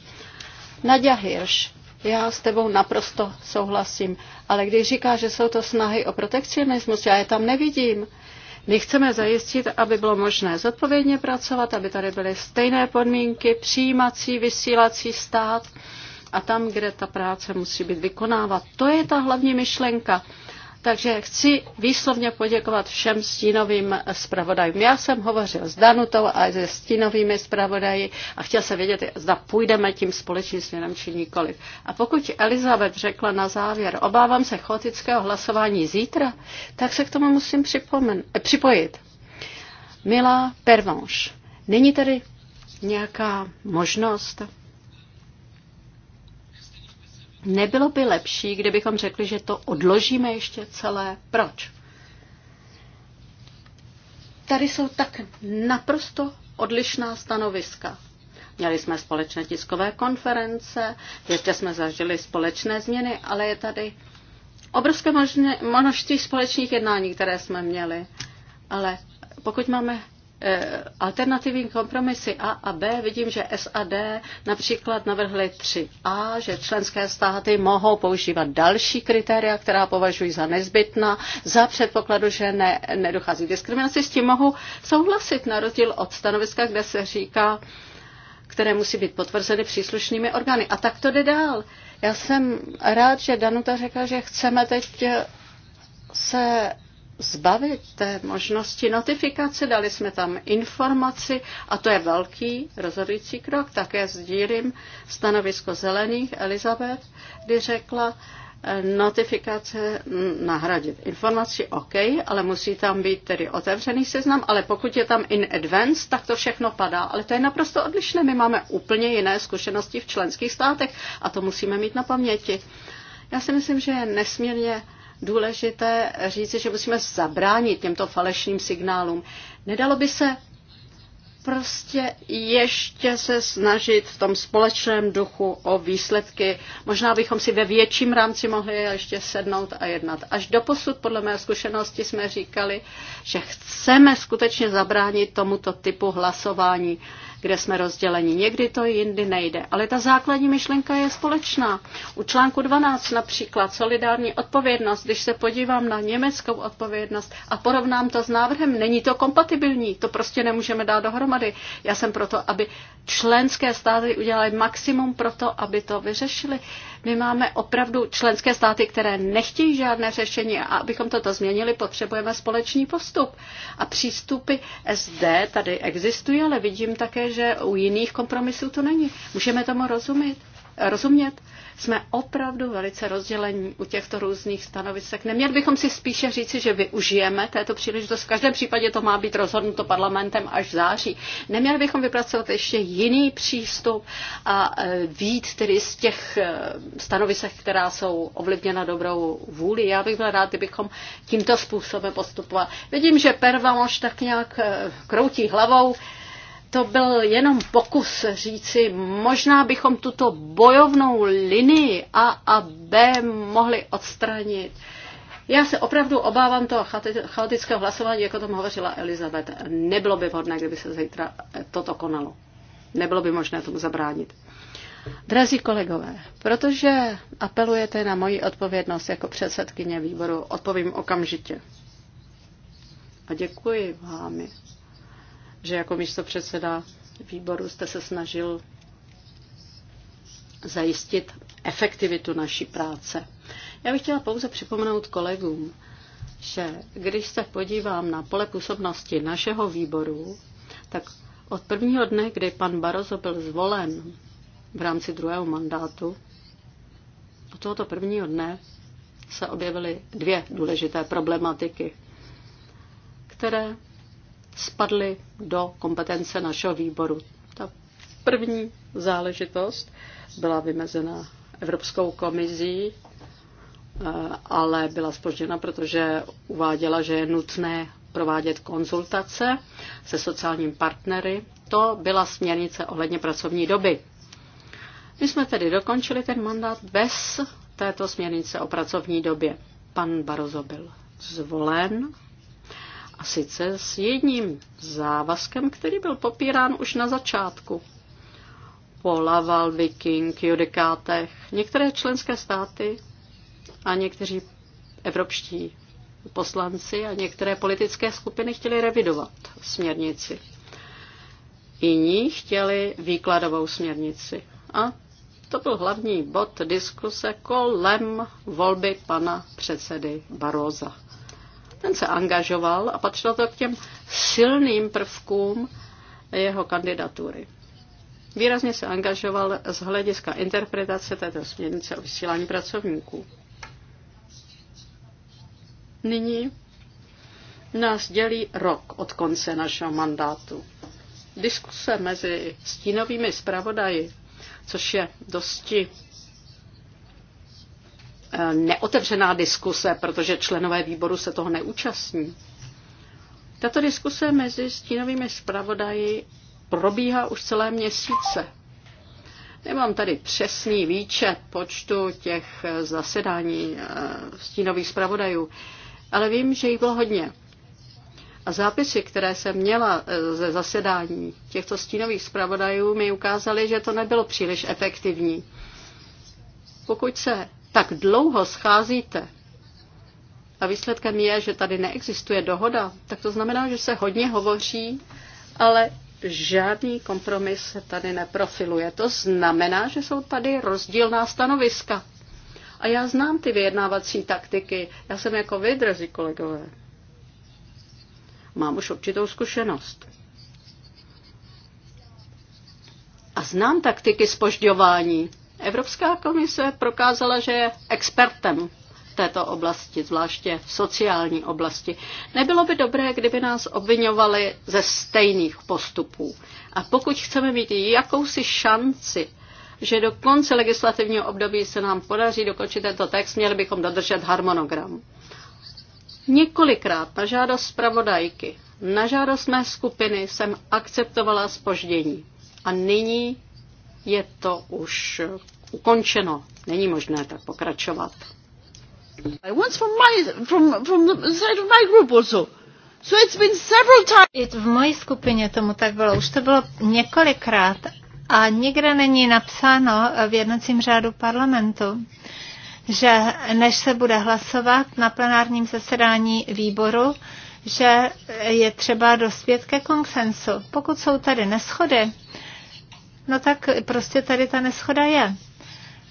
Nadia Hirsch, já s tebou naprosto souhlasím, ale když říká, že jsou to snahy o protekcionismus, já je tam nevidím. My chceme zajistit, aby bylo možné zodpovědně pracovat, aby tady byly stejné podmínky, přijímací, vysílací stát a tam, kde ta práce musí být vykonávat. To je ta hlavní myšlenka. Takže chci výslovně poděkovat všem stínovým zpravodajům. Já jsem hovořil s Danutou a se stínovými zpravodaji a chtěl se vědět, zda půjdeme tím společným směrem či nikoliv. A pokud Elizabeth řekla na závěr, obávám se chaotického hlasování zítra, tak se k tomu musím připomen- eh, připojit. Milá Pervanche, není tady nějaká možnost, Nebylo by lepší, kdybychom řekli, že to odložíme ještě celé? Proč? Tady jsou tak naprosto odlišná stanoviska. Měli jsme společné tiskové konference, ještě jsme zažili společné změny, ale je tady obrovské množství společných jednání, které jsme měli. Ale pokud máme Eh, alternativní kompromisy A a B vidím, že SAD například navrhly 3A, že členské státy mohou používat další kritéria, která považují za nezbytná, za předpokladu, že ne, nedochází k diskriminaci. S tím mohu souhlasit na rozdíl od stanoviska, kde se říká, které musí být potvrzeny příslušnými orgány. A tak to jde dál. Já jsem rád, že Danuta řekla, že chceme teď se zbavit té možnosti notifikace, dali jsme tam informaci a to je velký rozhodující krok. Také sdílím stanovisko zelených Elizabeth, kdy řekla, eh, notifikace mm, nahradit informaci, OK, ale musí tam být tedy otevřený seznam, ale pokud je tam in advance, tak to všechno padá. Ale to je naprosto odlišné. My máme úplně jiné zkušenosti v členských státech a to musíme mít na paměti. Já si myslím, že je nesmírně uh, důležité říci, že musíme zabránit těmto falešným signálům. Nedalo by se prostě ještě se snažit v tom společném duchu o výsledky. Možná bychom si ve větším rámci mohli ještě sednout a jednat. Až do posud, podle mé zkušenosti, jsme říkali, že chceme skutečně zabránit tomuto typu hlasování kde jsme rozděleni. Někdy to jindy nejde, ale ta základní myšlenka je společná. U článku 12 například solidární odpovědnost, když se podívám na německou odpovědnost a porovnám to s návrhem, není to kompatibilní, to prostě nemůžeme dát dohromady. Já jsem proto, aby členské státy udělali maximum pro to, aby to vyřešili. My máme opravdu členské státy, které nechtějí žádné řešení a abychom toto změnili, potřebujeme společný postup. A přístupy SD tady existují, ale vidím také, že u jiných kompromisů to není. Můžeme tomu rozumět? rozumět? jsme opravdu velice rozdělení u těchto různých stanovisek. Neměli bychom si spíše říci, že využijeme této příležitost. V každém případě to má být rozhodnuto parlamentem až v září. Neměli bychom vypracovat ještě jiný přístup a e, vít tedy z těch e, stanovisek, která jsou ovlivněna dobrou vůli. Já bych byl rád, kdybychom tímto způsobem postupovali. Vidím, že Pervamoš tak nějak e, kroutí hlavou to byl jenom pokus říci, možná bychom tuto bojovnou linii A a B mohli odstranit. Já se opravdu obávám toho chaotického hlasování, jako tom hovořila Elizabeth. Nebylo by vhodné, kdyby se zítra toto konalo. Nebylo by možné tomu zabránit. Drazí kolegové, protože apelujete na moji odpovědnost jako předsedkyně výboru, odpovím okamžitě. A děkuji vám že jako místo předseda výboru jste se snažil zajistit efektivitu naší práce. Já bych chtěla pouze připomenout kolegům, že když se podívám na pole působnosti našeho výboru, tak od prvního dne, kdy pan Barozo byl zvolen v rámci druhého mandátu, od tohoto prvního dne se objevily dvě důležité problematiky, které spadly do kompetence našeho výboru. Ta první záležitost byla vymezena Evropskou komizí, eh, ale byla spožděna, protože uváděla, že je nutné provádět konzultace se sociálními partnery. To byla směrnice ohledně pracovní doby. My jsme tedy dokončili ten mandát bez této směrnice o pracovní době. Pan Barozo byl zvolen a sice s jedním závazkem, který byl popírán už na začátku. polaval Viking, judikátech některé členské státy a někteří evropští poslanci a některé politické skupiny chtěli revidovat směrnici. Jiní chtěli výkladovou směrnici. A to byl hlavní bod diskuse kolem volby pana předsedy Baroza. Ten se angažoval a patřilo to k těm silným prvkům jeho kandidatury. Výrazně se angažoval z hlediska interpretace této směrnice o vysílání pracovníků. Nyní nás dělí rok od konce našeho mandátu. Diskuse mezi stínovými zpravodaji, což je dosti neotevřená diskuse, protože členové výboru se toho neúčastní. Tato diskuse mezi stínovými zpravodaji probíhá už celé měsíce. Nemám tady přesný výčet počtu těch eh, zasedání eh, stínových zpravodajů, ale vím, že jich bylo hodně. A zápisy, které jsem měla eh, ze zasedání těchto stínových zpravodajů, mi ukázaly, že to nebylo příliš efektivní. Pokud se tak dlouho scházíte a výsledkem je, že tady neexistuje dohoda, tak to znamená, že se hodně hovoří, ale žádný kompromis se tady neprofiluje. To znamená, že jsou tady rozdílná stanoviska. A já znám ty vyjednávací taktiky. Já jsem jako vy, drazí kolegové. Mám už určitou zkušenost. A znám taktiky spožďování. Evropská komise prokázala, že je expertem této oblasti, zvláště v sociální oblasti. Nebylo by dobré, kdyby nás obvinovali ze stejných postupů. A pokud chceme mít jakousi šanci, že do konce legislativního období se nám podaří dokončit tento text, měli bychom dodržet harmonogram. Několikrát na žádost zpravodajky, na žádost mé skupiny jsem akceptovala spoždění. A nyní je to už ukončeno. Není možné tak pokračovat. v mojí skupině tomu tak bylo. Už to bylo několikrát a nikde není napsáno v jednacím řádu parlamentu, že než se bude hlasovat na plenárním zasedání výboru, že je třeba dospět ke konsensu. Pokud jsou tady neschody, no tak prostě tady ta neschoda je.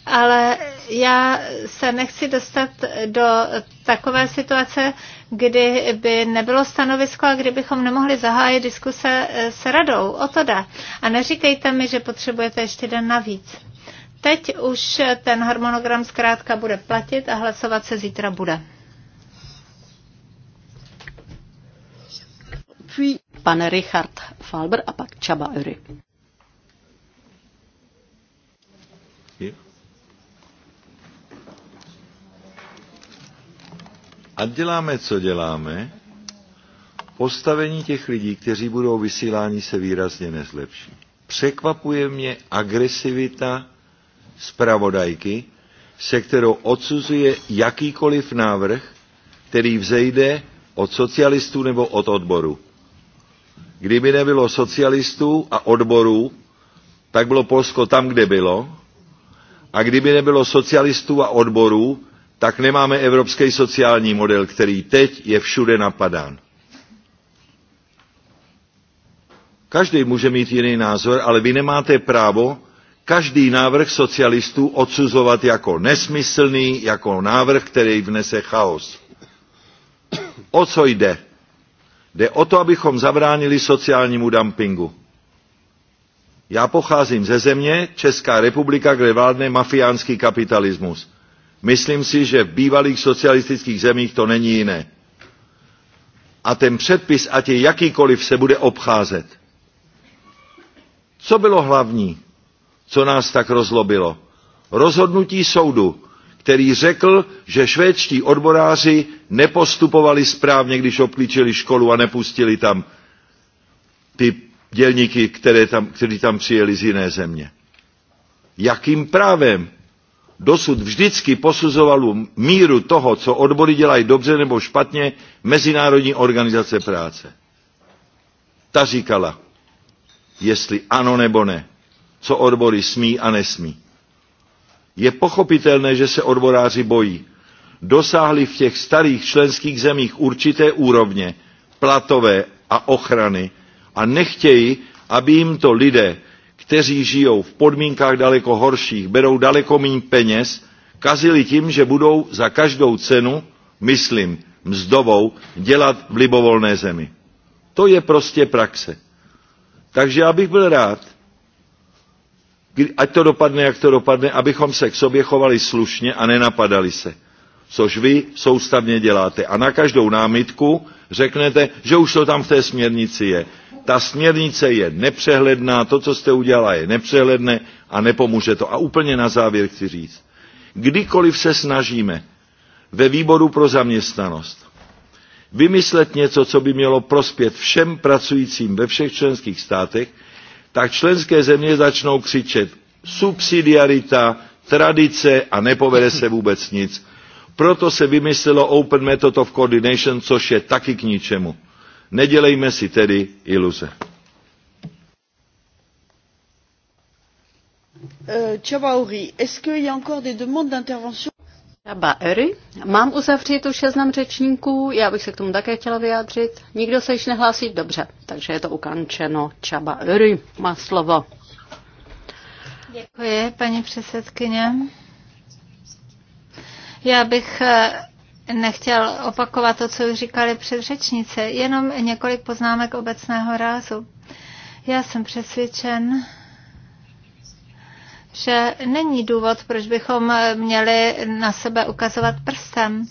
Ale já se nechci dostat do takové situace, kdy by nebylo stanovisko a kdybychom nemohli zahájit diskuse eh, s radou. O to jde. A neříkejte mi, že potřebujete ještě den navíc. Teď už ten harmonogram zkrátka bude platit a hlasovat se zítra bude. Pan Richard Falber a pak Čaba Ury. a děláme, co děláme, postavení těch lidí, kteří budou vysíláni, se výrazně nezlepší. Překvapuje mě agresivita zpravodajky, se kterou odsuzuje jakýkoliv návrh, který vzejde od socialistů nebo od odboru. Kdyby nebylo socialistů a odborů, tak bylo Polsko tam, kde bylo. A kdyby nebylo socialistů a odborů, tak nemáme evropský sociální model, který teď je všude napadán. Každý může mít jiný názor, ale vy nemáte právo každý návrh socialistů odsuzovat jako nesmyslný, jako návrh, který vnese chaos. O co jde? Jde o to, abychom zabránili sociálnímu dumpingu. Já pocházím ze země, Česká republika, kde vládne mafiánský kapitalismus. Myslím si, že v bývalých socialistických zemích to není jiné. A ten předpis, ať je jakýkoliv, se bude obcházet. Co bylo hlavní, co nás tak rozlobilo? Rozhodnutí soudu, který řekl, že švédští odboráři nepostupovali správně, když obklíčili školu a nepustili tam ty dělníky, které tam, kteří tam přijeli z jiné země. Jakým právem dosud vždycky posuzovalo míru toho, co odbory dělají dobře nebo špatně, Mezinárodní organizace práce. Ta říkala, jestli ano nebo ne, co odbory smí a nesmí. Je pochopitelné, že se odboráři bojí. Dosáhli v těch starých členských zemích určité úrovně platové a ochrany a nechtějí, aby jim to lidé kteří žijou v podmínkách daleko horších, berou daleko méně peněz, kazili tím, že budou za každou cenu, myslím, mzdovou, dělat v libovolné zemi. To je prostě praxe. Takže já bych byl rád, ať to dopadne, jak to dopadne, abychom se k sobě chovali slušně a nenapadali se. Což vy soustavně děláte. A na každou námitku řeknete, že už to tam v té směrnici je ta směrnice je nepřehledná, to, co jste udělala, je nepřehledné a nepomůže to. A úplně na závěr chci říct, kdykoliv se snažíme ve výboru pro zaměstnanost vymyslet něco, co by mělo prospět všem pracujícím ve všech členských státech, tak členské země začnou křičet subsidiarita, tradice a nepovede se vůbec nic. Proto se vymyslelo Open Method of Coordination, což je taky k ničemu. Nedělejme si tedy iluze. Čabauri, eh, est-ce encore des demandes d'intervention Mám uzavřít už seznam řečníků, já bych se k tomu také chtěla vyjádřit. Nikdo se již nehlásí? Dobře, takže je to ukončeno. Čaba má slovo. Děkuji, paní předsedkyně. Já bych eh, nechtěl opakovat to, co už říkali předřečnice, jenom několik poznámek obecného rázu. Já jsem přesvědčen, že není důvod, proč bychom měli na sebe ukazovat prstem.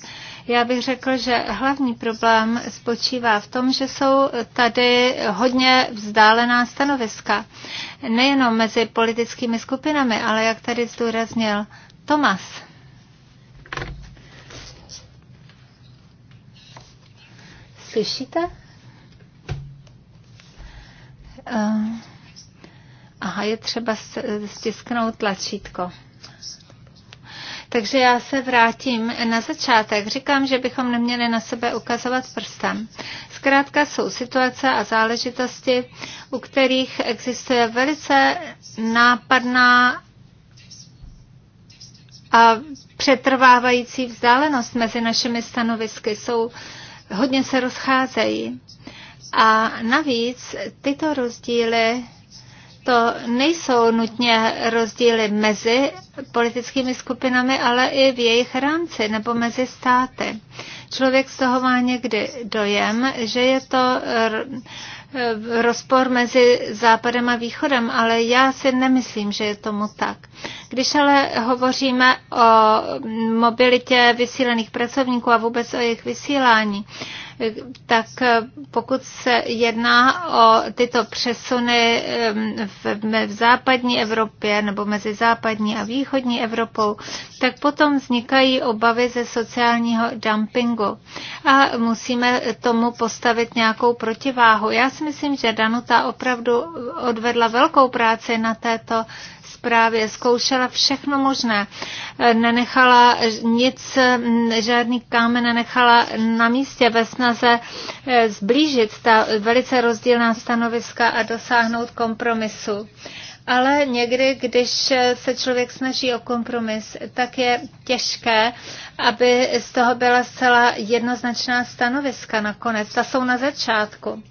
Já bych řekl, že hlavní problém spočívá v tom, že jsou tady hodně vzdálená stanoviska. Nejenom mezi politickými skupinami, ale jak tady zdůraznil Tomas. Slyšíte? Uh, aha, je třeba stisknout tlačítko. Takže já se vrátím na začátek. Říkám, že bychom neměli na sebe ukazovat prstem. Zkrátka jsou situace a záležitosti, u kterých existuje velice nápadná a přetrvávající vzdálenost mezi našimi stanovisky. Jsou hodně se rozcházejí. A navíc tyto rozdíly to nejsou nutně rozdíly mezi politickými skupinami, ale i v jejich rámci nebo mezi státy. Člověk z toho má někdy dojem, že je to rozpor mezi západem a východem, ale já si nemyslím, že je tomu tak. Když ale hovoříme o mobilitě vysílených pracovníků a vůbec o jejich vysílání, tak eh, pokud se jedná o tyto přesuny v, v západní Evropě nebo mezi západní a východní Evropou, tak potom vznikají obavy ze sociálního dumpingu a musíme tomu postavit nějakou protiváhu. Já si myslím, že Danuta opravdu odvedla velkou práci na této právě zkoušela všechno možné. E, nenechala nic, žádný kámen nenechala na místě ve snaze e, zblížit ta velice rozdílná stanoviska a dosáhnout kompromisu ale někdy, když se člověk snaží o kompromis, tak je těžké, aby z toho byla zcela jednoznačná stanoviska nakonec. Ta jsou na začátku.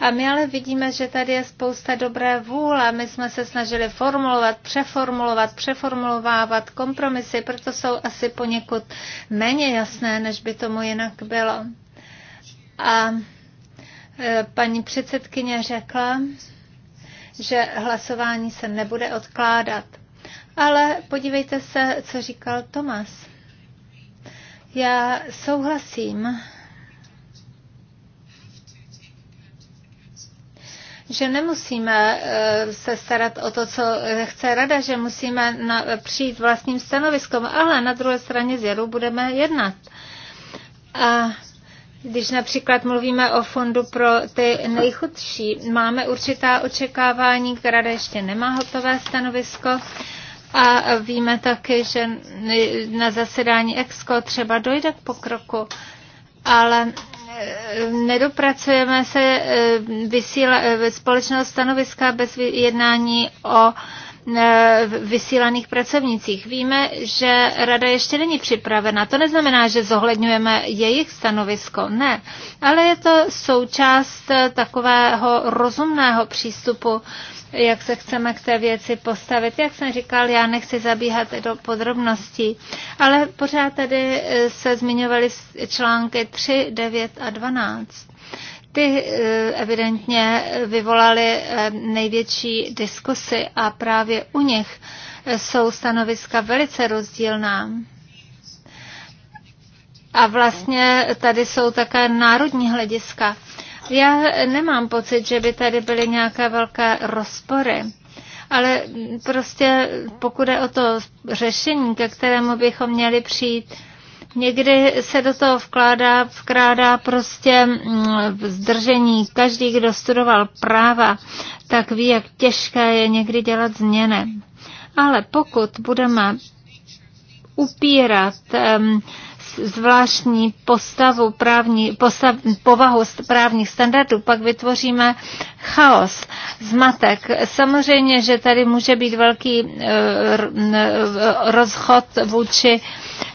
A my ale vidíme, že tady je spousta dobré vůle. My jsme se snažili formulovat, přeformulovat, přeformulovávat kompromisy, proto jsou asi poněkud méně jasné, než by tomu jinak bylo. A e, paní předsedkyně řekla, že hlasování se nebude odkládat. Ale podívejte se, co říkal Tomas. Já souhlasím, že nemusíme eh, se starat o to, co chce rada, že musíme na, přijít vlastním stanoviskom, ale na druhé straně zjedu budeme jednat. A když například mluvíme o fondu pro ty nejchudší, máme určitá očekávání, která ještě nemá hotové stanovisko. A víme taky, že na zasedání EXCO třeba dojde k pokroku, ale e, nedopracujeme se e, vysíla, e, společného stanoviska bez jednání o vysílaných pracovnicích. Víme, že rada ještě není připravena. To neznamená, že zohledňujeme jejich stanovisko. Ne, ale je to součást eh, takového rozumného přístupu jak se chceme k té věci postavit. Jak jsem říkal, já nechci zabíhat do podrobností, ale pořád tady eh, se zmiňovaly články 3, 9 a 12. Ty eh, evidentně eh, vyvolaly eh, největší diskusy a právě u nich jsou stanoviska velice rozdílná. A vlastně tady jsou také národní hlediska. Já nemám pocit, že by tady byly nějaké velké rozpory, ale prostě pokud je o to řešení, ke kterému bychom měli přijít, Někdy se do toho vkládá, vkrádá prostě mm, zdržení. Každý, kdo studoval práva, tak ví, jak těžké je někdy dělat změny. Ale pokud budeme upírat um, zvláštní postavu právní, postav, povahu právních standardů, pak vytvoříme chaos, zmatek. Samozřejmě, že tady může být velký eh, rozchod vůči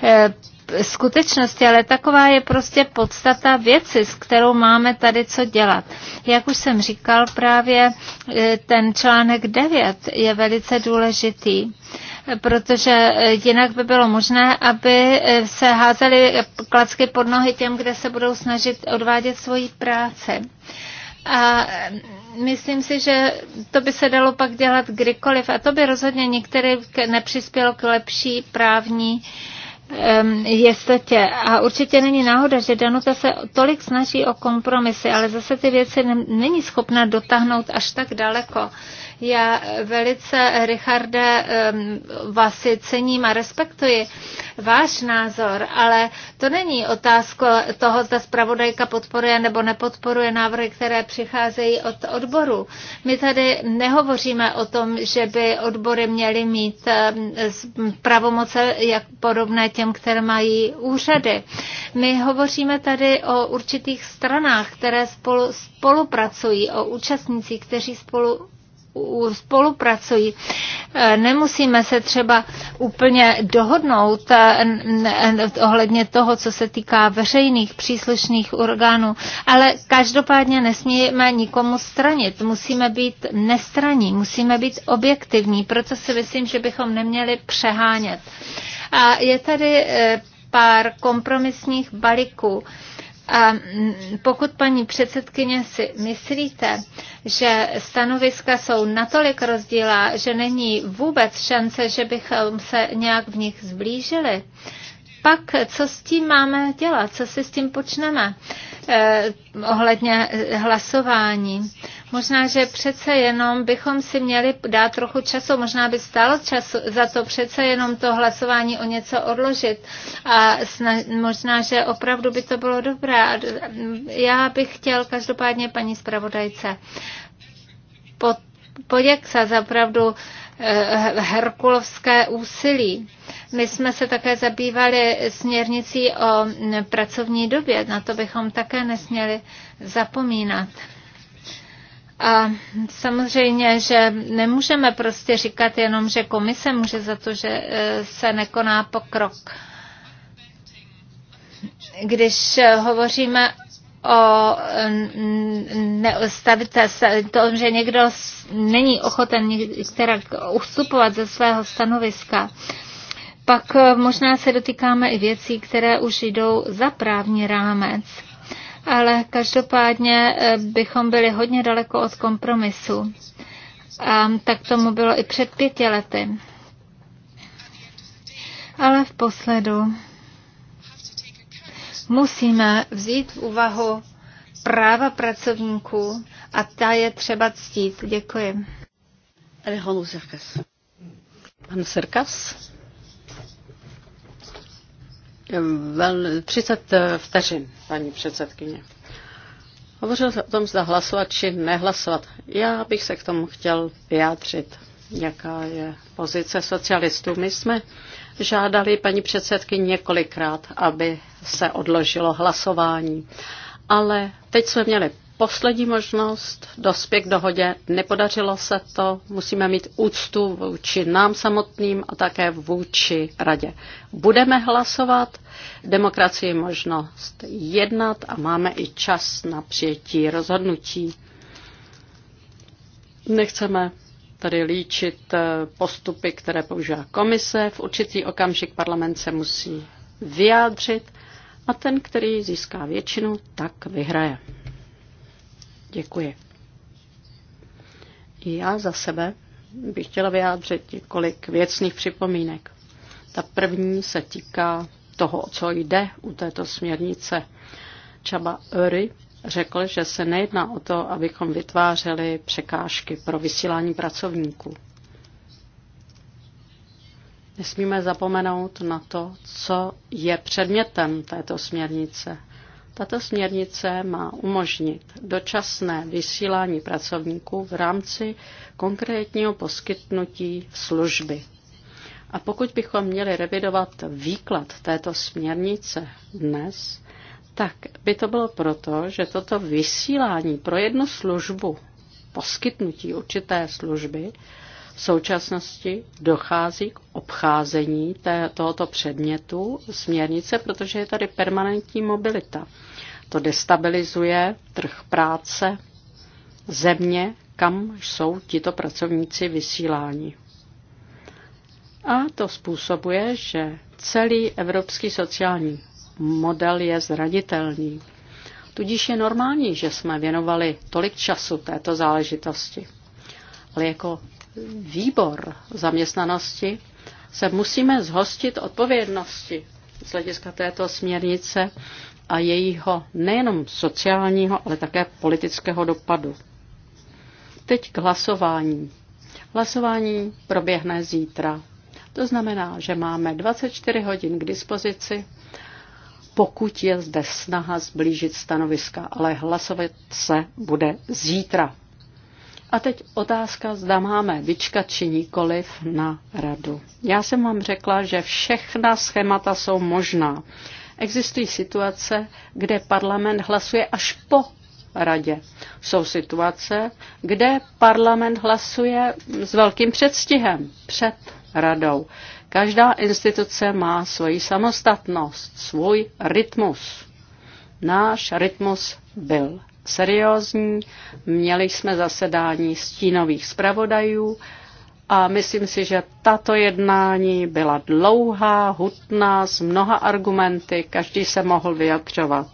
eh, skutečnosti, ale taková je prostě podstata věci, s kterou máme tady co dělat. Jak už jsem říkal, právě e, ten článek 9 je velice důležitý protože e, jinak by bylo možné, aby e, se házely klacky pod nohy těm, kde se budou snažit odvádět svoji práci. A myslím si, že to by se dalo pak dělat kdykoliv a to by rozhodně některé nepřispělo k lepší právní uh, jistotě. A určitě není náhoda, že Danuta se tolik snaží o kompromisy, ale zase ty věci není schopna dotáhnout až tak daleko. Já velice, Richarde, vás si cením a respektuji váš názor, ale to není otázka toho, zda zpravodajka podporuje nebo nepodporuje návrhy, které přicházejí od odboru. My tady nehovoříme o tom, že by odbory měly mít pravomoce jak podobné těm, které mají úřady. My hovoříme tady o určitých stranách, které spolu spolupracují, o účastnících, kteří spolu spolupracují. E, nemusíme se třeba úplně dohodnout e, ohledně toho, co se týká veřejných příslušných orgánů, ale každopádně nesmíme nikomu stranit. Musíme být nestraní, musíme být objektivní, proto si myslím, že bychom neměli přehánět. A je tady e, pár kompromisních baliků a pokud paní předsedkyně si myslíte, že stanoviska jsou natolik rozdílá, že není vůbec šance, že bychom se nějak v nich zblížili, pak co s tím máme dělat, co si s tím počneme? Eh, ohledně hlasování. Možná, že přece jenom bychom si měli dát trochu času, možná by stálo času za to přece jenom to hlasování o něco odložit a možná, že opravdu by to bylo dobré. Já bych chtěl každopádně paní zpravodajce poděksa za pravdu eh, herkulovské úsilí my jsme se také zabývali směrnicí o pracovní době, na to bychom také nesměli zapomínat. A samozřejmě, že nemůžeme prostě říkat jenom, že komise může za to, že e, se nekoná pokrok. Když hovoříme o e, tom, že někdo není ochoten některá ustupovat ze svého stanoviska, pak eh, možná se dotýkáme i věcí, které už jdou za právní rámec, ale každopádně eh, bychom byli hodně daleko od kompromisu. A tak tomu bylo i před pěti lety. Ale v posledu musíme vzít v úvahu práva pracovníků a ta je třeba ctít. Děkuji. Alejandro Pan Serkas. 30 eh, vteřin, paní předsedkyně. Hovořil se o tom, zda hlasovat či nehlasovat. Já bych se k tomu chtěl vyjádřit, jaká je pozice socialistů. My jsme žádali paní předsedky několikrát, aby se odložilo hlasování. Ale teď jsme měli poslední možnost dospět k dohodě. Nepodařilo se to, musíme mít úctu vůči nám samotným a také vůči radě. Budeme hlasovat, Demokracie je možnost jednat a máme i čas na přijetí rozhodnutí. Nechceme tady líčit eh, postupy, které používá komise. V určitý okamžik parlament se musí vyjádřit a ten, který získá většinu, tak vyhraje. Děkuji. Já za sebe bych chtěla vyjádřit několik věcných připomínek. Ta první se týká toho, co jde u této směrnice. Čaba Öry řekl, že se nejedná o to, abychom vytvářeli překážky pro vysílání pracovníků. Nesmíme zapomenout na to, co je předmětem této směrnice. Tato směrnice má umožnit dočasné vysílání pracovníků v rámci konkrétního poskytnutí služby. A pokud bychom měli revidovat výklad této směrnice dnes, tak by to bylo proto, že toto vysílání pro jednu službu, poskytnutí určité služby, v současnosti dochází k obcházení té, tohoto předmětu směrnice, protože je tady permanentní mobilita. To destabilizuje trh práce země, kam jsou tito pracovníci vysíláni. A to způsobuje, že celý evropský sociální model je zranitelný. Tudíž je normální, že jsme věnovali tolik času této záležitosti. Ale jako výbor zaměstnanosti se musíme zhostit odpovědnosti z hlediska této směrnice a jejího nejenom sociálního, ale také politického dopadu. Teď k hlasování. Hlasování proběhne zítra. To znamená, že máme 24 hodin k dispozici, pokud je zde snaha zblížit stanoviska, ale hlasovat se bude zítra. A teď otázka, zda máme vyčkat či nikoliv na radu. Já jsem vám řekla, že všechna schémata jsou možná. Existují situace, kde parlament hlasuje až po radě. Jsou situace, kde parlament hlasuje s velkým předstihem před radou. Každá instituce má svoji samostatnost, svůj rytmus. Náš rytmus byl seriózní. Měli jsme zasedání stínových zpravodajů a myslím si, že tato jednání byla dlouhá, hutná, s mnoha argumenty, každý se mohl vyjadřovat.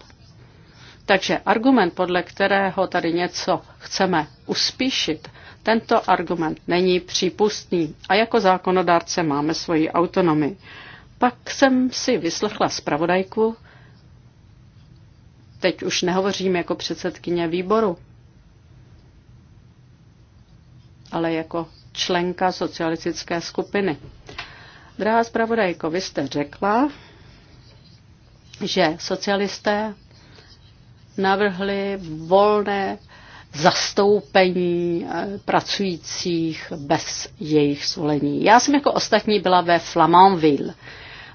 Takže argument, podle kterého tady něco chceme uspíšit, tento argument není přípustný a jako zákonodárce máme svoji autonomii. Pak jsem si vyslechla zpravodajku, Teď už nehovořím jako předsedkyně výboru, ale jako členka socialistické skupiny. Drahá zpravodajko, vy jste řekla, že socialisté navrhli volné zastoupení eh, pracujících bez jejich svolení. Já jsem jako ostatní byla ve Flamanville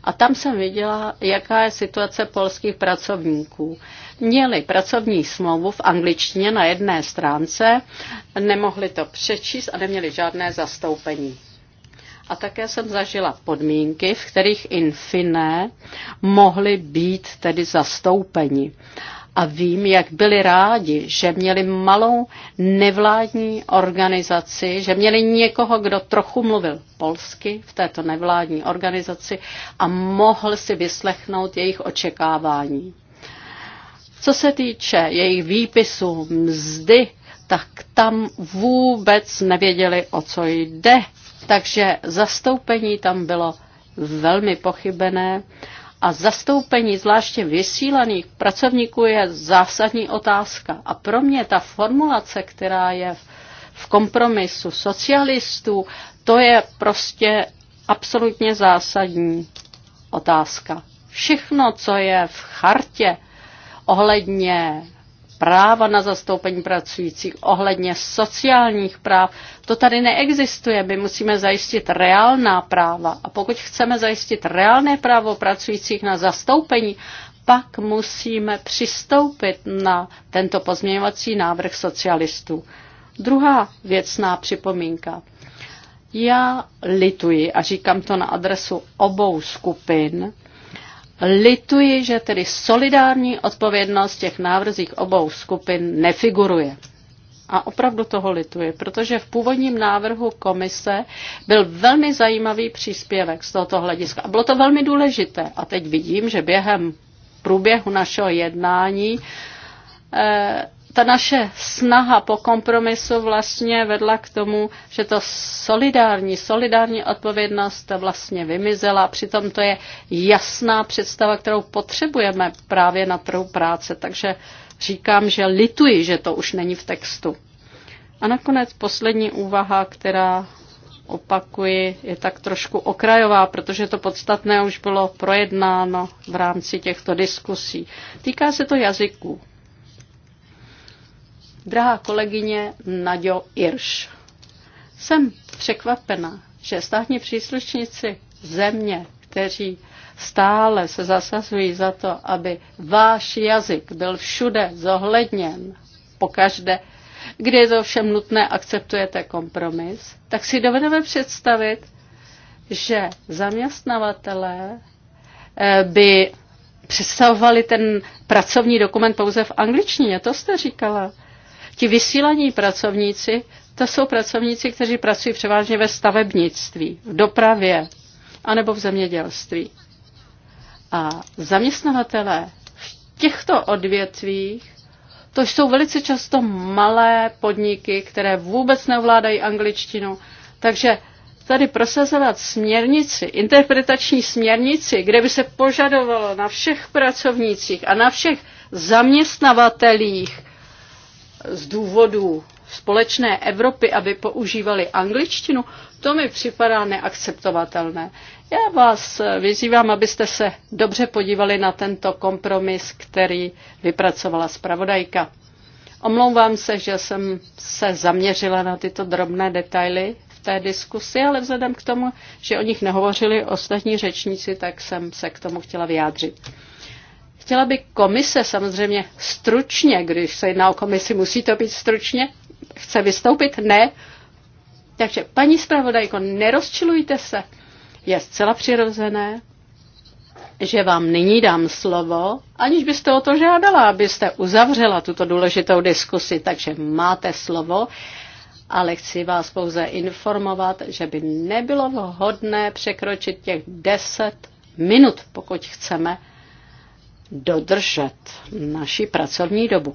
a tam jsem viděla, jaká je situace polských pracovníků měli pracovní smlouvu v angličtině na jedné stránce, nemohli to přečíst a neměli žádné zastoupení. A také jsem zažila podmínky, v kterých infiné mohli být tedy zastoupeni. A vím, jak byli rádi, že měli malou nevládní organizaci, že měli někoho, kdo trochu mluvil polsky v této nevládní organizaci a mohl si vyslechnout jejich očekávání. Co se týče jejich výpisu mzdy, tak tam vůbec nevěděli, o co jde. Takže zastoupení tam bylo velmi pochybené a zastoupení zvláště vysílaných pracovníků je zásadní otázka. A pro mě ta formulace, která je v kompromisu socialistů, to je prostě absolutně zásadní otázka. Všechno, co je v chartě, ohledně práva na zastoupení pracujících, ohledně sociálních práv. To tady neexistuje. My musíme zajistit reálná práva. A pokud chceme zajistit reálné právo pracujících na zastoupení, pak musíme přistoupit na tento pozměňovací návrh socialistů. Druhá věcná připomínka. Já lituji a říkám to na adresu obou skupin, Lituji, že tedy solidární odpovědnost těch návrzích obou skupin nefiguruje. A opravdu toho lituji, protože v původním návrhu komise byl velmi zajímavý příspěvek z tohoto hlediska. A bylo to velmi důležité. A teď vidím, že během průběhu našeho jednání eh, ta naše snaha po kompromisu vlastně vedla k tomu, že to solidární, solidární odpovědnost vlastně vymizela. Přitom to je jasná představa, kterou potřebujeme právě na trhu práce. Takže říkám, že lituji, že to už není v textu. A nakonec poslední úvaha, která opakuji, je tak trošku okrajová, protože to podstatné už bylo projednáno v rámci těchto diskusí. Týká se to jazyků drahá kolegyně Naďo Irš. Jsem překvapena, že státní příslušníci země, kteří stále se zasazují za to, aby váš jazyk byl všude zohledněn, pokaždé, kde je to všem nutné, akceptujete kompromis, tak si dovedeme představit, že zaměstnavatelé eh, by představovali ten pracovní dokument pouze v angličtině. To jste říkala. Ti vysílaní pracovníci, to jsou pracovníci, kteří pracují převážně ve stavebnictví, v dopravě anebo v zemědělství. A zaměstnavatelé v těchto odvětvích to jsou velice často malé podniky, které vůbec neovládají angličtinu. Takže tady prosazovat směrnici, interpretační směrnici, kde by se požadovalo na všech pracovnících a na všech zaměstnavatelích, z důvodu společné Evropy, aby používali angličtinu, to mi připadá neakceptovatelné. Já vás vyzývám, abyste se dobře podívali na tento kompromis, který vypracovala zpravodajka. Omlouvám se, že jsem se zaměřila na tyto drobné detaily v té diskusi, ale vzhledem k tomu, že o nich nehovořili ostatní řečníci, tak jsem se k tomu chtěla vyjádřit. Chtěla by komise samozřejmě stručně, když se jedná o komisi, musí to být stručně, chce vystoupit? Ne. Takže paní zpravodajko, nerozčilujte se. Je zcela přirozené, že vám nyní dám slovo, aniž byste o to žádala, abyste uzavřela tuto důležitou diskusi, takže máte slovo, ale chci vás pouze informovat, že by nebylo vhodné překročit těch deset minut, pokud chceme dodržet naši pracovní dobu.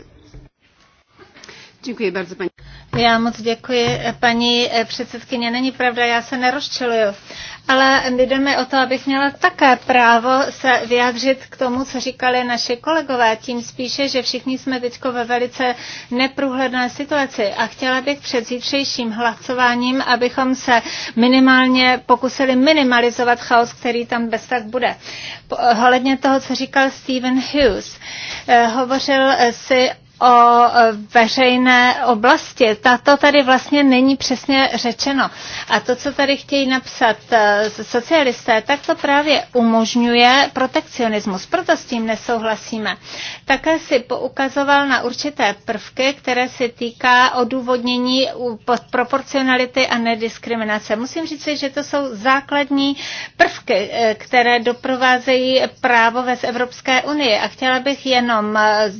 Děkuji bardzo, paní. Já moc děkuji, paní eh, předsedkyně. Není pravda, já se nerozčiluju. Ale jde mi o to, abych měla také právo se vyjádřit k tomu, co říkali naši kolegové, tím spíše, že všichni jsme teď ve velice neprůhledné situaci. A chtěla bych před zítřejším hlasováním, abychom se minimálně pokusili minimalizovat chaos, který tam bez tak bude. Eh, Hledně toho, co říkal Stephen Hughes, eh, hovořil si o e, veřejné oblasti. Tato tady vlastně není přesně řečeno. A to, co tady chtějí napsat e, socialisté, tak to právě umožňuje protekcionismus. Proto s tím nesouhlasíme. Také si poukazoval na určité prvky, které se týká odůvodnění proporcionality a nediskriminace. Musím říct, že to jsou základní prvky, e, které doprovázejí právo ve Evropské unie. A chtěla bych jenom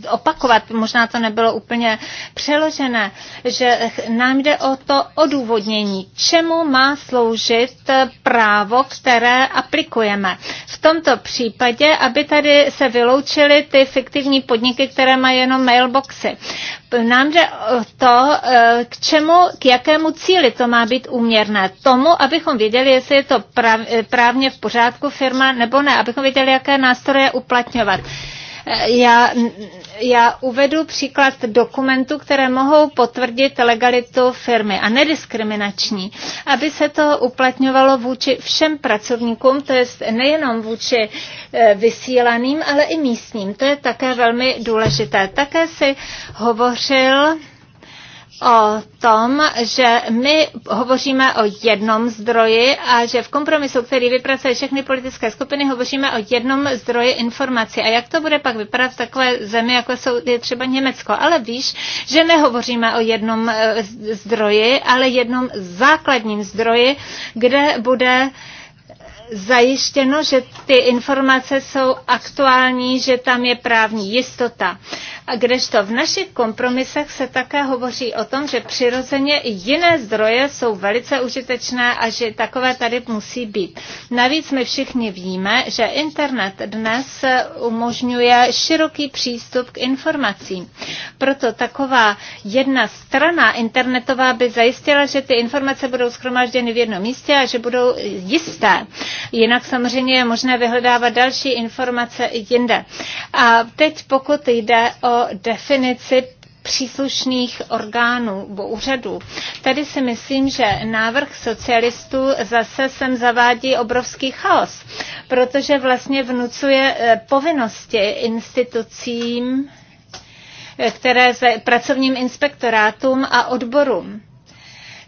opakovat, možná to nebylo úplně přeložené, že nám jde o to odůvodnění, čemu má sloužit právo, které aplikujeme. V tomto případě, aby tady se vyloučily ty fiktivní podniky, které mají jenom mailboxy. Nám jde o to, eh, k čemu, k jakému cíli to má být úměrné. Tomu, abychom věděli, jestli je to eh, právně v pořádku firma nebo ne, abychom věděli, jaké nástroje uplatňovat. Eh, já já uvedu příklad dokumentů, které mohou potvrdit legalitu firmy a nediskriminační, aby se to uplatňovalo vůči všem pracovníkům, to je nejenom vůči e, vysílaným, ale i místním. To je také velmi důležité. Také si hovořil o tom, že my hovoříme o jednom zdroji a že v kompromisu, který vypracuje všechny politické skupiny, hovoříme o jednom zdroji informací. A jak to bude pak vypadat v takové zemi, jako jsou, je třeba Německo? Ale víš, že nehovoříme o jednom eh, zdroji, ale jednom základním zdroji, kde bude uh, zajištěno, že ty informace jsou aktuální, že tam je právní jistota. A kdežto v našich kompromisech se také hovoří o tom, že přirozeně i jiné zdroje jsou velice užitečné a že takové tady musí být. Navíc my všichni víme, že internet dnes umožňuje široký přístup k informacím. Proto taková jedna strana internetová by zajistila, že ty informace budou schromážděny v jednom místě a že budou jisté. Jinak samozřejmě je možné vyhledávat další informace i jinde. A teď pokud jde o definici příslušných orgánů nebo úřadů. Tady si myslím, že návrh socialistů zase sem zavádí obrovský chaos, protože vlastně vnucuje eh, povinnosti institucím, eh, které se pracovním inspektorátům a odborům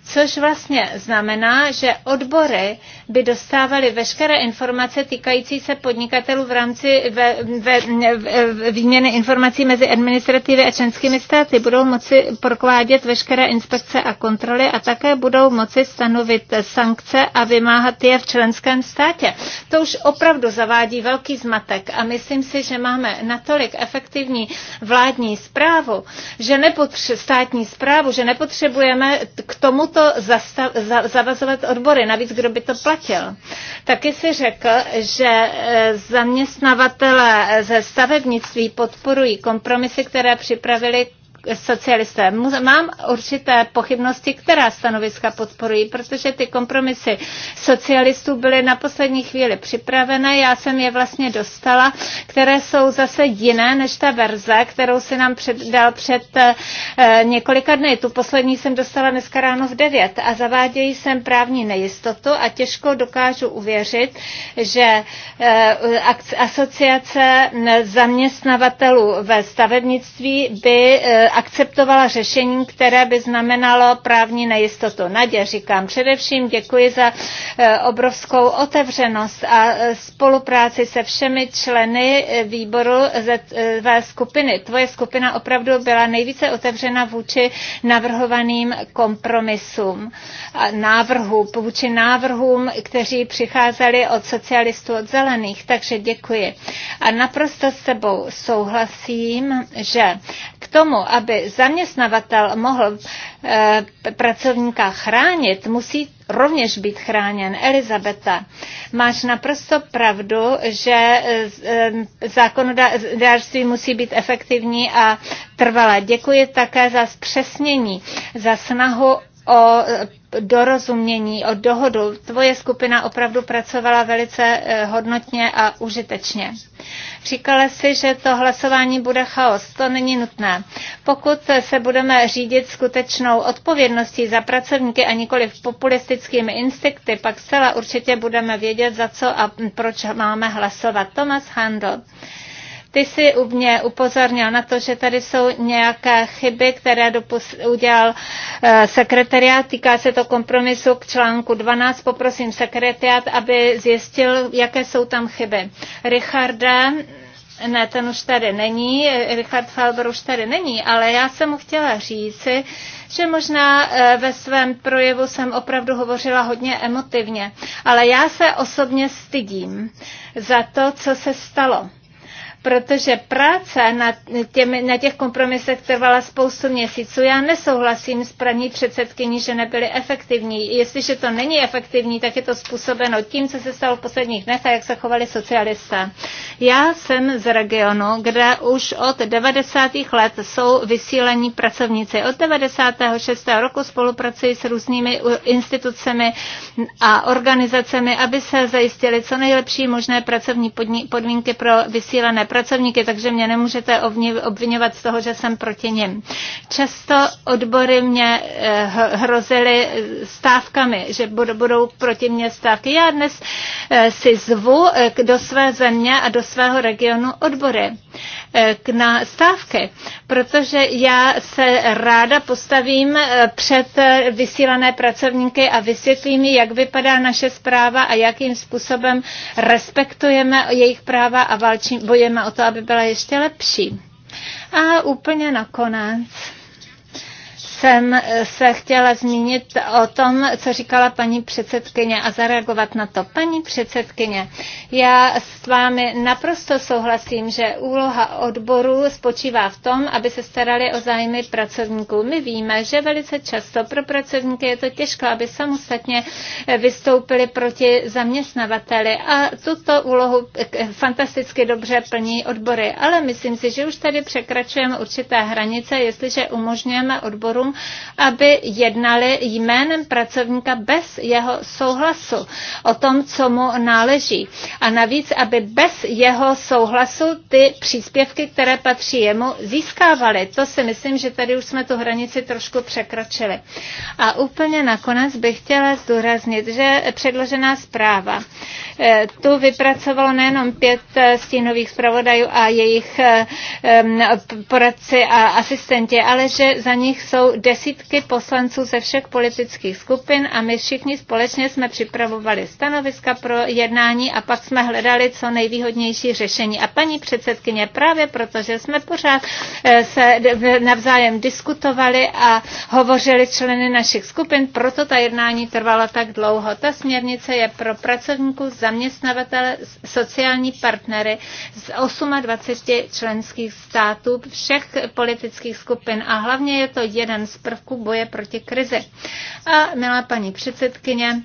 což vlastně znamená, že odbory by dostávaly veškeré informace týkající se podnikatelů v rámci ve, ve, ve, výměny informací mezi administrativy a členskými státy. Budou moci prokládět veškeré inspekce a kontroly a také budou moci stanovit sankce a vymáhat je v členském státě. To už opravdu zavádí velký zmatek a myslím si, že máme natolik efektivní vládní zprávu, že nepotře- státní zprávu, že nepotřebujeme k tomu to zastav, za, zavazovat odbory, navíc kdo by to platil. Taky si řekl, že eh, zaměstnavatele ze stavebnictví podporují kompromisy, které připravili socialisté. Mám určité pochybnosti, která stanoviska podporují, protože ty kompromisy socialistů byly na poslední chvíli připravené. Já jsem je vlastně dostala, které jsou zase jiné než ta verze, kterou si nám před, dal před eh, několika dny. Tu poslední jsem dostala dneska ráno v 9 a zavádějí sem právní nejistotu a těžko dokážu uvěřit, že eh, asociace zaměstnavatelů ve stavebnictví by eh, akceptovala řešení, které by znamenalo právní nejistotu. Nadě říkám především děkuji za eh, obrovskou otevřenost a eh, spolupráci se všemi členy eh, výboru ze tvé skupiny. Tvoje skupina opravdu byla nejvíce otevřena vůči navrhovaným kompromisům, návrhu, vůči návrhům, kteří přicházeli od socialistů, od zelených, takže děkuji. A naprosto s tebou souhlasím, že k tomu, aby aby zaměstnavatel mohl eh, pracovníka chránit, musí rovněž být chráněn. Elizabeta, máš naprosto pravdu, že eh, zákonodárství musí být efektivní a trvalé. Děkuji také za zpřesnění, za snahu o e, dorozumění, o dohodu. Tvoje skupina opravdu pracovala velice e, hodnotně a užitečně. Říkala si, že to hlasování bude chaos. To není nutné. Pokud se budeme řídit skutečnou odpovědností za pracovníky a nikoli populistickými instinkty, pak zcela určitě budeme vědět, za co a proč máme hlasovat. Thomas Handel. Ty jsi u mě upozornil na to, že tady jsou nějaké chyby, které dopus- udělal e, sekretariát. Týká se to kompromisu k článku 12. Poprosím sekretariát, aby zjistil, jaké jsou tam chyby. Richarda, ne, ten už tady není, Richard Falber už tady není, ale já jsem mu chtěla říci, že možná eh, ve svém projevu jsem opravdu hovořila hodně emotivně, ale já se osobně stydím za to, co se stalo protože práce na, těmi, na těch kompromisech trvala spoustu měsíců. Já nesouhlasím s praní předsedkyní, že nebyly efektivní. Jestliže to není efektivní, tak je to způsobeno tím, co se stalo v posledních dnech a jak se chovali socialisté. Já jsem z regionu, kde už od 90. let jsou vysílení pracovníci. Od 96. roku spolupracují s různými institucemi a organizacemi, aby se zajistili co nejlepší možné pracovní podmínky pro vysílené pracovníky, takže mě nemůžete obvinovat z toho, že jsem proti nim. Často odbory mě eh, hrozily eh, stávkami, že budou proti mě stávky. Já dnes eh, si zvu do své země a do svého regionu odbory na stávky, protože já se ráda postavím před vysílané pracovníky a vysvětlím, jak vypadá naše zpráva a jakým způsobem respektujeme jejich práva a válčí, bojujeme o to, aby byla ještě lepší. A úplně nakonec jsem se chtěla zmínit o tom, co říkala paní předsedkyně a zareagovat na to. Paní předsedkyně, já s vámi naprosto souhlasím, že úloha odboru spočívá v tom, aby se starali o zájmy pracovníků. My víme, že velice často pro pracovníky je to těžké, aby samostatně vystoupili proti zaměstnavateli a tuto úlohu fantasticky dobře plní odbory. Ale myslím si, že už tady překračujeme určité hranice, jestliže umožňujeme odborům aby jednali jménem pracovníka bez jeho souhlasu o tom, co mu náleží. A navíc, aby bez jeho souhlasu ty příspěvky, které patří jemu, získávali. To si myslím, že tady už jsme tu hranici trošku překročili. A úplně nakonec bych chtěla zdůraznit, že předložená zpráva eh, tu vypracovalo nejenom pět eh, stínových zpravodajů a jejich eh, poradci a asistenti, ale že za nich jsou desítky poslanců ze všech politických skupin a my všichni společně jsme připravovali stanoviska pro jednání a pak jsme hledali co nejvýhodnější řešení. A paní předsedkyně, právě protože jsme pořád eh, se navzájem diskutovali a hovořili členy našich skupin, proto ta jednání trvala tak dlouho. Ta směrnice je pro pracovníků, zaměstnavatele, sociální partnery z 28 členských států všech politických skupin a hlavně je to jeden jeden z prvků boje proti krizi. A milá paní předsedkyně,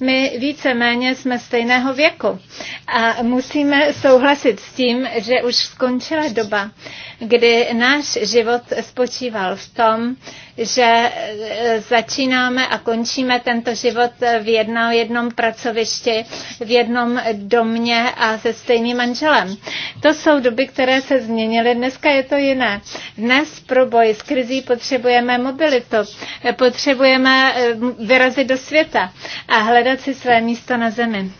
my víceméně jsme stejného věku a musíme souhlasit s tím, že už skončila doba, kdy náš život spočíval v tom, že e, začínáme a končíme tento život e, v jedno, jednom pracovišti, v jednom domě a se stejným manželem. To jsou doby, které se změnily. Dneska je to jiné. Dnes pro boj s krizí potřebujeme mobilitu, e, potřebujeme vyrazit do světa a hledat si své místo na zemi.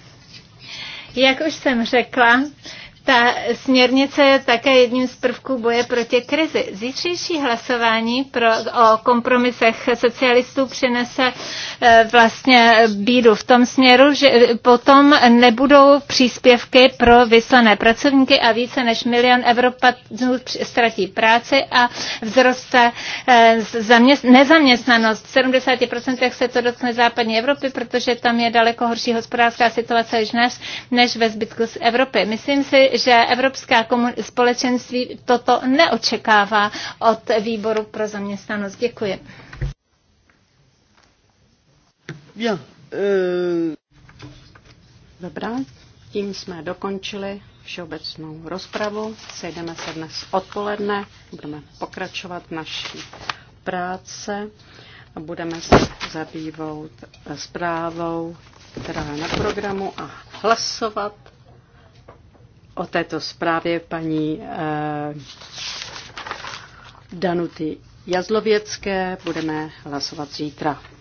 Jak už jsem řekla, ta směrnice je také jedním z prvků boje proti krizi. Zítřejší hlasování pro, o kompromisech socialistů přinese e, vlastně bídu v tom směru, že potom nebudou příspěvky pro vyslané pracovníky a více než milion Evropanů ztratí práci a vzroste e, nezaměstnanost. V 70% se to dotkne západní Evropy, protože tam je daleko horší hospodářská situace než, než ve zbytku z Evropy. Myslím si, že Evropská společenství toto neočekává od výboru pro zaměstnanost. Děkuji. Ja, e... Euh, Dobrá, tím jsme dokončili všeobecnou rozpravu. Sejdeme se dnes odpoledne, budeme pokračovat v naší práce a budeme se zabývat zprávou, která je na programu a hlasovat o této zprávě paní eh, Danuty Jazlověcké. Budeme hlasovat zítra.